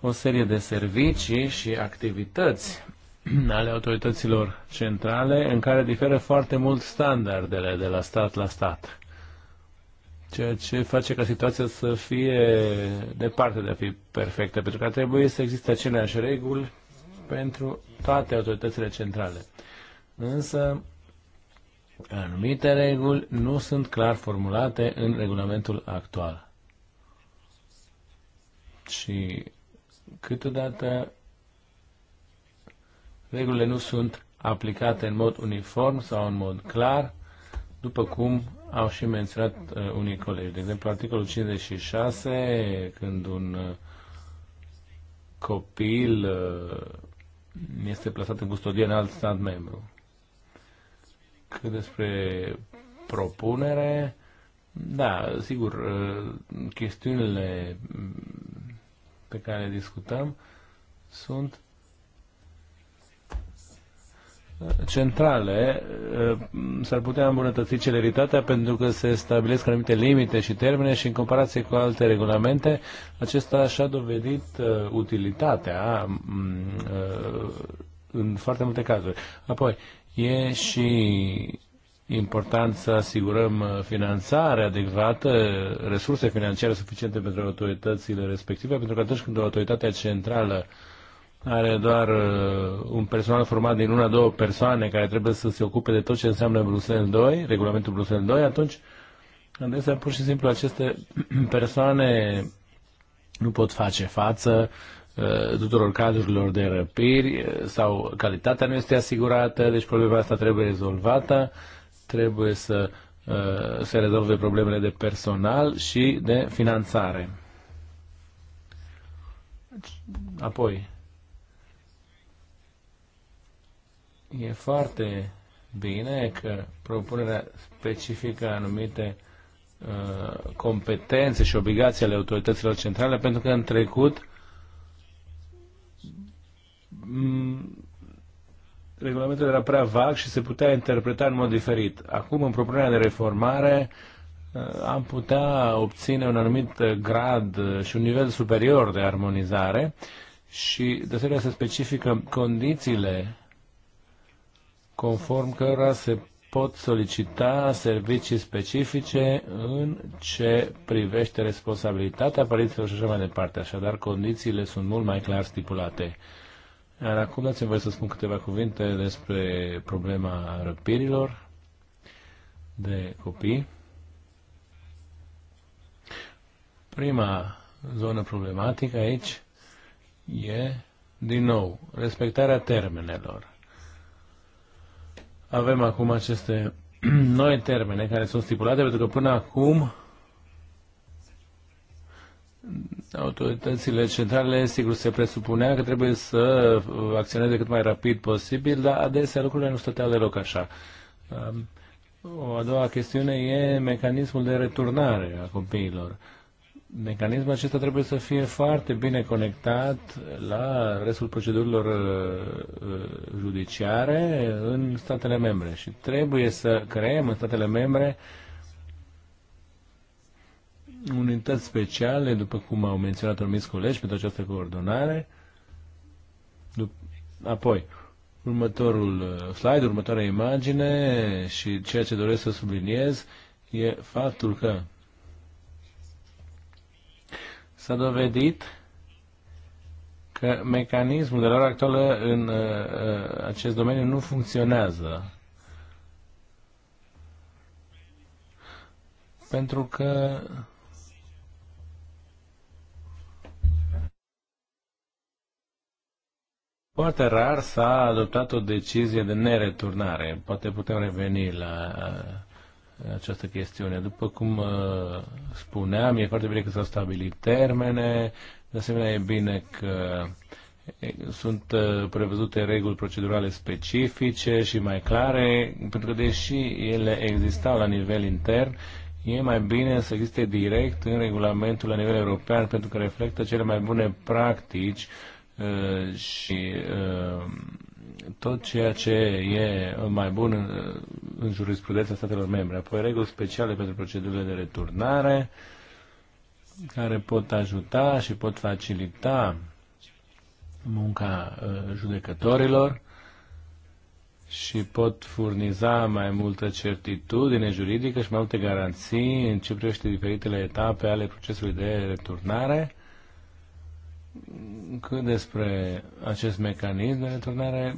[SPEAKER 1] o serie de servicii și activități ale autorităților centrale în care diferă foarte mult standardele de la stat la stat. Ceea ce face ca situația să fie departe de a fi perfectă, pentru că trebuie să existe aceleași reguli pentru toate autoritățile centrale. Însă, Anumite reguli nu sunt clar formulate în regulamentul actual. Și câteodată regulile nu sunt aplicate în mod uniform sau în mod clar, după cum au și menționat uh, unii colegi. De exemplu, articolul 56, când un uh, copil uh, este plasat în custodie în alt stat membru. Cât despre propunere, da, sigur, ă, chestiunile pe care le discutăm sunt centrale ă, s-ar putea îmbunătăți celeritatea pentru că se stabilesc anumite limite și termene și în comparație cu alte regulamente acesta și-a dovedit ă, utilitatea în foarte multe cazuri. Apoi, E și important să asigurăm uh, finanțare adecvată, resurse financiare suficiente pentru autoritățile respective, pentru că atunci când o autoritate centrală are doar uh, un personal format din una, două persoane care trebuie să se ocupe de tot ce înseamnă Brusel 2, regulamentul Brusel 2, atunci adesea pur și simplu aceste persoane nu pot face față Uh, tuturor cazurilor de răpiri uh, sau calitatea nu este asigurată, deci problema asta trebuie rezolvată, trebuie să uh, se rezolve problemele de personal și de finanțare. Apoi, e foarte bine că propunerea specifică anumite competențe și obligații ale autorităților centrale, pentru că în trecut regulamentul era prea vag și se putea interpreta în mod diferit. Acum, în propunerea de reformare, uh, am putea obține un anumit grad și un nivel superior de armonizare și, de asemenea, se specifică condițiile conform cărora se pot solicita servicii specifice în ce privește responsabilitatea părinților și așa mai departe. Așadar, condițiile sunt mult mai clar stipulate. Iar acum dați-mi voi să spun câteva cuvinte despre problema răpirilor de copii. Prima zonă problematică aici e, din nou, respectarea termenelor. Avem acum aceste noi termene care sunt stipulate, pentru că până acum autoritățile centrale, sigur, se presupunea că trebuie să acționeze cât mai rapid posibil, dar adesea lucrurile nu stăteau deloc așa. Um, o a doua chestiune e mecanismul de returnare a copiilor. Mecanismul acesta trebuie să fie foarte bine conectat la restul procedurilor uh, uh, judiciare în statele membre și trebuie să creăm în statele membre uh, unități speciale, după cum au menționat anumiți colegi, pentru această coordonare. Apoi, următorul uh, slide, următoarea imagine și ceea ce doresc să subliniez e faptul că s-a dovedit că mecanismul de la ora actuală în uh, uh acest domeniu nu funcționează. Pentru că Foarte rar s-a adoptat o decizie de nereturnare. Poate putem reveni la această chestiune. După cum uh, spuneam, e foarte bine că s-au stabilit termene, de asemenea e bine că sunt uh, prevăzute reguli procedurale specifice și mai clare, pentru că deși ele existau la nivel intern, e mai bine să existe direct în regulamentul la nivel european, pentru că reflectă cele mai bune practici Uh, și uh, tot ceea ce e mai bun în, uh, în jurisprudența statelor membre. Apoi reguli speciale pentru procedurile de returnare care pot ajuta și pot facilita munca judecătorilor și pot furniza mai multă certitudine juridică și mai multe garanții în ce privește diferitele etape ale procesului de returnare cât despre acest mecanism de returnare,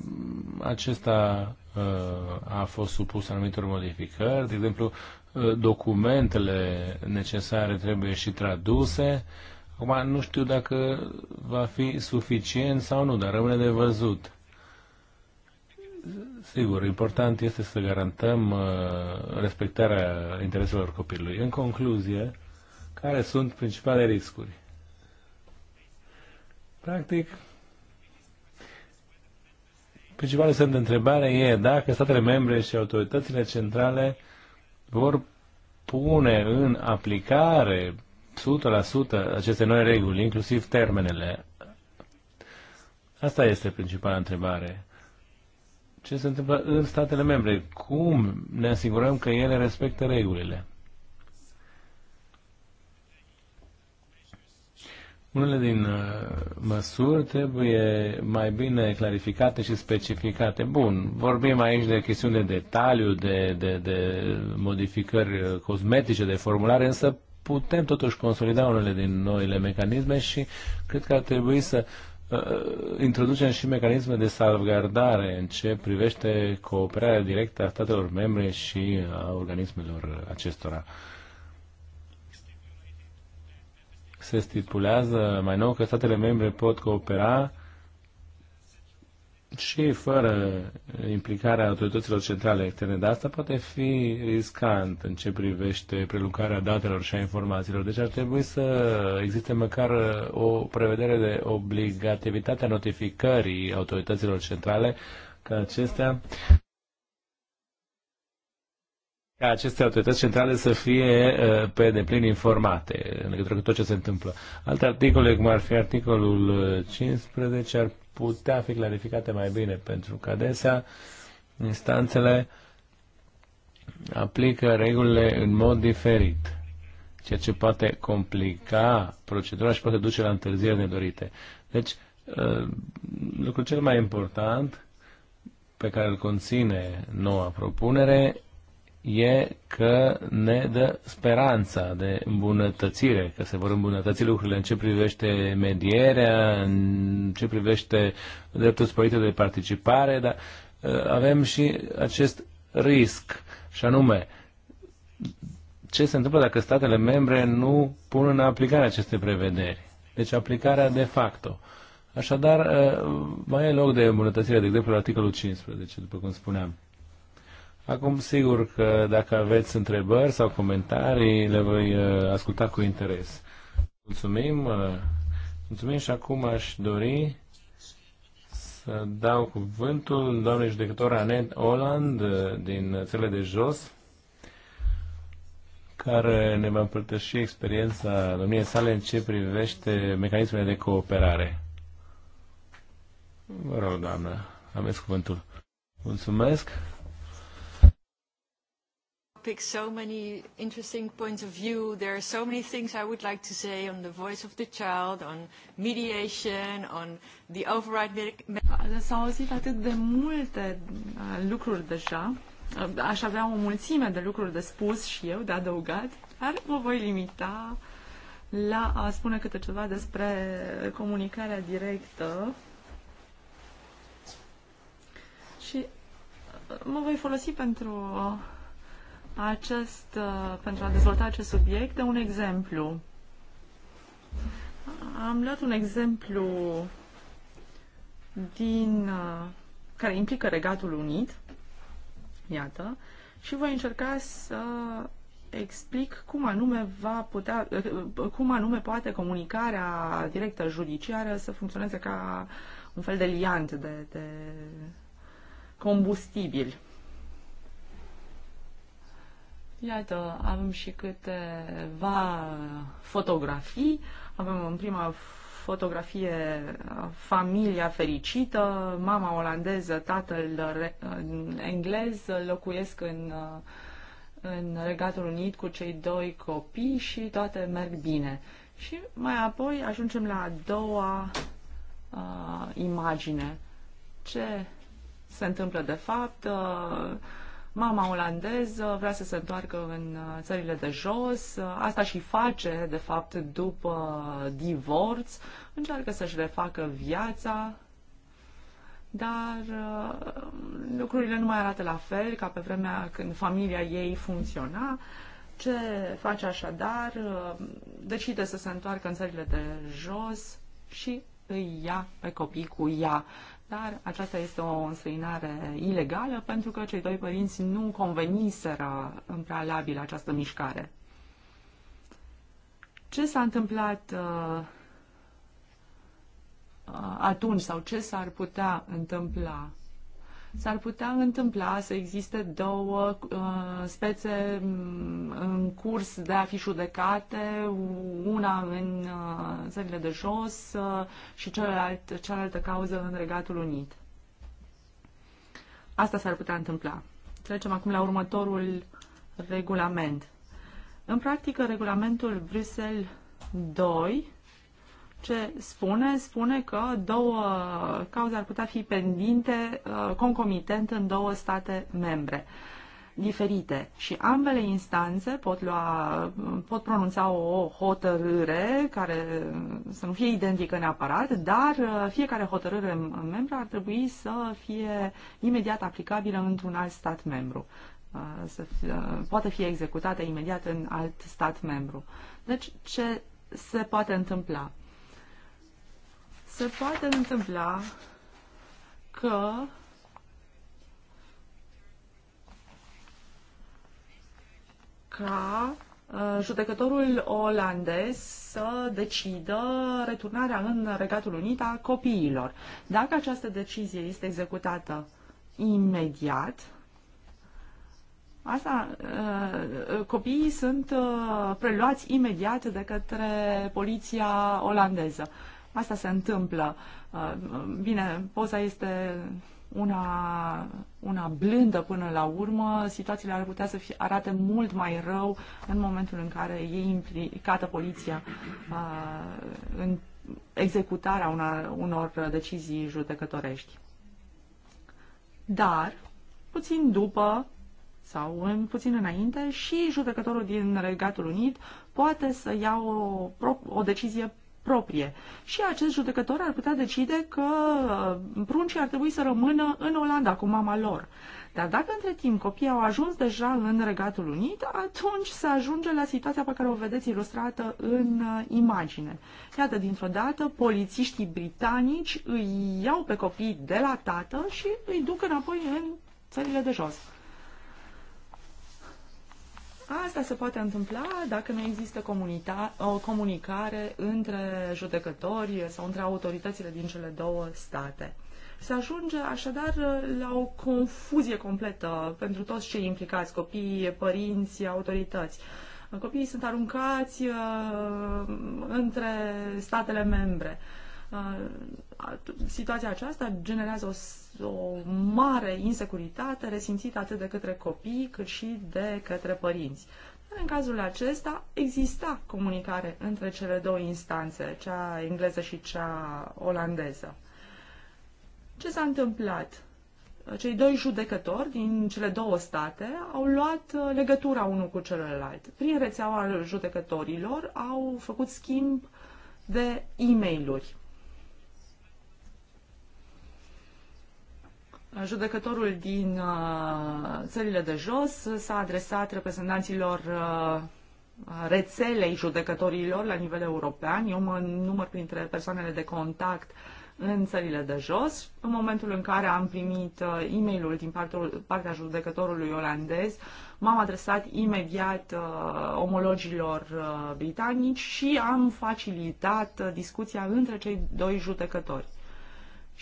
[SPEAKER 1] acesta uh, a fost supus anumitor modificări, de exemplu, uh, documentele necesare trebuie și traduse. Acum nu știu dacă va fi suficient sau nu, dar rămâne de văzut. Sigur, important este să garantăm uh, respectarea intereselor copilului. În concluzie, care sunt principalele riscuri? Practic, principalul semn de întrebare e dacă statele membre și autoritățile centrale vor pune în aplicare 100% aceste noi reguli, inclusiv termenele. Asta este principala întrebare. Ce se întâmplă în statele membre? Cum ne asigurăm că ele respectă regulile? Unele din uh, măsuri trebuie mai bine clarificate și specificate. Bun, vorbim aici de chestiuni de detaliu, de, de, de modificări cosmetice, de formulare, însă putem totuși consolida unele din noile mecanisme și cred că ar trebui să uh, introducem și mecanisme de salvgardare în ce privește cooperarea directă a statelor membre și a organismelor acestora. Uh, se stipulează mai nou că statele membre pot coopera și fără implicarea autorităților centrale externe, dar asta poate fi riscant în ce privește prelucrarea datelor și a informațiilor. Deci ar trebui să existe măcar o prevedere de obligativitatea notificării autorităților centrale că acestea ca aceste autorități centrale să fie pe deplin informate în legătură cu tot ce se întâmplă. Alte articole, cum ar fi articolul 15, ar putea fi clarificate mai bine, pentru că adesea instanțele aplică regulile în mod diferit, ceea ce poate complica procedura și poate duce la întârzieri nedorite. Deci, lucrul cel mai important pe care îl conține noua propunere e că ne dă speranța de îmbunătățire, că se vor îmbunătăți lucrurile în ce privește medierea, în ce privește dreptul sporită de participare, dar uh, avem și acest risc, și anume, ce se întâmplă dacă statele membre nu pun în aplicare aceste prevederi? Deci aplicarea de facto. Așadar, uh, mai e loc de îmbunătățire, de exemplu, la articolul 15, după cum spuneam. Acum, sigur că dacă aveți întrebări sau comentarii, le voi uh, asculta cu interes. Mulțumim! Uh, mulțumim și acum aș dori să dau cuvântul doamnei judecător Anet Oland uh, din cele de jos, care ne va împărtăși experiența domniei sale în ce privește mecanismele de cooperare. Vă rog, doamnă, aveți cuvântul. Mulțumesc
[SPEAKER 4] pick so many interesting points of view. There are so many things I would like to say on the voice of the child, on
[SPEAKER 2] mediation, on the override... S-au auzit atât de multe uh, lucruri deja. Uh, aș avea o mulțime de lucruri de spus și eu, de adăugat, dar mă voi limita la a spune câte ceva despre comunicarea directă și uh, mă voi folosi pentru acest, uh, pentru a dezvolta acest subiect de un exemplu. Am luat un exemplu din, uh, care implică Regatul Unit, iată, și voi încerca să explic cum anume va putea, uh, cum anume poate comunicarea directă judiciară să funcționeze ca un fel de liant de, de combustibil. Iată, avem și câteva fotografii. Avem în prima fotografie familia fericită, mama olandeză, tatăl englez locuiesc în, în Regatul Unit cu cei doi copii și toate merg bine. Și mai apoi ajungem la a doua a, imagine. Ce se întâmplă de fapt? A, Mama olandeză vrea să se întoarcă în uh, țările de jos, uh, asta și face, de fapt, după uh, divorț, încearcă să-și refacă viața, dar lucrurile nu mai arată la fel ca pe vremea când familia ei funcționa. Ce face așadar? Decide să se întoarcă în țările de jos și îi ia pe copii cu ea. Dar aceasta este o însăinare ilegală pentru că cei doi părinți nu conveniseră în prealabil această mișcare. Ce s-a întâmplat uh, uh atunci sau ce s-ar putea întâmpla s-ar putea întâmpla să existe două uh, spețe mm, în curs de a fi judecate, una în uh, țările de jos uh, și celălalt, cealaltă cauză în Regatul Unit. Asta s-ar putea întâmpla. Trecem acum la următorul regulament. În practică, regulamentul Bruxelles 2 ce spune? Spune că două cauze ar putea fi pendinte uh, concomitent în două state membre diferite și ambele instanțe pot, lua, pot pronunța o hotărâre care să nu fie identică neapărat, dar uh, fiecare hotărâre membru ar trebui să fie imediat aplicabilă într-un alt stat membru. Uh, să fie, poate fi executată imediat în alt stat membru. Deci, ce se poate întâmpla? se poate întâmpla că ca uh, judecătorul olandez să decidă returnarea în Regatul Unit a copiilor. Dacă această decizie este executată imediat, asta, uh, copiii sunt uh, preluați imediat de către poliția olandeză. Asta se întâmplă. Uh, bine, poza este una, una blândă până la urmă, situațiile ar putea să fie, arate mult mai rău în momentul în care e implicată poliția uh, în executarea una, unor decizii judecătorești. Dar, puțin după sau în, puțin înainte, și judecătorul din Regatul Unit poate să ia o, o decizie proprie. Și acest judecător ar putea decide că uh, pruncii ar trebui să rămână în Olanda cu mama lor. Dar dacă între timp copiii au ajuns deja în Regatul Unit, atunci se ajunge la situația pe care o vedeți ilustrată în uh, imagine. Iată, dintr-o dată, polițiștii britanici îi iau pe copii de la tată și îi duc înapoi în țările de jos. Asta se poate întâmpla dacă nu există o comunicare între judecători sau între autoritățile din cele două state. Se ajunge așadar la o confuzie completă pentru toți cei implicați, copii, părinți, autorități. Copiii sunt aruncați uh, între statele membre. Uh, situația aceasta generează o, o mare insecuritate resimțită atât de către copii cât și de către părinți. Dar în cazul acesta exista comunicare între cele două instanțe, cea engleză și cea olandeză. Ce s-a întâmplat? Cei doi judecători din cele două state au luat uh, legătura unul cu celălalt. Prin rețeaua judecătorilor au făcut schimb de e-mail-uri. judecătorul din uh, țările de jos s-a adresat reprezentanților uh, rețelei judecătorilor la nivel european. Eu mă număr printre persoanele de contact în țările de jos. În momentul în care am primit uh, e mail din partea judecătorului olandez, m-am adresat imediat omologilor britanici și am facilitat discuția între cei doi judecători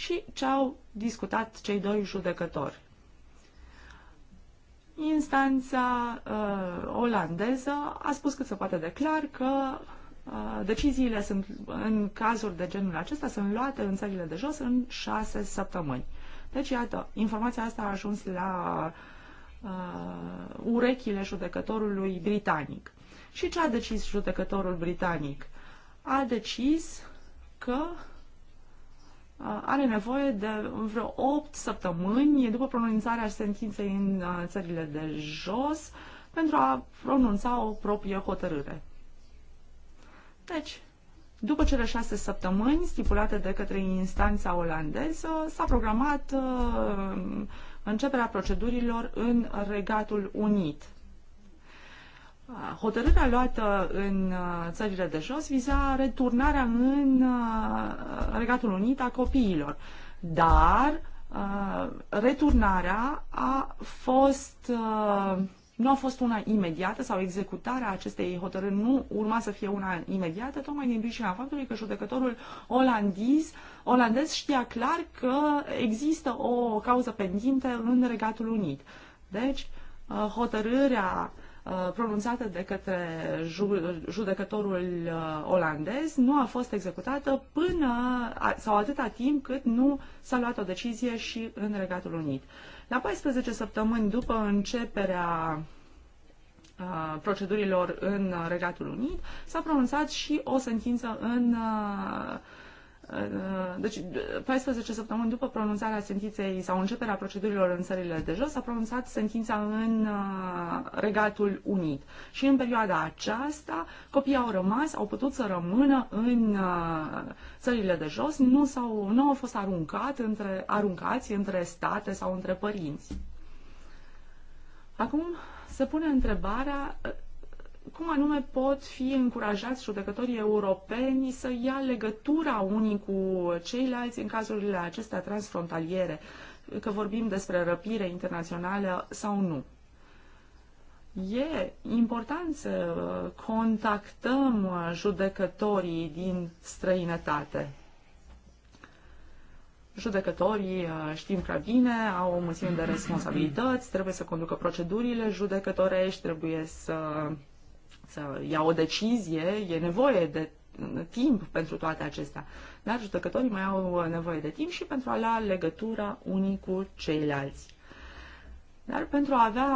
[SPEAKER 2] și ce au discutat cei doi judecători. Instanța uh, olandeză a spus cât se poate de clar că uh, deciziile sunt, în cazuri de genul acesta sunt luate în țările de jos în șase săptămâni. Deci, iată, informația asta a ajuns la uh, urechile judecătorului britanic. Și ce a decis judecătorul britanic? A decis că Uh, are nevoie de vreo 8 săptămâni după pronunțarea sentinței în uh, țările de jos pentru a pronunța o proprie hotărâre. Deci, după cele șase săptămâni stipulate de către instanța olandeză, s-a programat uh, începerea procedurilor în Regatul Unit. Hotărârea luată în uh, țările de jos viza returnarea în uh, Regatul Unit a copiilor, dar uh, returnarea a fost nu a fost una imediată sau executarea acestei hotărâri nu urma să fie una imediată, tocmai din pricina faptului că judecătorul olandiz, olandez știa clar că există o cauză pendinte în Regatul Unit. Deci, hotărârea uh, Uh, pronunțată de către judecătorul uh, olandez nu a fost executată până sau atâta timp cât nu s-a luat o decizie și în Regatul Unit. La 14 săptămâni după începerea uh, procedurilor în Regatul Unit, s-a pronunțat și o sentință în Uh, deci, 14 săptămâni după pronunțarea sentinței sau începerea procedurilor în țările de jos, s-a pronunțat sentința în uh, Regatul Unit. Și în perioada aceasta, copiii au rămas, au putut să rămână în uh, țările de jos, nu, s-au, nu au fost aruncat între, aruncați între state sau între părinți. Acum se pune întrebarea cum anume pot fi încurajați judecătorii europeni să ia legătura unii cu ceilalți în cazurile acestea transfrontaliere, că vorbim despre răpire internațională sau nu. E important să contactăm judecătorii din străinătate. Judecătorii, uh, știm prea bine, au o mulțime de responsabilități, trebuie să conducă procedurile judecătorești, trebuie să să ia o decizie, e nevoie de timp pentru toate acestea. Dar judecătorii mai au nevoie de timp și pentru a lua legătura unii cu ceilalți. Dar pentru a avea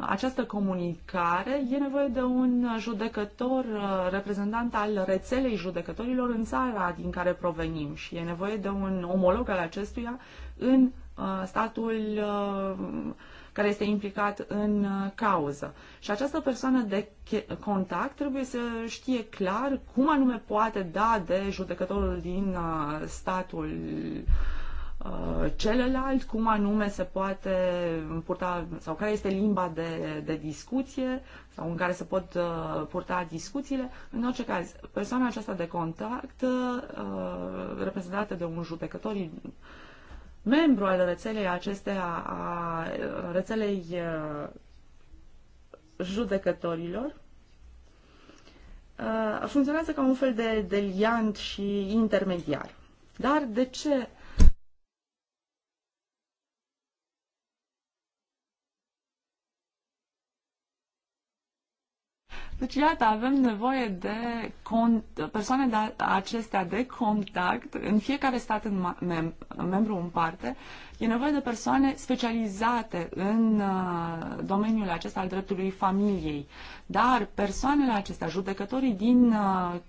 [SPEAKER 2] această comunicare e nevoie de un judecător, reprezentant al rețelei judecătorilor în țara din care provenim și e nevoie de un omolog al acestuia în uh, statul uh, care este implicat în uh, cauză. Și această persoană de contact trebuie să știe clar cum anume poate da de judecătorul din uh, statul uh, celălalt, cum anume se poate purta sau care este limba de, de discuție sau în care se pot purta discuțiile. În orice caz, persoana aceasta de contact reprezentată de un judecător membru al rețelei acestea, a rețelei judecătorilor, funcționează ca un fel de, de liant și intermediar. Dar de ce Deci, iată, avem nevoie de persoane de acestea de contact în fiecare stat în mem membru în parte. E nevoie de persoane specializate în uh, domeniul acesta al dreptului familiei. Dar persoanele acestea, judecătorii din uh,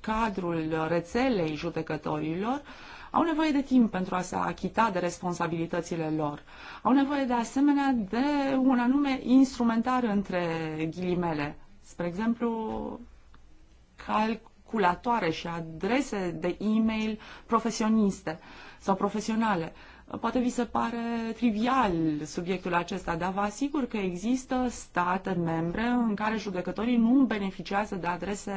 [SPEAKER 2] cadrul rețelei judecătorilor, au nevoie de timp pentru a se achita de responsabilitățile lor. Au nevoie de asemenea de un anume instrumentar între ghilimele Spre exemplu, calculatoare și adrese de e-mail profesioniste sau profesionale. Poate vi se pare trivial subiectul acesta, dar vă asigur că există state membre în care judecătorii nu beneficiază de adrese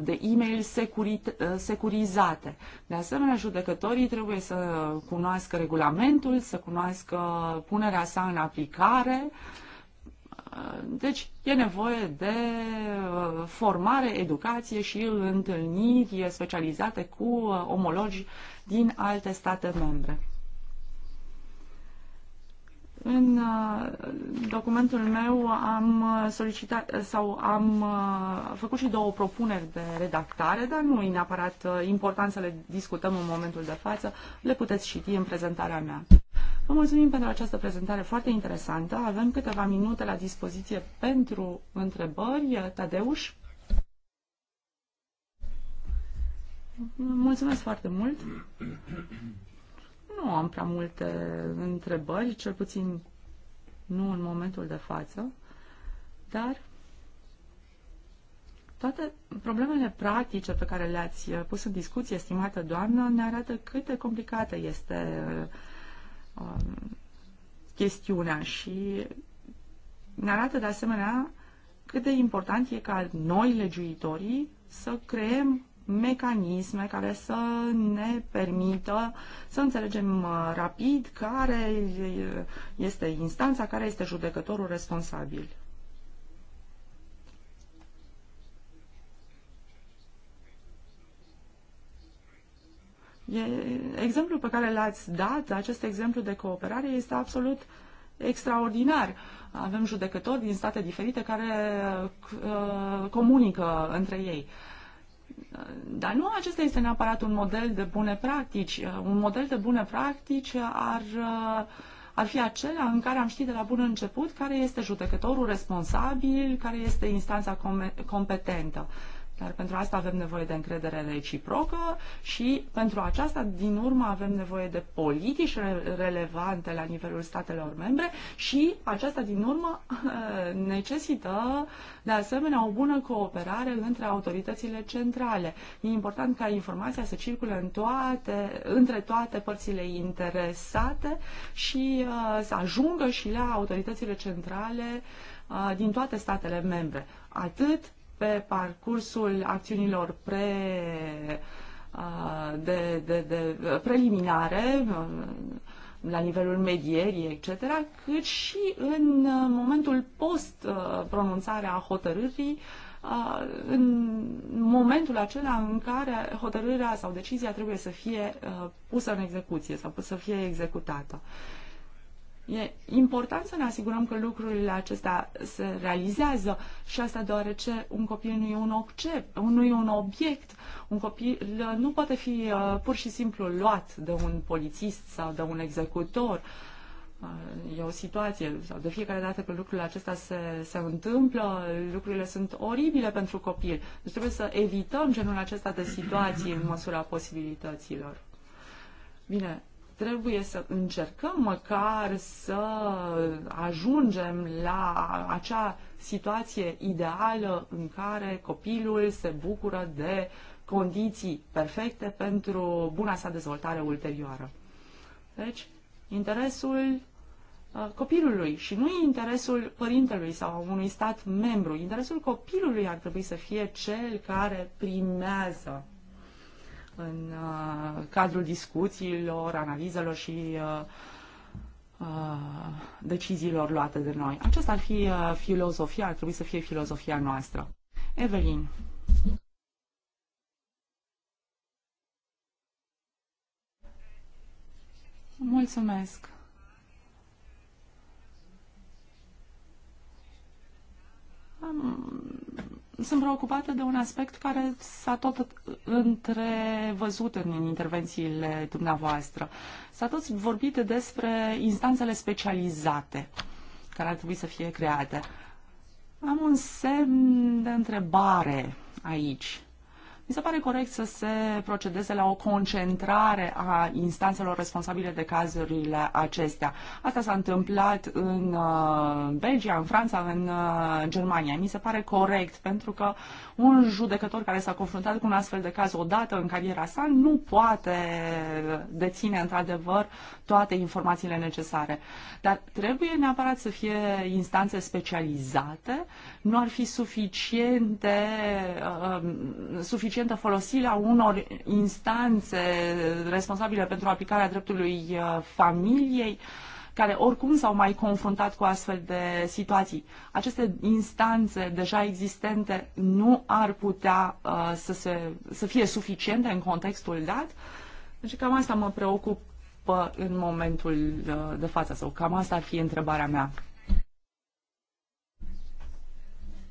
[SPEAKER 2] de e-mail securizate. De asemenea, judecătorii trebuie să cunoască regulamentul, să cunoască punerea sa în aplicare uh, deci e nevoie de uh, formare, educație și întâlniri specializate cu uh, omologi din alte state membre. În uh, documentul meu am solicitat sau am făcut și două propuneri de redactare, dar nu e neapărat important să le discutăm în momentul de față. Le puteți citi în prezentarea mea. Vă mulțumim pentru această prezentare foarte interesantă. Avem câteva minute la dispoziție pentru întrebări. Tadeuș? Mulțumesc foarte mult. Nu am prea multe întrebări, cel puțin nu în momentul de față, dar toate problemele practice pe care le-ați pus în discuție, stimată doamnă, ne arată cât de complicată este uh, Um, chestiunea și ne arată de asemenea cât de important e ca noi, legiuitorii, să creăm mecanisme care să ne permită să înțelegem uh, rapid care este instanța, care este judecătorul responsabil. E, exemplul pe care l-ați dat, acest exemplu de cooperare, este absolut extraordinar. Avem judecători din state diferite care uh, comunică între ei. Dar nu acesta este neapărat un model de bune practici. Un model de bune practici ar, uh, ar fi acela în care am ști de la bun început care este judecătorul responsabil, care este instanța competentă. Uh, dar pentru asta avem nevoie de încredere reciprocă și pentru aceasta, din urmă, avem nevoie de politici relevante la nivelul statelor membre și aceasta, din urmă, necesită, de asemenea, o bună cooperare între autoritățile centrale. E important ca informația să circule în toate, între toate părțile interesate și uh, să ajungă și la autoritățile centrale uh, din toate statele membre, atât pe parcursul acțiunilor pre, de, de, de preliminare, la nivelul medierii, etc., cât și în momentul post-pronunțarea hotărârii, în momentul acela în care hotărârea sau decizia trebuie să fie pusă în execuție sau să fie executată. E important să ne asigurăm că lucrurile acestea se realizează și asta deoarece un copil nu e un, obiect, nu e un obiect. Un copil uh, nu poate fi uh, pur și simplu luat de un polițist sau de un executor. Uh, e o situație, sau de fiecare dată când lucrurile acestea se, se întâmplă, lucrurile sunt oribile pentru copil. Deci trebuie să evităm genul acesta de situații în măsura posibilităților. Bine, trebuie să încercăm măcar să ajungem la acea situație ideală în care copilul se bucură de condiții perfecte pentru buna sa dezvoltare ulterioară. Deci, interesul uh, copilului și nu interesul părintelui sau unui stat membru. Interesul copilului ar trebui să fie cel care primează în uh, cadrul discuțiilor, analizelor și uh, uh, deciziilor luate de noi. Aceasta ar fi filozofia, ar trebui să fie filozofia noastră. Evelyn.
[SPEAKER 4] Mulțumesc.
[SPEAKER 2] Am sunt preocupată de un aspect care s-a tot întrevăzut în intervențiile dumneavoastră. S-a tot vorbit despre instanțele specializate care ar trebui să fie create. Am un semn de întrebare aici. Mi se pare corect să se procedeze la o concentrare a instanțelor responsabile de cazurile acestea. Asta s-a întâmplat în uh, Belgia, în Franța, în uh, Germania. Mi se pare corect pentru că un judecător care s-a confruntat cu un astfel de caz odată în cariera sa nu poate deține într-adevăr toate informațiile necesare. Dar trebuie neapărat să fie instanțe specializate, nu ar fi suficiente, uh, suficient eficientă folosirea unor instanțe responsabile pentru aplicarea dreptului uh, familiei, care oricum s-au mai confruntat cu astfel de situații. Aceste instanțe deja existente nu ar putea uh, să, se, să fie suficiente în contextul dat. Deci cam asta mă preocupă în momentul uh, de față sau cam asta ar fi întrebarea mea.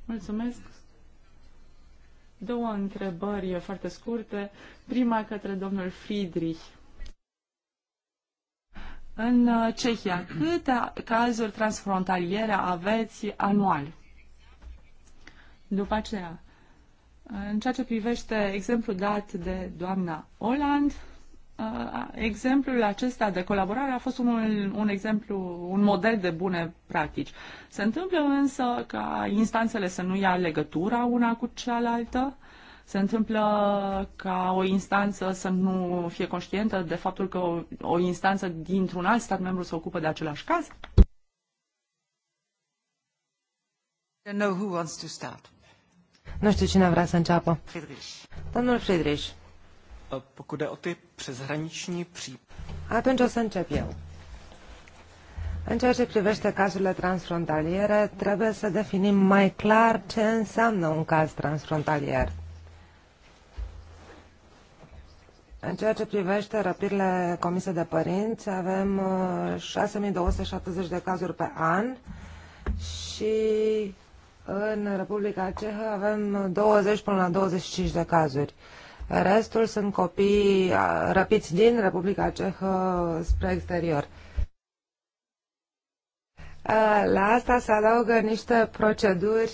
[SPEAKER 2] Mulțumesc! Două întrebări foarte scurte. Prima către domnul Friedrich. În uh, Cehia, câte cazuri transfrontaliere aveți anual? După aceea, în ceea ce privește exemplul dat de doamna Oland, exemplul acesta de colaborare a fost un, un exemplu, un model de bune practici. Se întâmplă însă ca instanțele să nu ia legătura una cu cealaltă, se întâmplă ca o instanță să nu fie conștientă de faptul că o, o instanță dintr-un alt stat membru se ocupă de același caz?
[SPEAKER 3] Nu știu cine vrea să înceapă. Friedrich. Domnul Friedrich. Eh, pokud jde o ty přeshraniční Atunci o să încep eu. În ceea ce privește cazurile transfrontaliere, trebuie să definim mai clar ce înseamnă un caz transfrontalier. În ceea ce privește răpirile comise de părinți, avem 6270 eh, de cazuri pe an și în Republica Cehă avem 20 până la 25 de cazuri. Restul sunt copii răpiți din Republica Cehă spre exterior. La asta se adaugă niște proceduri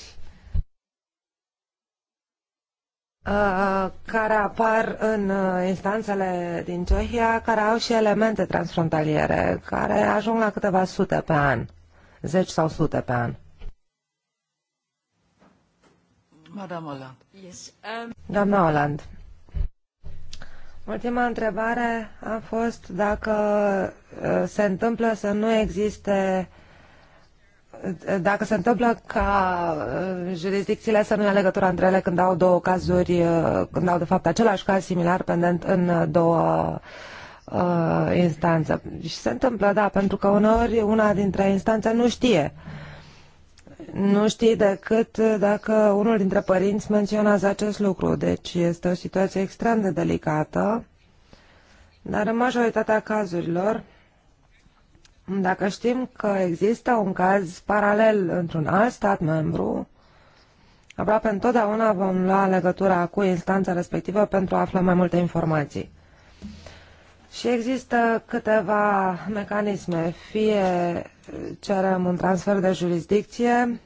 [SPEAKER 3] care apar în instanțele din Cehia, care au și elemente transfrontaliere, care ajung la câteva sute pe an, zeci sau sute pe an. Madame Hollande. Yes, um... Doamna Hollande. Ultima întrebare a fost dacă uh, se întâmplă să nu existe uh, dacă se întâmplă ca uh, jurisdicțiile să nu ia legătura între ele când au două cazuri, când au de fapt același caz similar pendent în două uh, instanță. Și se întâmplă, da, pentru că uneori una dintre instanțe nu știe uh, nu știi decât dacă unul dintre părinți menționează acest lucru. Deci este o situație extrem de delicată, dar în majoritatea cazurilor, dacă știm că există un caz paralel într-un alt stat membru, aproape întotdeauna vom lua legătura cu instanța respectivă pentru a afla mai multe informații. Și există câteva mecanisme, fie cerem un transfer de jurisdicție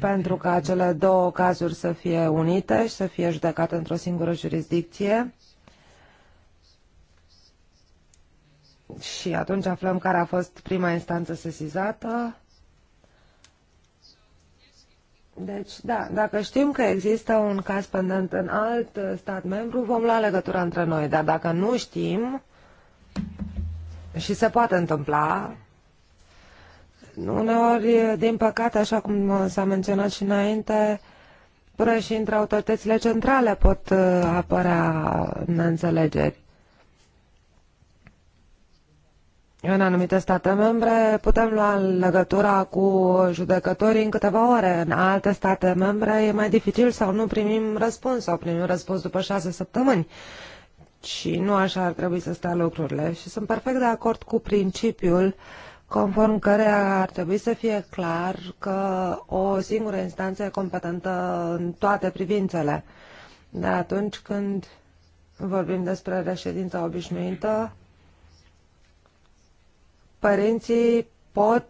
[SPEAKER 3] pentru ca cele două cazuri să fie unite și să fie judecate într-o singură jurisdicție. Și atunci aflăm care a fost prima instanță sesizată. Deci, da, dacă știm că există un caz pendent în alt stat membru, vom lua legătura între noi, dar dacă nu știm, și se poate întâmpla. Uneori, din păcate, așa cum s-a menționat și înainte, până și între autoritățile centrale pot uh, apărea neînțelegeri. În anumite state membre putem lua legătura cu judecătorii în câteva ore. În alte state membre e mai dificil sau nu primim răspuns sau primim răspuns după șase săptămâni și nu așa ar trebui să stea lucrurile și sunt perfect de acord cu principiul conform căreia ar trebui să fie clar că o singură instanță e competentă în toate privințele. Dar atunci când vorbim despre reședința obișnuită, părinții pot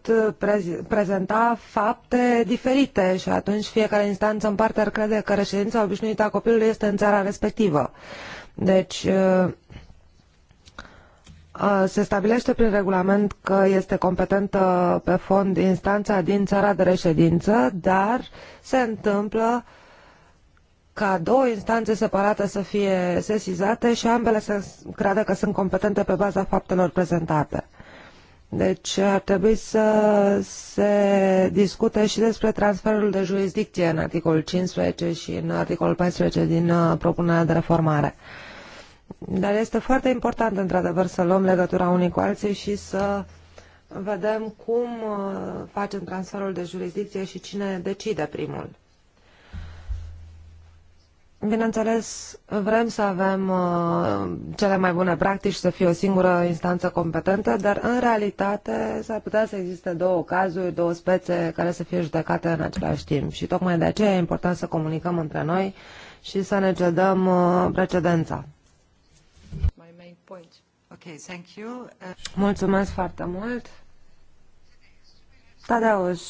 [SPEAKER 3] prezenta fapte diferite și atunci fiecare instanță în parte ar crede că reședința obișnuită a copilului este în țara respectivă. Deci, uh, se stabilește prin regulament că este competentă pe fond instanța din țara de reședință, dar se întâmplă ca două instanțe separate să fie sesizate și ambele să creadă că sunt competente pe baza faptelor prezentate. Deci ar trebui să se discute și despre transferul de jurisdicție în articolul 15 și în articolul 14 din uh, propunerea de reformare. Dar este foarte important, într-adevăr, să luăm legătura unii cu alții și să vedem cum uh, facem transferul de jurisdicție și cine decide primul. Bineînțeles, vrem să avem uh, cele mai bune practici, să fie o singură instanță competentă, dar în realitate s-ar putea să existe două cazuri, două spețe care să fie judecate în același timp. Și tocmai de aceea e important să comunicăm între noi și să ne cedăm uh, precedența. Uh, Mulțumesc foarte mult. Tadeuș,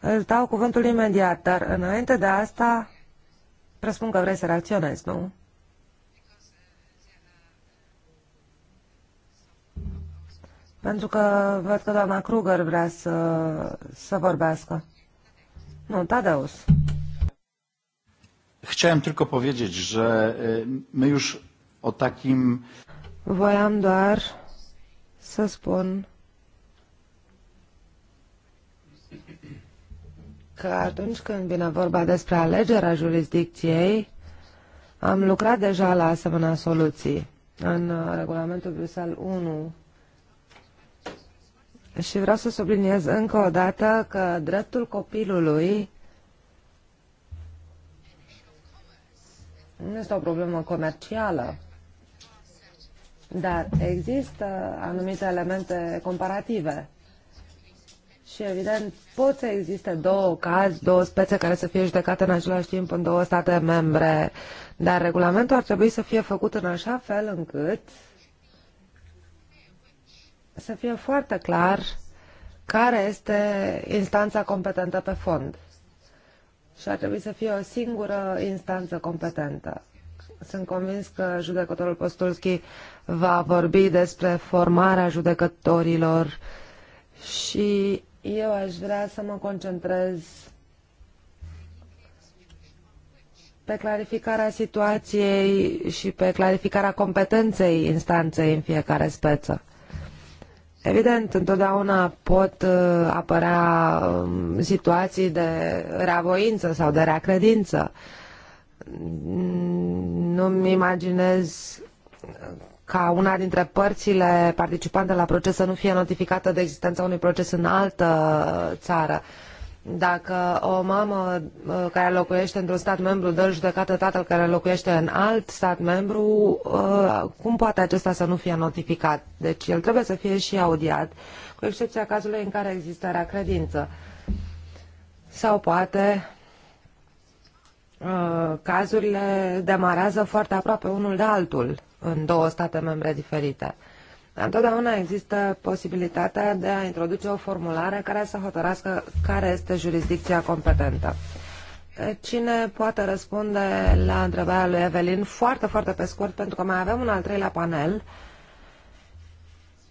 [SPEAKER 3] îți dau cuvântul imediat, dar înainte de asta presupun că vrei să reacționezi, nu? Pentru că văd că doamna Kruger vrea să, să vorbească. Nu, Tadeusz.
[SPEAKER 1] Chciałem tylko powiedzieć,
[SPEAKER 3] że my już o takim... Voiam doar să spun că atunci când vine vorba despre alegerea jurisdicției, am lucrat deja la asemenea soluții în uh, regulamentul Bruxelles 1 și vreau să subliniez încă o dată că dreptul copilului nu este o problemă comercială. Dar există anumite elemente comparative. Și evident, pot să existe două cazi, două spețe care să fie judecate în același timp în două state membre, dar regulamentul ar trebui să fie făcut în așa fel încât să fie foarte clar care este instanța competentă pe fond. Și ar trebui să fie o singură instanță competentă. Sunt convins că judecătorul Postulski va vorbi despre formarea judecătorilor și eu aș vrea să mă concentrez pe clarificarea situației și pe clarificarea competenței instanței în fiecare speță. Evident, întotdeauna pot uh, apărea um, situații de reavoință sau de reacredință, nu-mi imaginez ca una dintre părțile participante la proces să nu fie notificată de existența unui proces în altă țară. Dacă o mamă uh, care locuiește într-un stat membru dă judecată tatăl care locuiește în alt stat membru, uh, cum poate acesta să nu fie notificat? Deci el trebuie să fie și audiat, cu excepția cazului în care există rea credință. Sau poate Uh, cazurile demarează foarte aproape unul de altul în două state membre diferite. Întotdeauna există posibilitatea de a introduce o formulare care să hotărască care este jurisdicția competentă. Cine poate răspunde la întrebarea lui Evelin foarte, foarte pe scurt, pentru că mai avem un al treilea panel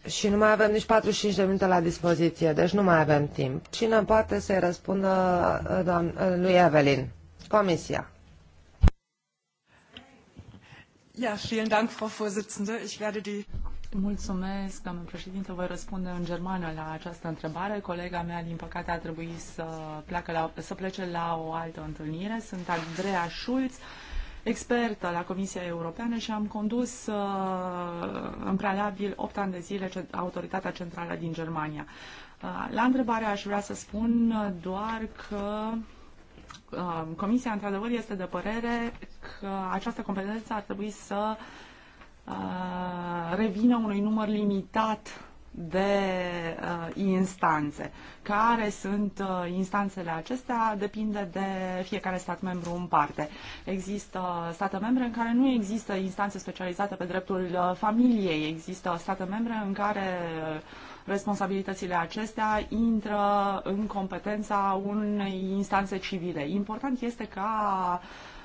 [SPEAKER 3] și nu mai avem nici 45 de minute la dispoziție, deci nu mai avem timp. Cine poate să-i răspundă lui Evelin? Comisia.
[SPEAKER 2] Ja, vielen Dank, Frau Vorsitzende. Ich werde die Mulțumesc, doamnă președinte. Voi răspunde în germană la această întrebare. Colega mea, din păcate, a trebuit să, pleacă la, să plece la o altă întâlnire. Sunt Andreea Schulz, expertă la Comisia Europeană și am condus uh, în prealabil 8 ani de zile Autoritatea Centrală din Germania. Uh, la întrebare aș vrea să spun doar că Um, Comisia, într-adevăr, este de părere că această competență ar trebui să uh, revină unui număr limitat de uh, instanțe. Care sunt uh, instanțele acestea depinde de fiecare stat membru în parte. Există state membre în care nu există instanțe specializate pe dreptul uh, familiei, există state membre în care uh, responsabilitățile acestea intră în competența unei instanțe civile. Important este ca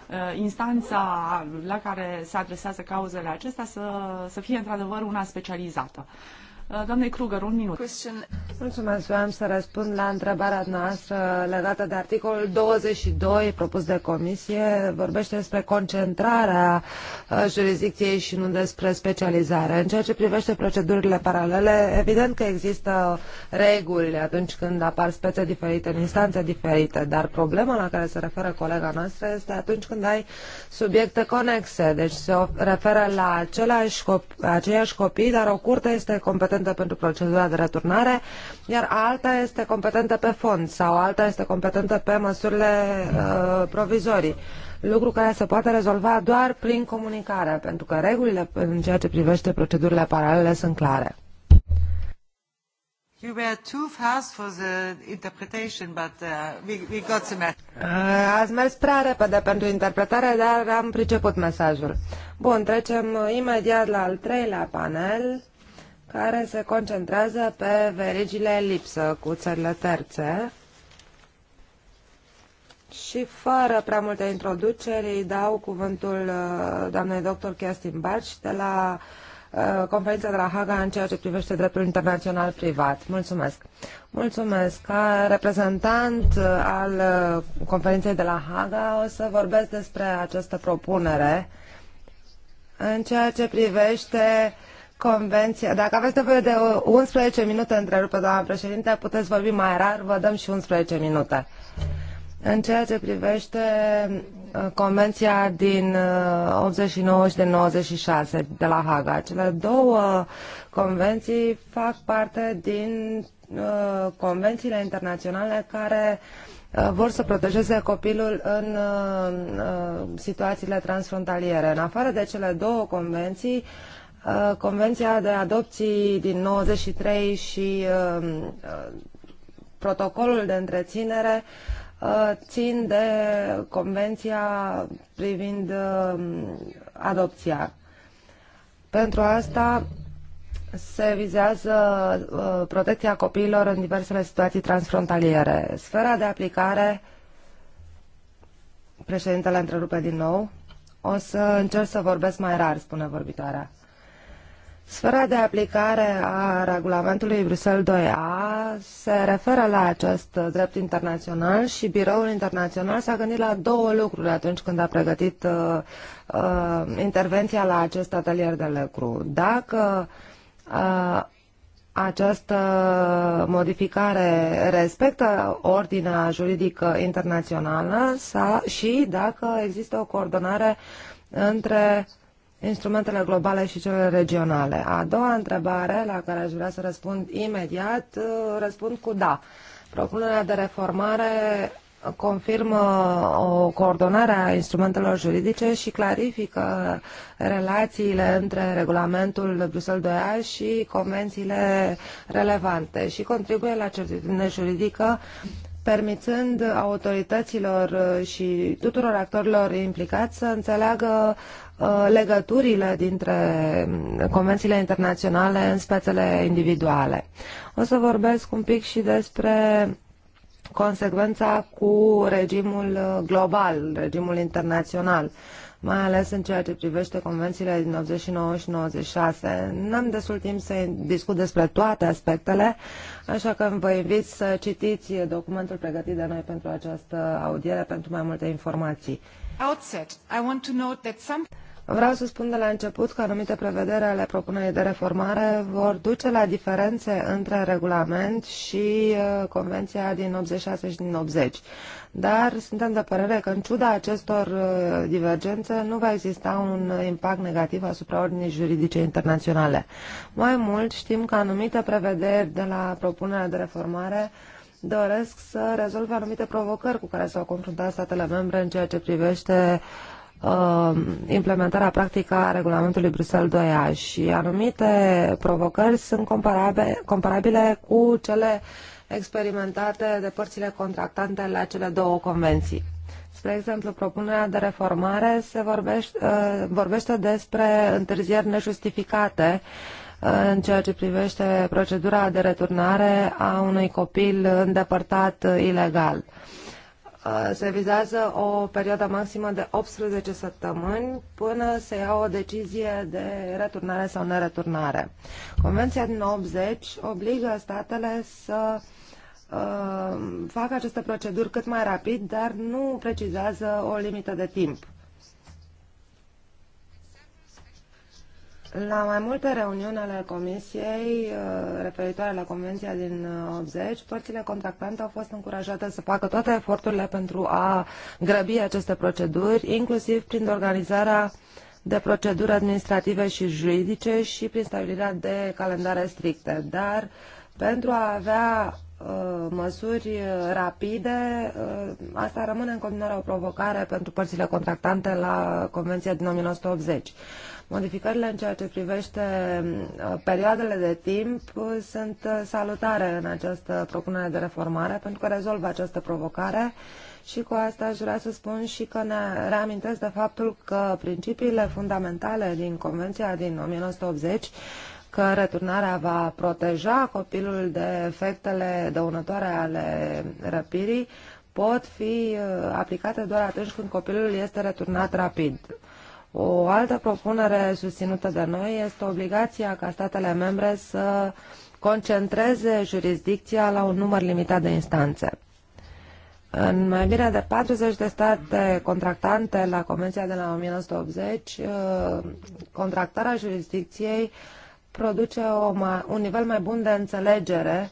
[SPEAKER 2] uh, instanța la care se adresează cauzele acestea să, să fie într-adevăr una specializată. Uh, doamnei Kruger, un minut.
[SPEAKER 3] Mulțumesc, să răspund la întrebarea noastră legată de articolul 22 propus de comisie. Vorbește despre concentrarea uh, jurisdicției și nu despre specializare. În ceea ce privește procedurile paralele, evident că există reguli atunci când apar spețe diferite în instanțe diferite, dar problema la care se referă colega noastră este atunci când ai subiecte conexe, deci se referă la același copii, aceiași copii, dar o curte este competentă competentă pentru procedura de returnare, iar alta este competentă pe fond sau alta este competentă pe măsurile da. uh, provizorii. Lucru care se poate rezolva doar prin comunicare, pentru că regulile în ceea ce privește procedurile paralele sunt clare.
[SPEAKER 4] You were too fast for the interpretation, but uh, we, we got the message.
[SPEAKER 3] Uh, ați mers prea repede pentru interpretare, dar am priceput mesajul. Bun, trecem imediat la al treilea panel care se concentrează pe verigile lipsă cu țările terțe și fără prea multe introduceri îi dau cuvântul uh, doamnei doctor Kerstin Barci de la uh, conferința de la Haga în ceea ce privește dreptul internațional privat. Mulțumesc! Mulțumesc! Ca reprezentant uh, al conferinței de la Haga o să vorbesc despre această propunere în ceea ce privește uh, Convenția. Dacă aveți nevoie de 11 minute, întrerupe doamna președinte, puteți vorbi mai rar, vă dăm și 11 minute. În ceea ce privește uh, Convenția din 89 uh, și de 96 de la Haga, cele două convenții fac parte din uh, convențiile internaționale care vor să protejeze copilul în situațiile transfrontaliere. În afară de cele două convenții, Uh, convenția de adopții din 93 și um, uh, protocolul de întreținere uh, țin de convenția privind um, adopția. Pentru asta se vizează protecția copiilor în diversele situații transfrontaliere. Sfera de aplicare, președintele întrerupe din nou, o să încerc să vorbesc mai rar, spune vorbitoarea. Sfera de aplicare a regulamentului Bruxelles 2A se referă la acest drept internațional și biroul internațional s-a gândit la două lucruri atunci când a pregătit uh, uh, intervenția la acest atelier de lucru. Dacă uh, această modificare respectă ordinea juridică internațională sau, și dacă există o coordonare între uh, instrumentele globale și cele regionale. A doua întrebare la care aș vrea să răspund imediat, uh, răspund cu da. Propunerea de reformare confirmă o coordonare a instrumentelor juridice și clarifică relațiile între regulamentul Bruxelles 2A și convențiile relevante și contribuie la certitudine juridică permițând autorităților și tuturor actorilor implicați să înțeleagă Uh, legăturile dintre convențiile internaționale în spețele individuale. O să vorbesc un pic și despre consecvența cu regimul uh, global, regimul internațional, mai ales în ceea ce privește convențiile din 89 și 96. N-am destul timp să discut despre toate aspectele, așa că vă invit să citiți documentul pregătit de noi pentru această audiere pentru mai multe informații.
[SPEAKER 4] Outset, I want to note that some...
[SPEAKER 3] Vreau să spun de la început că anumite prevedere ale propunerii de reformare vor duce la diferențe între regulament și uh, convenția din 86 și din 80. Dar suntem de părere că, în ciuda acestor uh, divergențe, nu va exista un impact negativ asupra ordinii juridice internaționale. Mai mult, știm că anumite prevederi de la propunerea de reformare doresc să rezolve anumite provocări cu care s-au confruntat statele membre în ceea ce privește uh, Uh, implementarea practică a regulamentului Bruxelles 2A și anumite provocări sunt comparabile, comparabile cu cele experimentate de părțile contractante la cele două convenții. Spre exemplu, propunerea de reformare se vorbește, uh, vorbește despre întârzieri nejustificate uh, în ceea ce privește procedura de returnare a unui copil îndepărtat ilegal Uh, se vizează o perioadă maximă de 18 săptămâni până se ia o decizie de returnare sau nereturnare. Convenția din 80 obligă statele să uh, facă aceste proceduri cât mai rapid, dar nu precizează o limită de timp. La mai multe reuniuni ale Comisiei uh, referitoare la Convenția din 80, uh, părțile contractante au fost încurajate să facă toate eforturile pentru a grăbi aceste proceduri, inclusiv prin organizarea de proceduri administrative și juridice și prin stabilirea de calendare stricte. Dar pentru a avea uh, măsuri rapide, asta rămâne în continuare o provocare pentru părțile contractante la Convenția din 1980. Modificările în ceea ce privește uh, perioadele de timp uh, sunt uh, salutare în această propunere de reformare pentru că rezolvă această provocare și cu asta aș vrea să spun și că ne reamintesc de faptul că principiile fundamentale din Convenția din 1980 că returnarea va proteja copilul de efectele dăunătoare ale răpirii pot fi aplicate doar atunci când copilul este returnat rapid. O altă propunere susținută de noi este obligația ca statele membre să concentreze jurisdicția la un număr limitat de instanțe. În mai bine de 40 de state contractante la Convenția de la 1980, uh, contractarea jurisdicției produce o, un nivel mai bun de înțelegere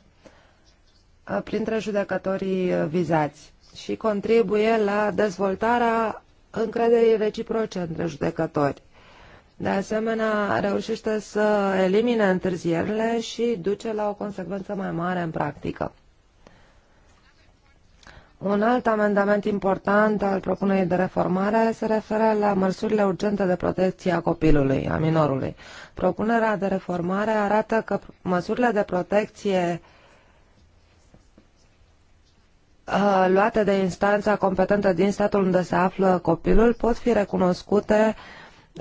[SPEAKER 3] uh, printre judecătorii vizați și contribuie la dezvoltarea încrederii reciproce între judecători. De asemenea, reușește să elimine întârzierile și duce la o consecvență mai mare în practică. Un alt amendament important al propunerii de reformare se referă la măsurile urgente de protecție a copilului, a minorului. Propunerea de reformare arată că măsurile de protecție Uh, luate de instanța competentă din statul unde se află copilul pot fi recunoscute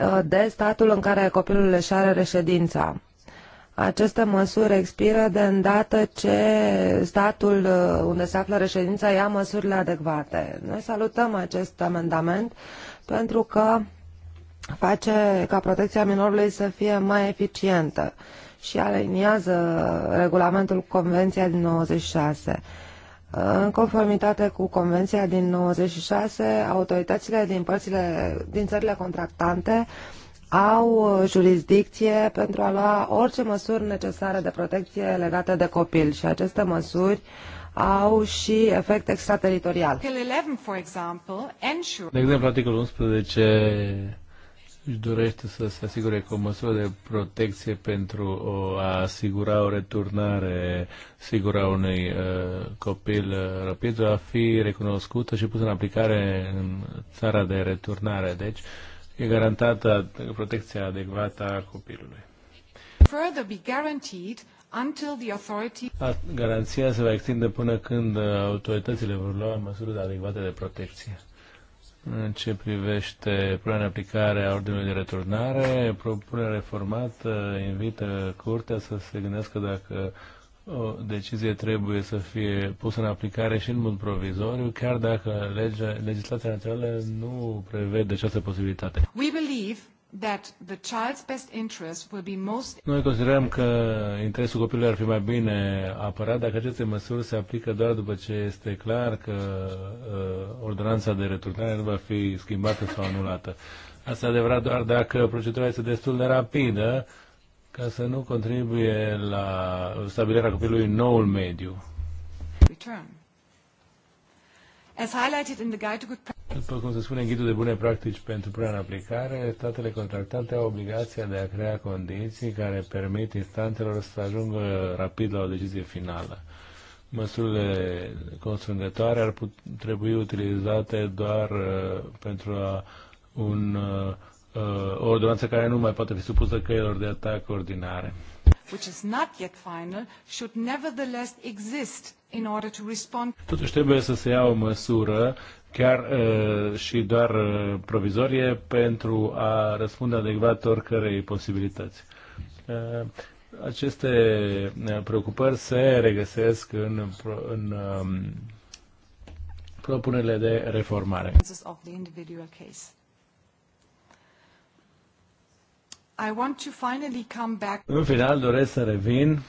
[SPEAKER 3] uh, de statul în care copilul își are reședința. Aceste măsuri expiră de îndată ce statul uh, unde se află reședința ia măsurile adecvate. Noi salutăm acest amendament pentru că face ca protecția minorului să fie mai eficientă și aliniază regulamentul Convenția din 96. În conformitate cu Convenția din 96, autoritățile din, părțile, din țările contractante au jurisdicție pentru a lua orice măsuri necesare de protecție legată de copil și aceste măsuri au și efect extrateritorial.
[SPEAKER 4] De
[SPEAKER 1] exemplu, articolul 11 își dorește să se asigure cu o măsură de protecție pentru a asigura o returnare sigură a unui uh, copil uh, rapid, va fi recunoscută și pusă în aplicare în țara de returnare. Deci, e garantată protecția adecvată a copilului.
[SPEAKER 4] Further be guaranteed until the authority...
[SPEAKER 1] Garanția se va extinde până când uh, autoritățile vor lua măsuri adecvate de protecție. În ce privește punerea aplicare a ordinului de returnare, propunerea reformată invită Curtea să se gândească dacă o decizie trebuie să fie pusă în aplicare și în mod provizoriu, chiar dacă legea, legislația națională nu prevede această posibilitate.
[SPEAKER 4] We believe that the child's best interest will be most...
[SPEAKER 1] Noi considerăm că interesul copilului ar fi mai bine apărat dacă aceste măsuri se aplică doar după ce este clar că uh, ordonanța de returnare nu va fi schimbată sau anulată. Asta adevărat doar dacă procedura este destul de rapidă ca să nu contribuie la stabilirea copilului în noul mediu.
[SPEAKER 4] Return. As highlighted in the guide to good
[SPEAKER 1] după cum se spune în ghidul de bune practici pentru punerea în aplicare, statele contractante au obligația de a crea condiții care permit instanțelor să ajungă rapid la o decizie finală. Măsurile constrângătoare ar put, trebui utilizate doar uh, pentru a un, uh, o ordonanță care nu mai poate fi supusă căilor de atac ordinare
[SPEAKER 4] which is not yet final, should nevertheless exist in order to respond.
[SPEAKER 1] Totuși trebuie să se ia o măsură chiar uh, și doar uh, provizorie, pentru a răspunde adecvat oricărei posibilități. Uh, aceste uh, preocupări se regăsesc în, în um, propunerile de reformare.
[SPEAKER 4] I want to finally come back. În
[SPEAKER 1] final doresc să revin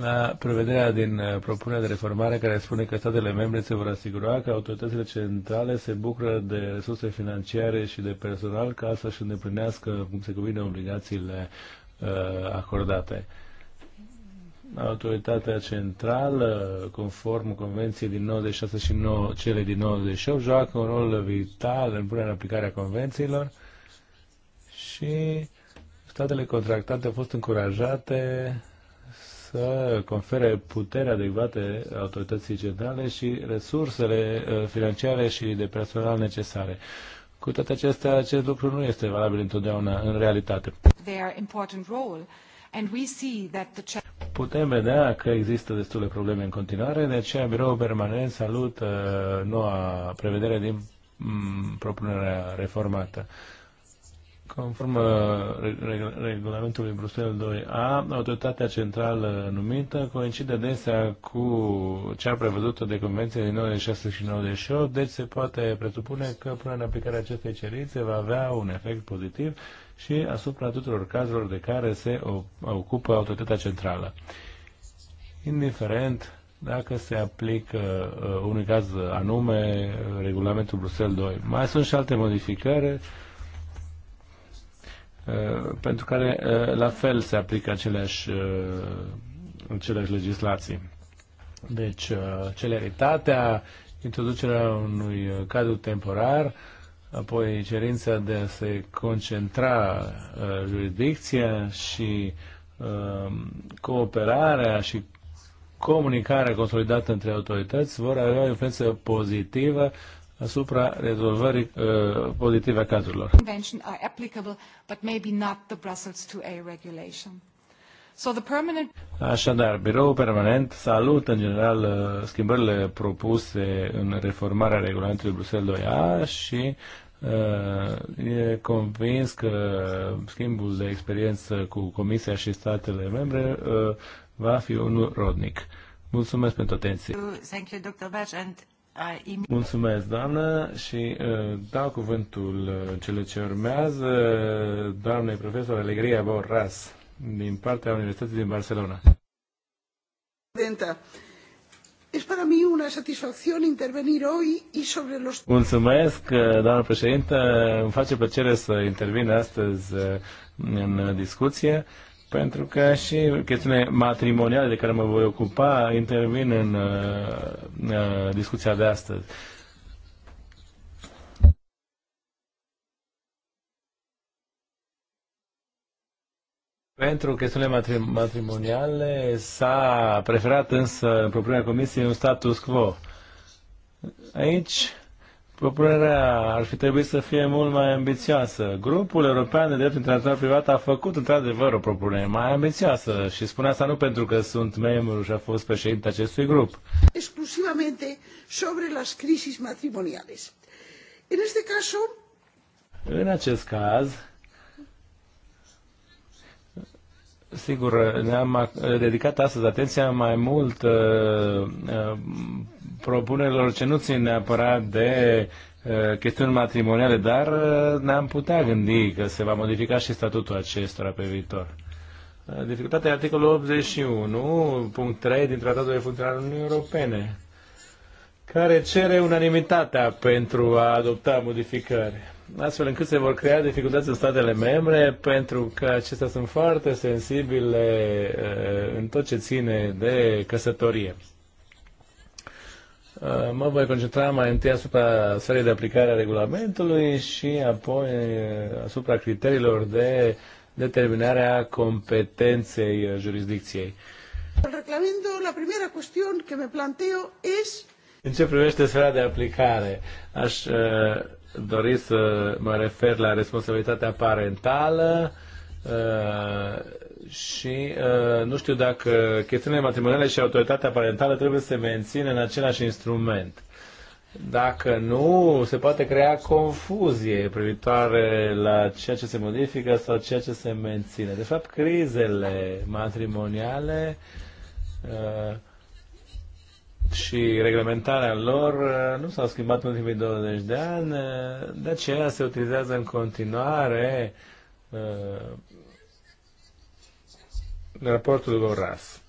[SPEAKER 1] la prevederea din uh, propunerea de reformare care spune că statele membre se vor asigura că autoritățile centrale se bucură de resurse financiare și de personal ca să-și îndeplinească cum se cuvine obligațiile uh, acordate. Autoritatea centrală, conform Convenției din 96 și 9, cele din 98, joacă un rol vital în punerea în aplicare a convențiilor și statele contractante au fost încurajate să confere putere adecvate autorității centrale și resursele uh, financiare și de personal necesare. Cu toate acestea, acest lucru nu este valabil întotdeauna în realitate. Putem vedea că există destule probleme în continuare, de aceea Biroul Permanent salută uh, noua prevedere din mm, propunerea reformată. Conform uh, regulamentului Bruxelles 2A, autoritatea centrală numită coincide adesea cu cea prevăzută de Convenție din 96 și 98, deci se poate presupune că până în aplicarea acestei cerințe va avea un efect pozitiv și asupra tuturor cazurilor de care se ocupă autoritatea centrală. Indiferent dacă se aplică uh, unui caz anume uh, regulamentul Bruxelles 2. Mai sunt și alte modificări Uh, pentru care uh, la fel se aplică aceleași, uh, aceleași legislații. Deci, celeritatea, introducerea unui cadru temporar, apoi cerința de a se concentra jurisdicția și cooperarea și comunicarea consolidată între autorități vor avea o influență pozitivă asupra rezolvării uh, pozitive a cazurilor.
[SPEAKER 4] Convention are applicable, but maybe not the Brussels 2A regulation. So the permanent...
[SPEAKER 1] Așadar, biroul permanent salută în general uh, schimbările propuse în reformarea regulamentului Bruxelles 2A și uh, e convins că schimbul de experiență cu Comisia și statele membre uh, va fi unul rodnic. Mulțumesc pentru atenție.
[SPEAKER 3] Thank you, Dr. Bach, and
[SPEAKER 1] Mulțumesc, doamnă, și uh, dau cuvântul uh, cele ce urmează uh, doamnei profesor Alegria Borras din partea Universității din Barcelona.
[SPEAKER 4] Presidenta, es para mí una satisfacción intervenir hoy y sobre los...
[SPEAKER 1] Mulțumesc, uh, doamnă președintă, îmi face plăcere să intervin astăzi uh, în discuție pentru că și chestiune matrimoniale de care mă voi ocupa intervin în uh, uh, discuția de astăzi. Pentru chestiunile matrim matrimoniale s-a preferat însă în propria comisie un status quo. Aici propunerea ar fi trebuit să fie mult mai ambițioasă. Grupul European de Drept Internațional Privat a făcut într-adevăr o propunere mai ambițioasă și spun asta nu pentru că sunt membru și a fost președinte acestui grup.
[SPEAKER 4] Exclusivamente sobre las crisis matrimoniales. În acest caso...
[SPEAKER 1] În acest caz, Sigur, ne-am dedicat astăzi atenția mai mult uh, uh, propunerilor ce nu țin neapărat de uh, chestiuni matrimoniale, dar uh, ne-am putea gândi că se va modifica și statutul acestora pe viitor. Uh, dificultatea e articolul 81, punct 3 din Tratatul de Funcționare Uniunii Europene, care cere unanimitatea pentru a adopta modificări astfel încât se vor crea dificultăți în statele membre, pentru că acestea sunt foarte sensibile uh, în tot ce ține de căsătorie. Uh, mă voi concentra mai întâi asupra sării de aplicare a regulamentului și apoi uh, asupra criteriilor de determinare a competenței jurisdicției.
[SPEAKER 4] la primera cuestión que me planteo es
[SPEAKER 1] în ce privește sfera de aplicare, aș uh, dori să mă refer la responsabilitatea parentală uh, și uh, nu știu dacă chestiunile matrimoniale și autoritatea parentală trebuie să se mențină în același instrument. Dacă nu, se poate crea confuzie privitoare la ceea ce se modifică sau ceea ce se menține. De fapt, crizele matrimoniale uh, și reglementarea lor uh, nu s-au schimbat în ultimii 20 de ani, uh, de aceea se utilizează în continuare uh, raportul ras.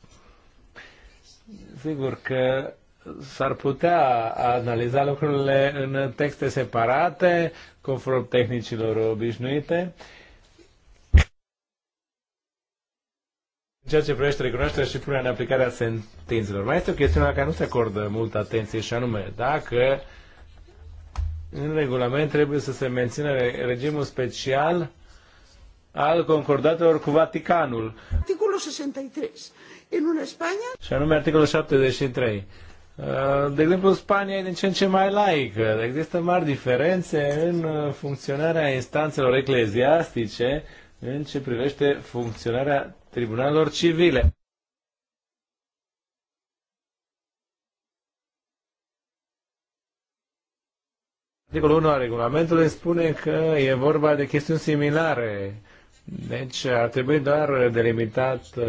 [SPEAKER 1] Sigur că s-ar putea analiza lucrurile în texte separate, conform tehnicilor obișnuite, uh, ceea ce privește recunoașterea și punerea în aplicare a sentințelor, mai este o chestiune la care nu se acordă multă atenție și anume dacă în regulament trebuie să se mențină regimul special al concordatelor cu Vaticanul.
[SPEAKER 4] Articolul 63. În una Spania...
[SPEAKER 1] Și anume articolul 73. Uh, de exemplu, Spania e din ce în ce mai laică. Există mari diferențe în uh, funcționarea instanțelor ecleziastice în ce privește funcționarea tribunalelor civile. Articolul 1 al regulamentului spune că e vorba de chestiuni similare. Deci ar trebui doar delimitat uh,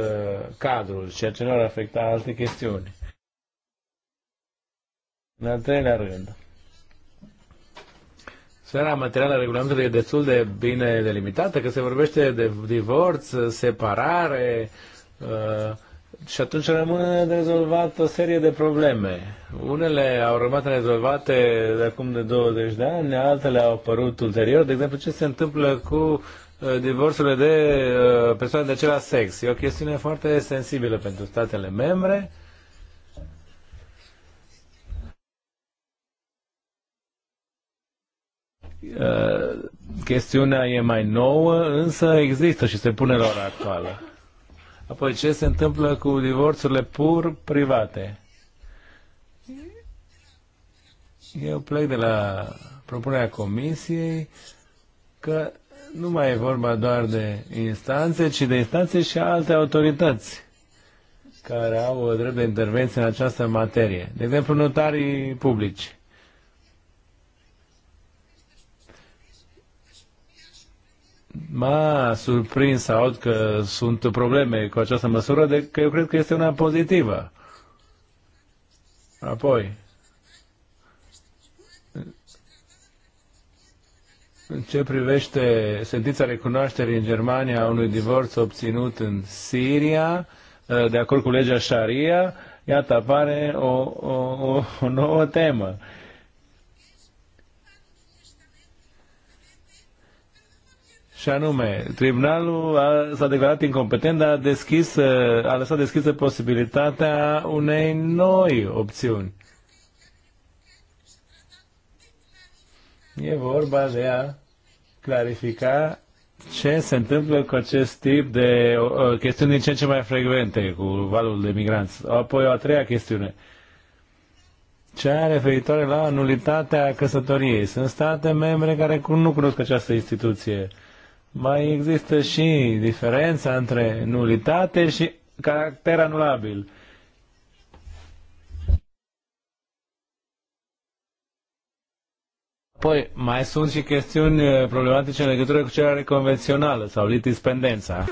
[SPEAKER 1] cadrul, ceea ce nu ar afecta alte chestiuni. În al treilea rând, Sfera materială a regulamentului e destul de bine delimitată, că se vorbește de divorț, separare uh, și atunci rămâne de rezolvat o serie de probleme. Unele au rămas rezolvate de acum de 20 de ani, altele au apărut ulterior. De exemplu, ce se întâmplă cu uh, divorțurile de uh, persoane de același sex. E o chestiune foarte sensibilă pentru statele membre Uh, chestiunea e mai nouă, însă există și se pune la ora actuală. Apoi ce se întâmplă cu divorțurile pur private? Eu plec de la propunerea comisiei că nu mai e vorba doar de instanțe, ci de instanțe și alte autorități care au drept de intervenție în această materie. De exemplu, notarii publici m-a surprins să aud că sunt probleme cu această măsură, de că eu cred că este una pozitivă. Apoi, în ce privește sentința recunoașterii în Germania a unui divorț obținut în Siria, de acord cu legea Sharia, iată apare o, o, o, o nouă temă. Și anume, tribunalul a, s-a declarat incompetent, dar a, deschis, a lăsat deschisă posibilitatea unei noi opțiuni. E vorba de a clarifica ce se întâmplă cu acest tip de uh, chestiuni din ce în ce mai frecvente cu valul de migranți. Apoi o a treia chestiune, cea referitoare la anulitatea căsătoriei. Sunt state membre care nu cunosc această instituție. Uh, mai există și diferența între nulitate și caracter anulabil. Apoi, mai sunt și chestiuni uh, problematice în legătură cu cererea convențională sau litispendența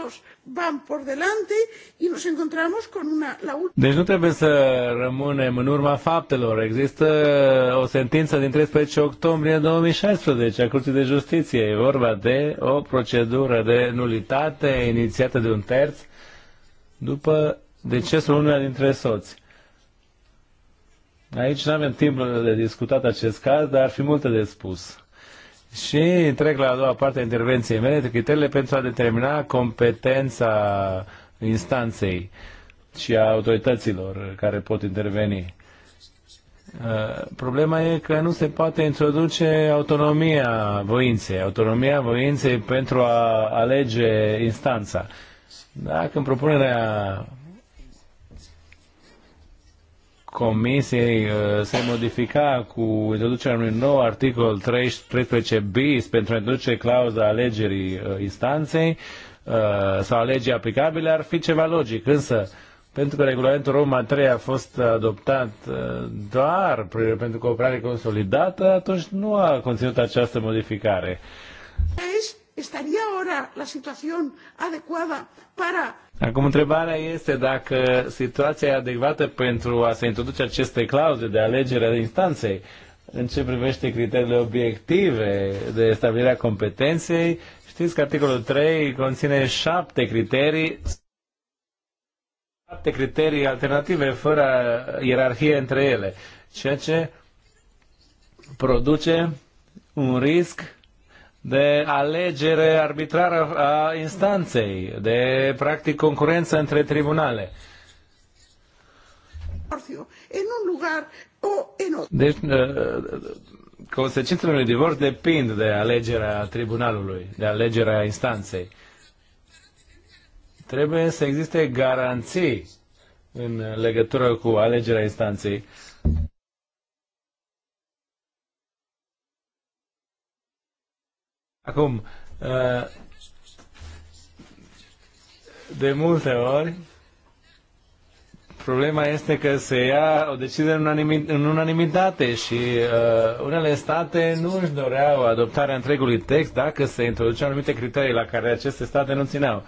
[SPEAKER 4] van por delante y nos encontramos con una... La
[SPEAKER 1] deci nu trebuie să rămânem în urma faptelor. Există o sentință din 13 octombrie 2016 a Curții de Justiție. E vorba de o procedură de nulitate inițiată de un terț după decesul unuia dintre soți. Aici nu avem timp de discutat acest caz, dar ar fi multe de spus. Și trec la a doua parte a intervenției mele, criteriile pentru a determina competența instanței și a autorităților care pot interveni. Uh, problema e că nu se poate introduce autonomia voinței, autonomia voinței pentru a alege instanța. Dacă în propunerea Comisiei uh, se modifica cu introducerea unui nou articol 13 bis pentru a introduce clauza alegerii uh, instanței uh, sau legii aplicabile ar fi ceva logic, însă pentru că regulamentul Roma 3 a fost adoptat doar pentru cooperare consolidată, atunci nu a conținut această modificare.
[SPEAKER 4] Aici? ¿Estaría ahora la situación adecuada para...
[SPEAKER 1] Acum întrebarea este dacă situația e adecvată pentru a se introduce aceste clauze de alegere a instanței în ce privește criteriile obiective de stabilire a competenței. Știți că articolul 3 conține șapte criterii șapte criterii alternative fără ierarhie între ele, ceea ce produce un risc de alegere arbitrară a instanței, de practic concurență între tribunale. Deci, uh, consecințele unui divorț depind de alegerea tribunalului, de alegerea instanței. Trebuie să existe garanții în legătură cu alegerea instanței. Acum, uh, de multe ori, problema este că se ia o decizie în, unanimitate și uh, unele state nu își doreau adoptarea întregului text dacă se introduceau anumite criterii la care aceste state nu țineau.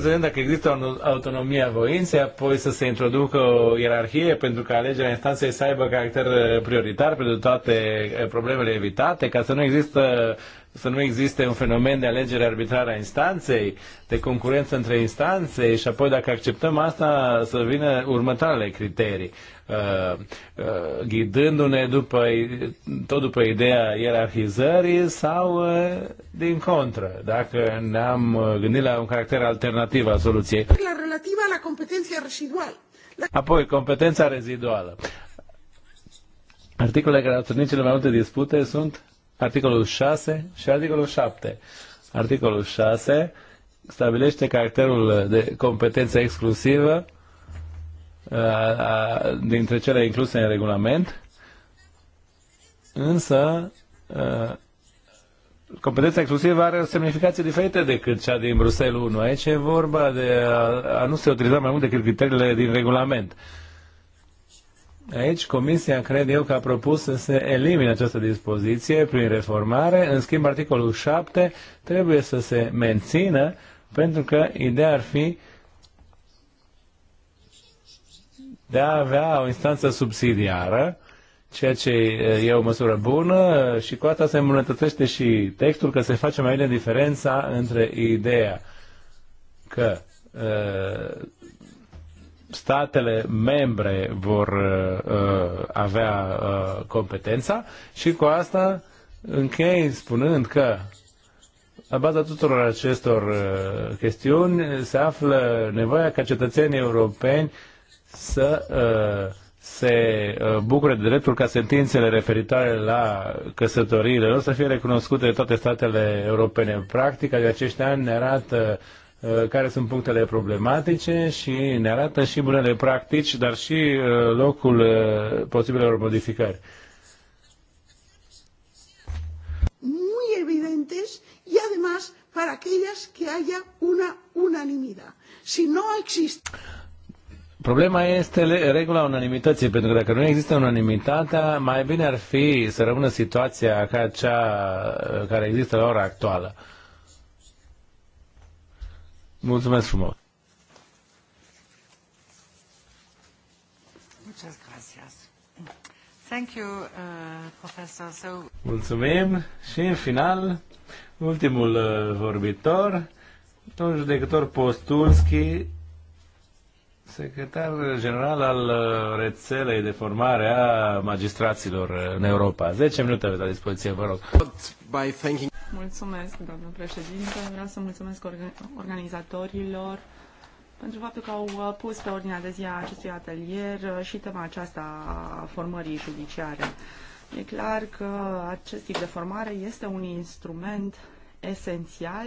[SPEAKER 1] să vedem dacă există o autonomie a voinței, apoi să se introducă o ierarhie pentru ca alegerea instanței să aibă caracter uh, prioritar pentru toate uh, problemele evitate, ca să nu există să nu existe un fenomen de alegere arbitrară a instanței, de concurență între instanțe și apoi dacă acceptăm asta să vină următoarele criterii uh, uh, ghidându-ne după, tot după ideea ierarhizării sau uh, din contră, dacă ne-am uh, gândit la un caracter alternativ al soluției.
[SPEAKER 4] La relativă la competența reziduală.
[SPEAKER 1] Apoi, competența reziduală. Articolele care au trăit cele mai multe dispute sunt articolul 6 și articolul 7. Articolul 6 stabilește caracterul de competență exclusivă dintre cele incluse în regulament, însă competența exclusivă are o semnificație diferită decât cea din Bruxelles 1. Aici e vorba de a, nu se utiliza mai mult decât criteriile din regulament. Aici Comisia, cred eu, că a propus să se elimine această dispoziție prin reformare. În schimb, articolul 7 trebuie să se mențină pentru că ideea ar fi uh, de a avea o instanță subsidiară, ceea ce e o măsură bună și cu asta se îmbunătățește și textul, că se face mai bine diferența între ideea că uh, statele membre vor uh, uh avea uh, competența și cu asta închei spunând că la baza tuturor acestor uh, chestiuni se află nevoia ca cetățenii europeni uh, să uh, se uh, bucure de dreptul ca sentințele referitoare la căsătoriile lor să fie recunoscute de toate statele europene. Practica de acești ani ne arată uh, care sunt punctele problematice și ne arată și bunele practici, dar și locul posibilelor modificări.
[SPEAKER 4] Muy evidentes y además para aquellas que haya una unanimidad. Si no existe
[SPEAKER 1] Problema este regula unanimității, pentru că dacă nu există unanimitatea, mai bine ar fi să rămână situația ca cea uh, care există la ora actuală. Mulțumesc frumos!
[SPEAKER 4] Thank you, uh, So...
[SPEAKER 1] Mulțumim și în final, ultimul uh, vorbitor, domnul judecător Postulski secretar general al uh, rețelei de formare a magistraților în Europa. 10 minute aveți la dispoziție, vă rog.
[SPEAKER 2] Mulțumesc, domnul președinte. Vreau să mulțumesc organizatorilor pentru faptul că au uh, pus pe ordinea de zi a acestui atelier uh, și tema aceasta a formării judiciare. E clar că acest tip de formare este un instrument esențial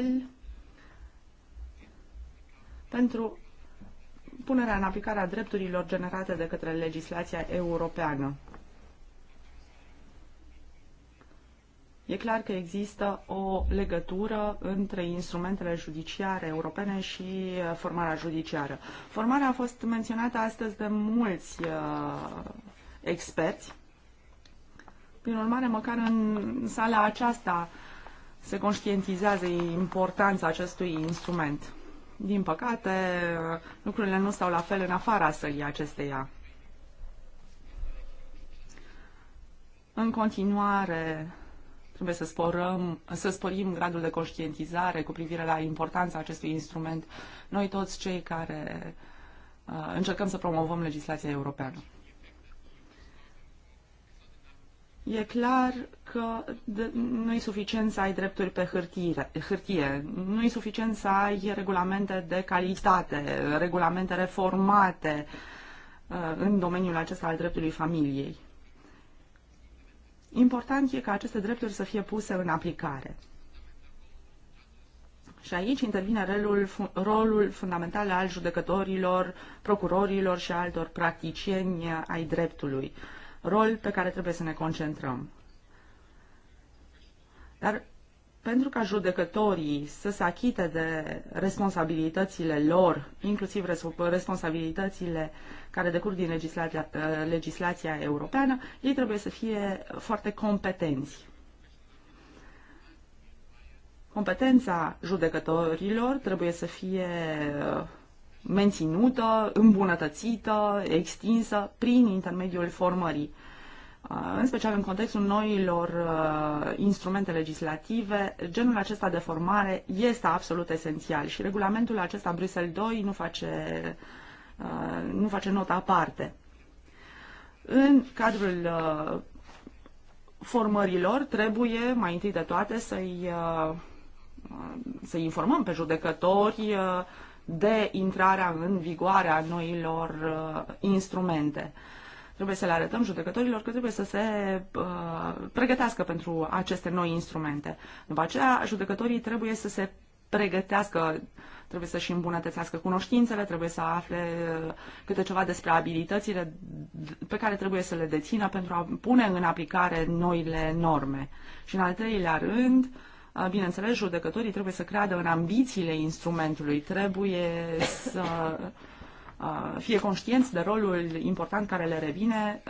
[SPEAKER 2] pentru punerea în aplicare a drepturilor generate de către legislația europeană. E clar că există o legătură între instrumentele judiciare europene și uh, formarea judiciară. Formarea a fost menționată astăzi de mulți uh, experți. Prin urmare, măcar în sala aceasta se conștientizează importanța acestui instrument. Din păcate, lucrurile nu stau la fel în afara sălii acesteia. În continuare, trebuie să, sporăm, să sporim gradul de conștientizare cu privire la importanța acestui instrument. Noi toți cei care uh, încercăm să promovăm legislația europeană. E clar că nu e suficient să ai drepturi pe hârtire, hârtie, nu e suficient să ai regulamente de calitate, regulamente reformate uh, în domeniul acesta al dreptului familiei. Important e ca aceste drepturi să fie puse în aplicare. Și aici intervine relul, rolul fundamental al judecătorilor, procurorilor și altor practicieni ai dreptului. Uh, rol pe care trebuie să ne concentrăm. Dar pentru ca judecătorii să se achite de responsabilitățile lor, inclusiv responsabilitățile care decurg din legislația, uh, legislația europeană, ei trebuie să fie foarte competenți. Competența judecătorilor trebuie să fie uh, menținută, îmbunătățită, extinsă prin intermediul formării în special în contextul noilor uh, instrumente legislative, genul acesta de formare este absolut esențial și regulamentul acesta Bruxelles 2 nu face, uh, nu face nota aparte. În cadrul uh, formărilor trebuie mai întâi de toate să-i să informăm pe judecători de intrarea în vigoare a noilor uh, instrumente. Trebuie să le arătăm judecătorilor că trebuie să se uh, pregătească pentru aceste noi instrumente. După aceea, judecătorii trebuie să se pregătească, trebuie să-și îmbunătățească cunoștințele, trebuie să afle uh, câte ceva despre abilitățile pe care trebuie să le dețină pentru a pune în aplicare noile norme. Și în al treilea rând, uh, Bineînțeles, judecătorii trebuie să creadă în ambițiile instrumentului, trebuie să fie conștienți de rolul important care le revine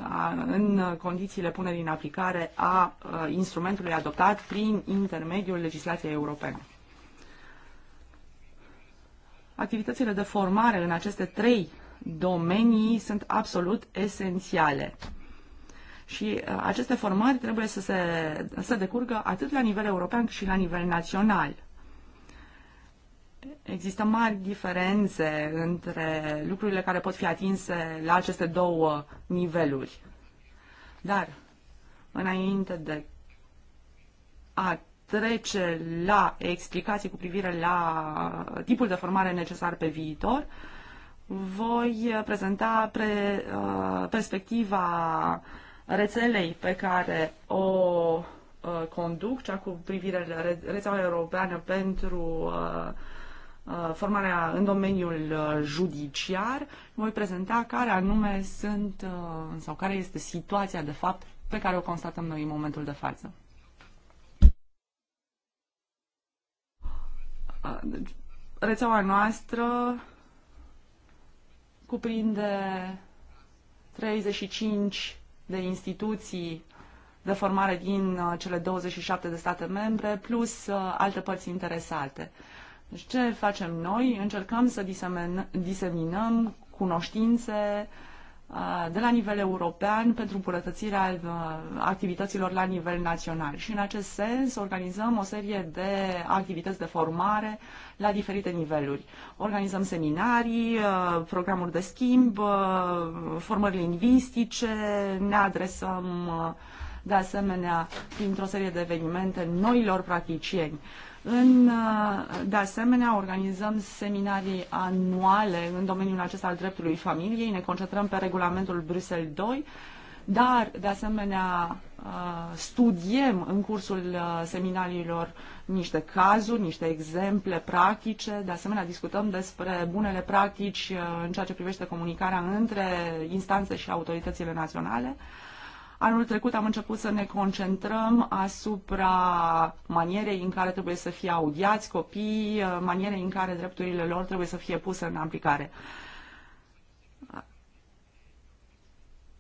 [SPEAKER 2] în condițiile punerii în aplicare a instrumentului adoptat prin intermediul legislației europene. Activitățile de formare în aceste trei domenii sunt absolut esențiale. Și uh, aceste formări trebuie să se să decurgă atât la nivel european cât și la nivel național. Există mari diferențe între lucrurile care pot fi atinse la aceste două niveluri. Dar, înainte de a trece la explicații cu privire la tipul de formare necesar pe viitor, voi prezenta pre, uh, perspectiva uh, rețelei pe care o uh, conduc, cea cu privire la rețeaua europeană pentru uh, uh, formarea în domeniul judiciar, voi prezenta care anume sunt sau care este situația de fapt pe care o constatăm noi în momentul de față. Rețeaua noastră cuprinde 35 de instituții de formare din uh, cele 27 de state membre, plus uh, alte părți interesate. Deci ce facem noi? Încercăm să diseminăm cunoștințe, de la nivel european pentru îmbunătățirea activităților la nivel național. Și în acest sens organizăm o serie de activități de formare la diferite niveluri. Organizăm seminarii, programuri de schimb, formări lingvistice, ne adresăm de asemenea printr-o serie de evenimente noilor practicieni. În, de asemenea, organizăm seminarii anuale în domeniul acesta al dreptului familiei, ne concentrăm pe regulamentul Bruxelles 2, dar, de asemenea, uh, studiem în cursul uh, seminariilor niște cazuri, niște exemple practice, de asemenea discutăm despre bunele practici uh, în ceea ce privește comunicarea între instanțe și autoritățile naționale. Anul trecut am început să ne concentrăm asupra manierei în care trebuie să fie audiați copiii, manierei în care drepturile lor trebuie să fie puse în aplicare.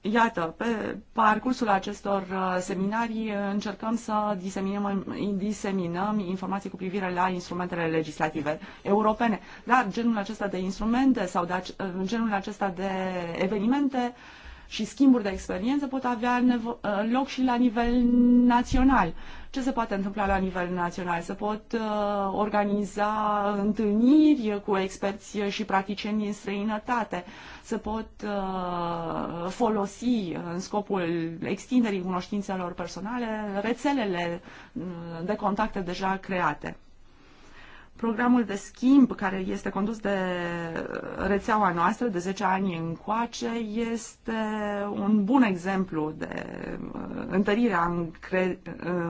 [SPEAKER 2] Iată, pe parcursul acestor uh, seminarii uh, încercăm să diseminăm, diseminăm informații cu privire la instrumentele legislative europene. Dar genul acesta de instrumente sau de, uh, genul acesta de evenimente uh, și schimburi de experiență pot avea uh, loc și la nivel național. Ce se poate întâmpla la nivel național? Se pot uh, organiza întâlniri cu experți și practicieni din străinătate, se pot uh, folosi în scopul extinderii cunoștințelor personale rețelele uh, de contacte deja create programul de schimb care este condus de rețeaua noastră de 10 ani încoace este un bun exemplu de uh, întărire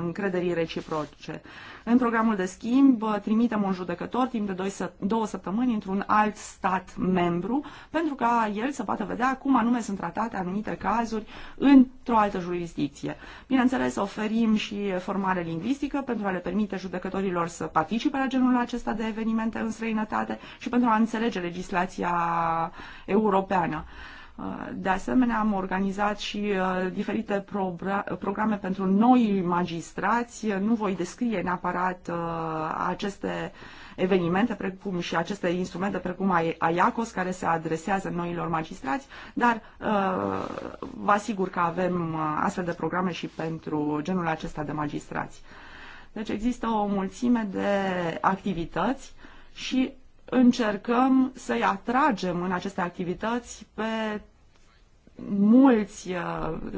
[SPEAKER 2] încrederii reciproce. În programul de schimb trimitem un judecător timp de doi, două săptămâni într-un alt stat membru pentru ca el să poată vedea cum anume sunt tratate anumite cazuri într-o altă jurisdicție. Bineînțeles, oferim și formare lingvistică pentru a le permite judecătorilor să participe la genul acesta de evenimente în străinătate și pentru a înțelege legislația europeană. Uh, de asemenea, am organizat și uh, diferite programe pentru noi magistrați. Nu voi descrie neapărat uh, aceste evenimente precum și aceste instrumente precum AIACOS care se adresează noilor magistrați, dar vă asigur că avem astfel de programe și pentru genul acesta de magistrați. Deci există o mulțime de activități și încercăm să-i atragem în aceste activități pe mulți,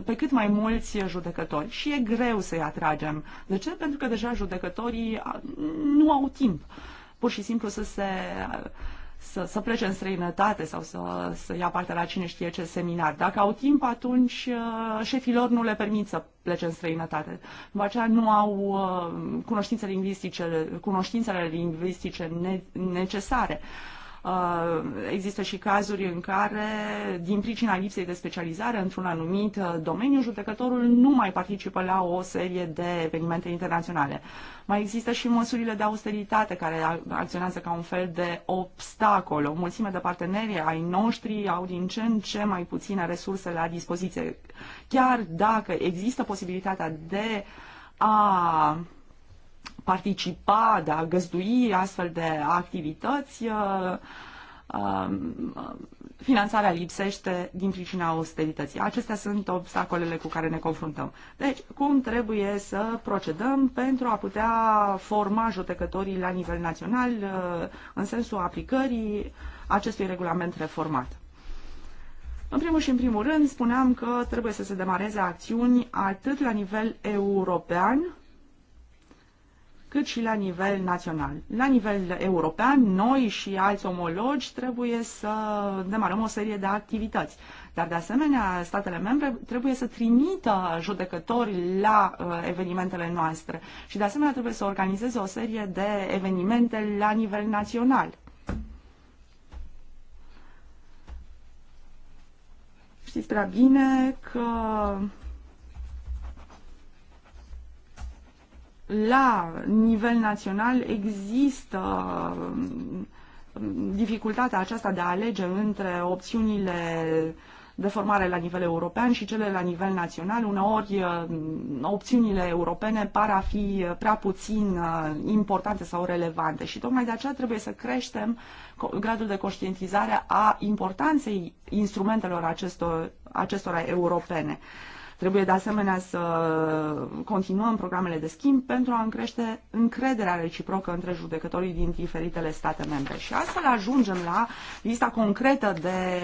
[SPEAKER 2] pe cât mai mulți judecători și e greu să-i atragem. De ce? Pentru că deja judecătorii nu au timp pur și simplu să se să, să plece în străinătate sau să, să ia parte la cine știe ce seminar. Dacă au timp, atunci uh, șefilor nu le permit să plece în străinătate. După aceea nu au uh, cunoștințe lingvistice, cunoștințele lingvistice necesare. Uh, există și cazuri în care, din pricina lipsei de specializare într-un anumit uh, domeniu, judecătorul nu mai participă la o serie de evenimente internaționale. Mai există și măsurile de austeritate care acționează ca un fel de obstacol. O mulțime de parteneri ai noștri au din ce în ce mai puține resurse la dispoziție. Chiar dacă există posibilitatea de a participa, de a găzdui astfel de activități, uh, um, finanțarea lipsește din pricina austerității. Acestea sunt obstacolele cu care ne confruntăm. Deci, cum trebuie să procedăm pentru a putea forma judecătorii la nivel național uh, în sensul aplicării acestui regulament reformat? În primul și în primul rând, spuneam că trebuie să se demareze acțiuni atât la nivel european, cât și la nivel național. La nivel european, noi și alți omologi trebuie să demarăm o serie de activități. Dar, de asemenea, statele membre trebuie să trimită judecători la uh, evenimentele noastre și, de asemenea, trebuie să organizeze o serie de evenimente la nivel național. Știți prea bine că la nivel național există um, dificultatea aceasta de a alege între opțiunile de formare la nivel european și cele la nivel național. Uneori um, opțiunile europene par a fi prea puțin uh, importante sau relevante și tocmai de aceea trebuie să creștem gradul de conștientizare a importanței instrumentelor acestor, acestora europene. Trebuie de asemenea să continuăm programele de schimb pentru a încrește încrederea reciprocă între judecătorii din diferitele state membre și astfel ajungem la lista concretă de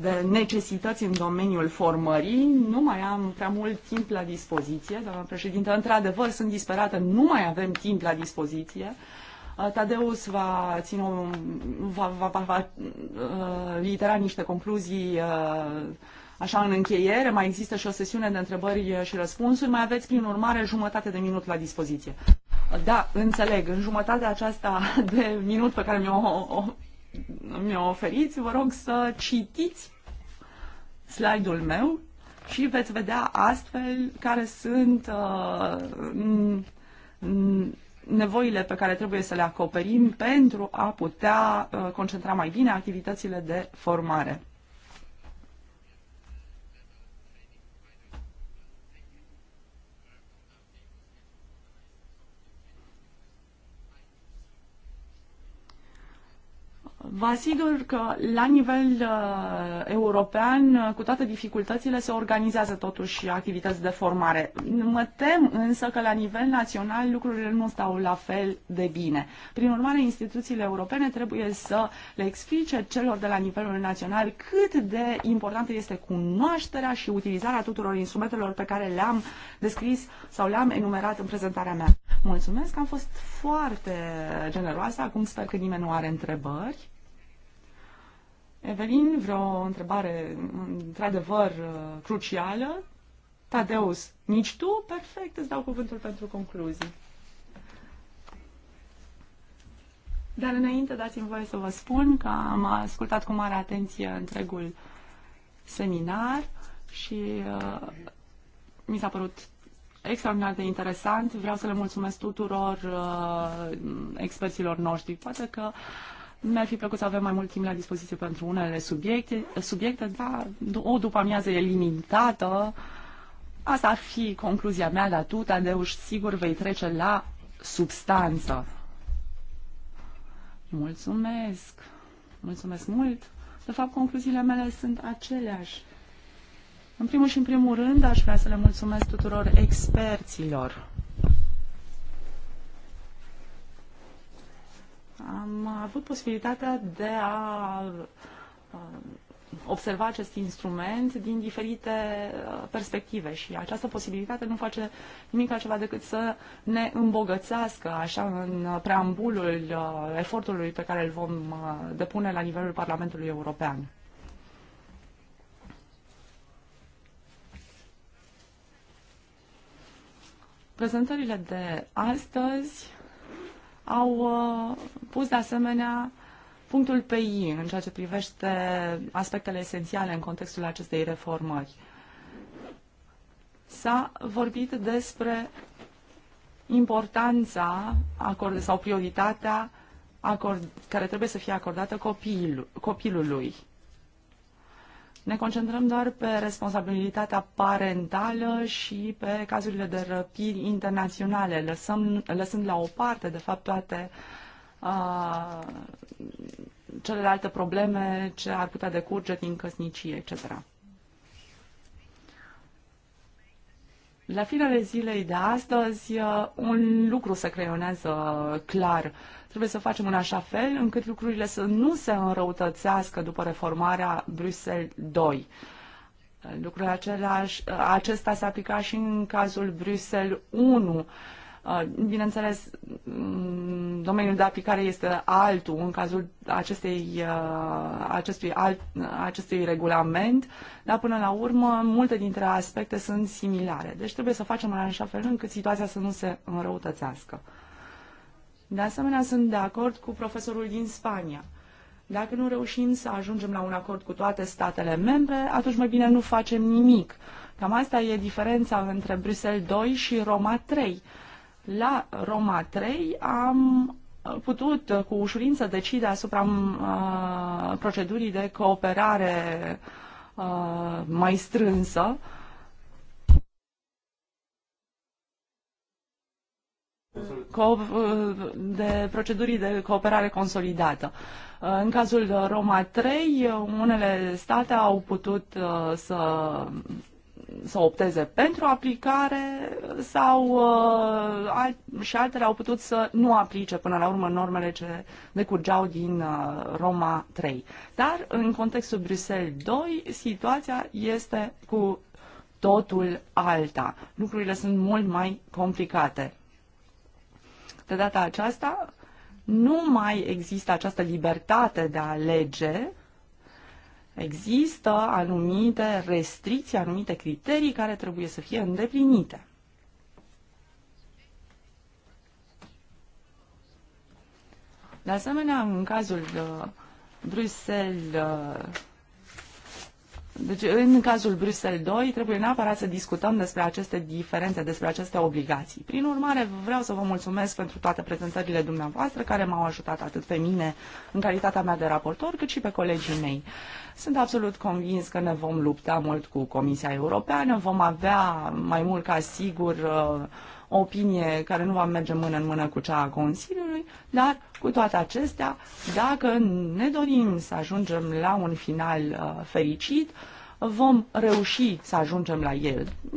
[SPEAKER 2] de necesități în domeniul formării. Nu mai am prea mult timp la dispoziție, doamna președinte. Într-adevăr, sunt disperată, nu mai avem timp la dispoziție. Tadeus va, ține o, va, va, va, va uh, litera niște concluzii uh, Așa, în încheiere, mai există și o sesiune de întrebări și răspunsuri. Mai aveți, prin urmare, jumătate de minut la dispoziție. Da, înțeleg. În jumătatea aceasta de minut pe care mi-o, o, mi o oferiți, vă rog să citiți slide-ul meu și veți vedea astfel care sunt uh, nevoile pe care trebuie să le acoperim pentru a putea uh, concentra mai bine activitățile de formare. Vă asigur că la nivel uh, european, uh, cu toate dificultățile, se organizează totuși activități de formare. Mă tem însă că la nivel național lucrurile nu stau la fel de bine. Prin urmare, instituțiile europene trebuie să le explice celor de la nivelul național cât de importantă este cunoașterea și utilizarea tuturor instrumentelor pe care le-am descris sau le-am enumerat în prezentarea mea. Mulțumesc, am fost foarte generoasă, acum sper că nimeni nu are întrebări. Evelin, vreo întrebare într-adevăr uh, crucială? Tadeus, nici tu? Perfect, îți dau cuvântul pentru concluzii. Dar înainte dați-mi voie să vă spun că am ascultat cu mare atenție întregul seminar și uh, mi s-a părut extraordinar de interesant. Vreau să le mulțumesc tuturor uh, experților noștri. Poate că mi-ar fi plăcut să avem mai mult timp la dispoziție pentru unele subiecte, subiecte dar o după amiază e limitată. Asta ar fi concluzia mea la tu, Tadeuș, sigur vei trece la substanță. Mulțumesc! Mulțumesc mult! De fapt, concluziile mele sunt aceleași. În primul și în primul rând, aș vrea să le mulțumesc tuturor experților Am avut posibilitatea de a um, observa acest instrument din diferite uh, perspective și această posibilitate nu face nimic altceva decât să ne îmbogățească așa în preambulul uh, efortului pe care îl vom uh, depune la nivelul Parlamentului European. Prezentările de astăzi au uh, pus de asemenea punctul pe I în ceea ce privește aspectele esențiale în contextul acestei reformări. S-a vorbit despre importanța acord, sau prioritatea acord, care trebuie să fie acordată copilul, copilului. Ne concentrăm doar pe responsabilitatea parentală și pe cazurile de răpiri internaționale, lăsăm, lăsând la o parte, de fapt, toate uh, celelalte probleme ce ar putea decurge din căsnicie, etc. La finele zilei de astăzi, un lucru se creionează clar. Uh, Trebuie să facem în așa fel încât lucrurile să nu se înrăutățească după reformarea Bruxelles II. Lucrurile același, acesta se aplica și în cazul Bruxelles 1. Uh, bineînțeles, mm, domeniul de aplicare este altul în cazul acestei, uh, acestui, alt, acestui regulament, dar până la urmă multe dintre aspecte sunt similare. Deci trebuie să facem în așa fel încât situația să nu se înrăutățească. De asemenea, sunt de acord cu profesorul din Spania. Dacă nu reușim să ajungem la un acord cu toate statele membre, atunci mai bine nu facem nimic. Cam asta e diferența între Bruxelles 2 și Roma 3. La Roma 3 am putut cu ușurință decide asupra uh, procedurii de cooperare uh, mai strânsă de procedurii de cooperare consolidată. În cazul Roma 3, unele state au putut uh, să, să opteze pentru aplicare sau uh, și altele au putut să nu aplice până la urmă normele ce decurgeau din uh, Roma 3. Dar în contextul Bruxelles 2, situația este cu totul alta. Lucrurile sunt mult mai complicate. De data aceasta nu mai există această libertate de a alege, există anumite restricții, anumite criterii care trebuie să fie îndeplinite. De asemenea, în cazul uh, Bruxelles uh, deci, în cazul Bruxelles 2, trebuie neapărat să discutăm despre aceste diferențe, despre aceste obligații. Prin urmare, vreau să vă mulțumesc pentru toate prezentările dumneavoastră care m-au ajutat atât pe mine în calitatea mea de raportor, cât și pe colegii mei. Sunt absolut convins că ne vom lupta mult cu Comisia Europeană, vom avea mai mult ca sigur uh, o opinie care nu va merge mână în mână cu cea a Consiliului, dar cu toate acestea, dacă ne dorim să ajungem la un final uh, fericit, vom reuși să ajungem la el.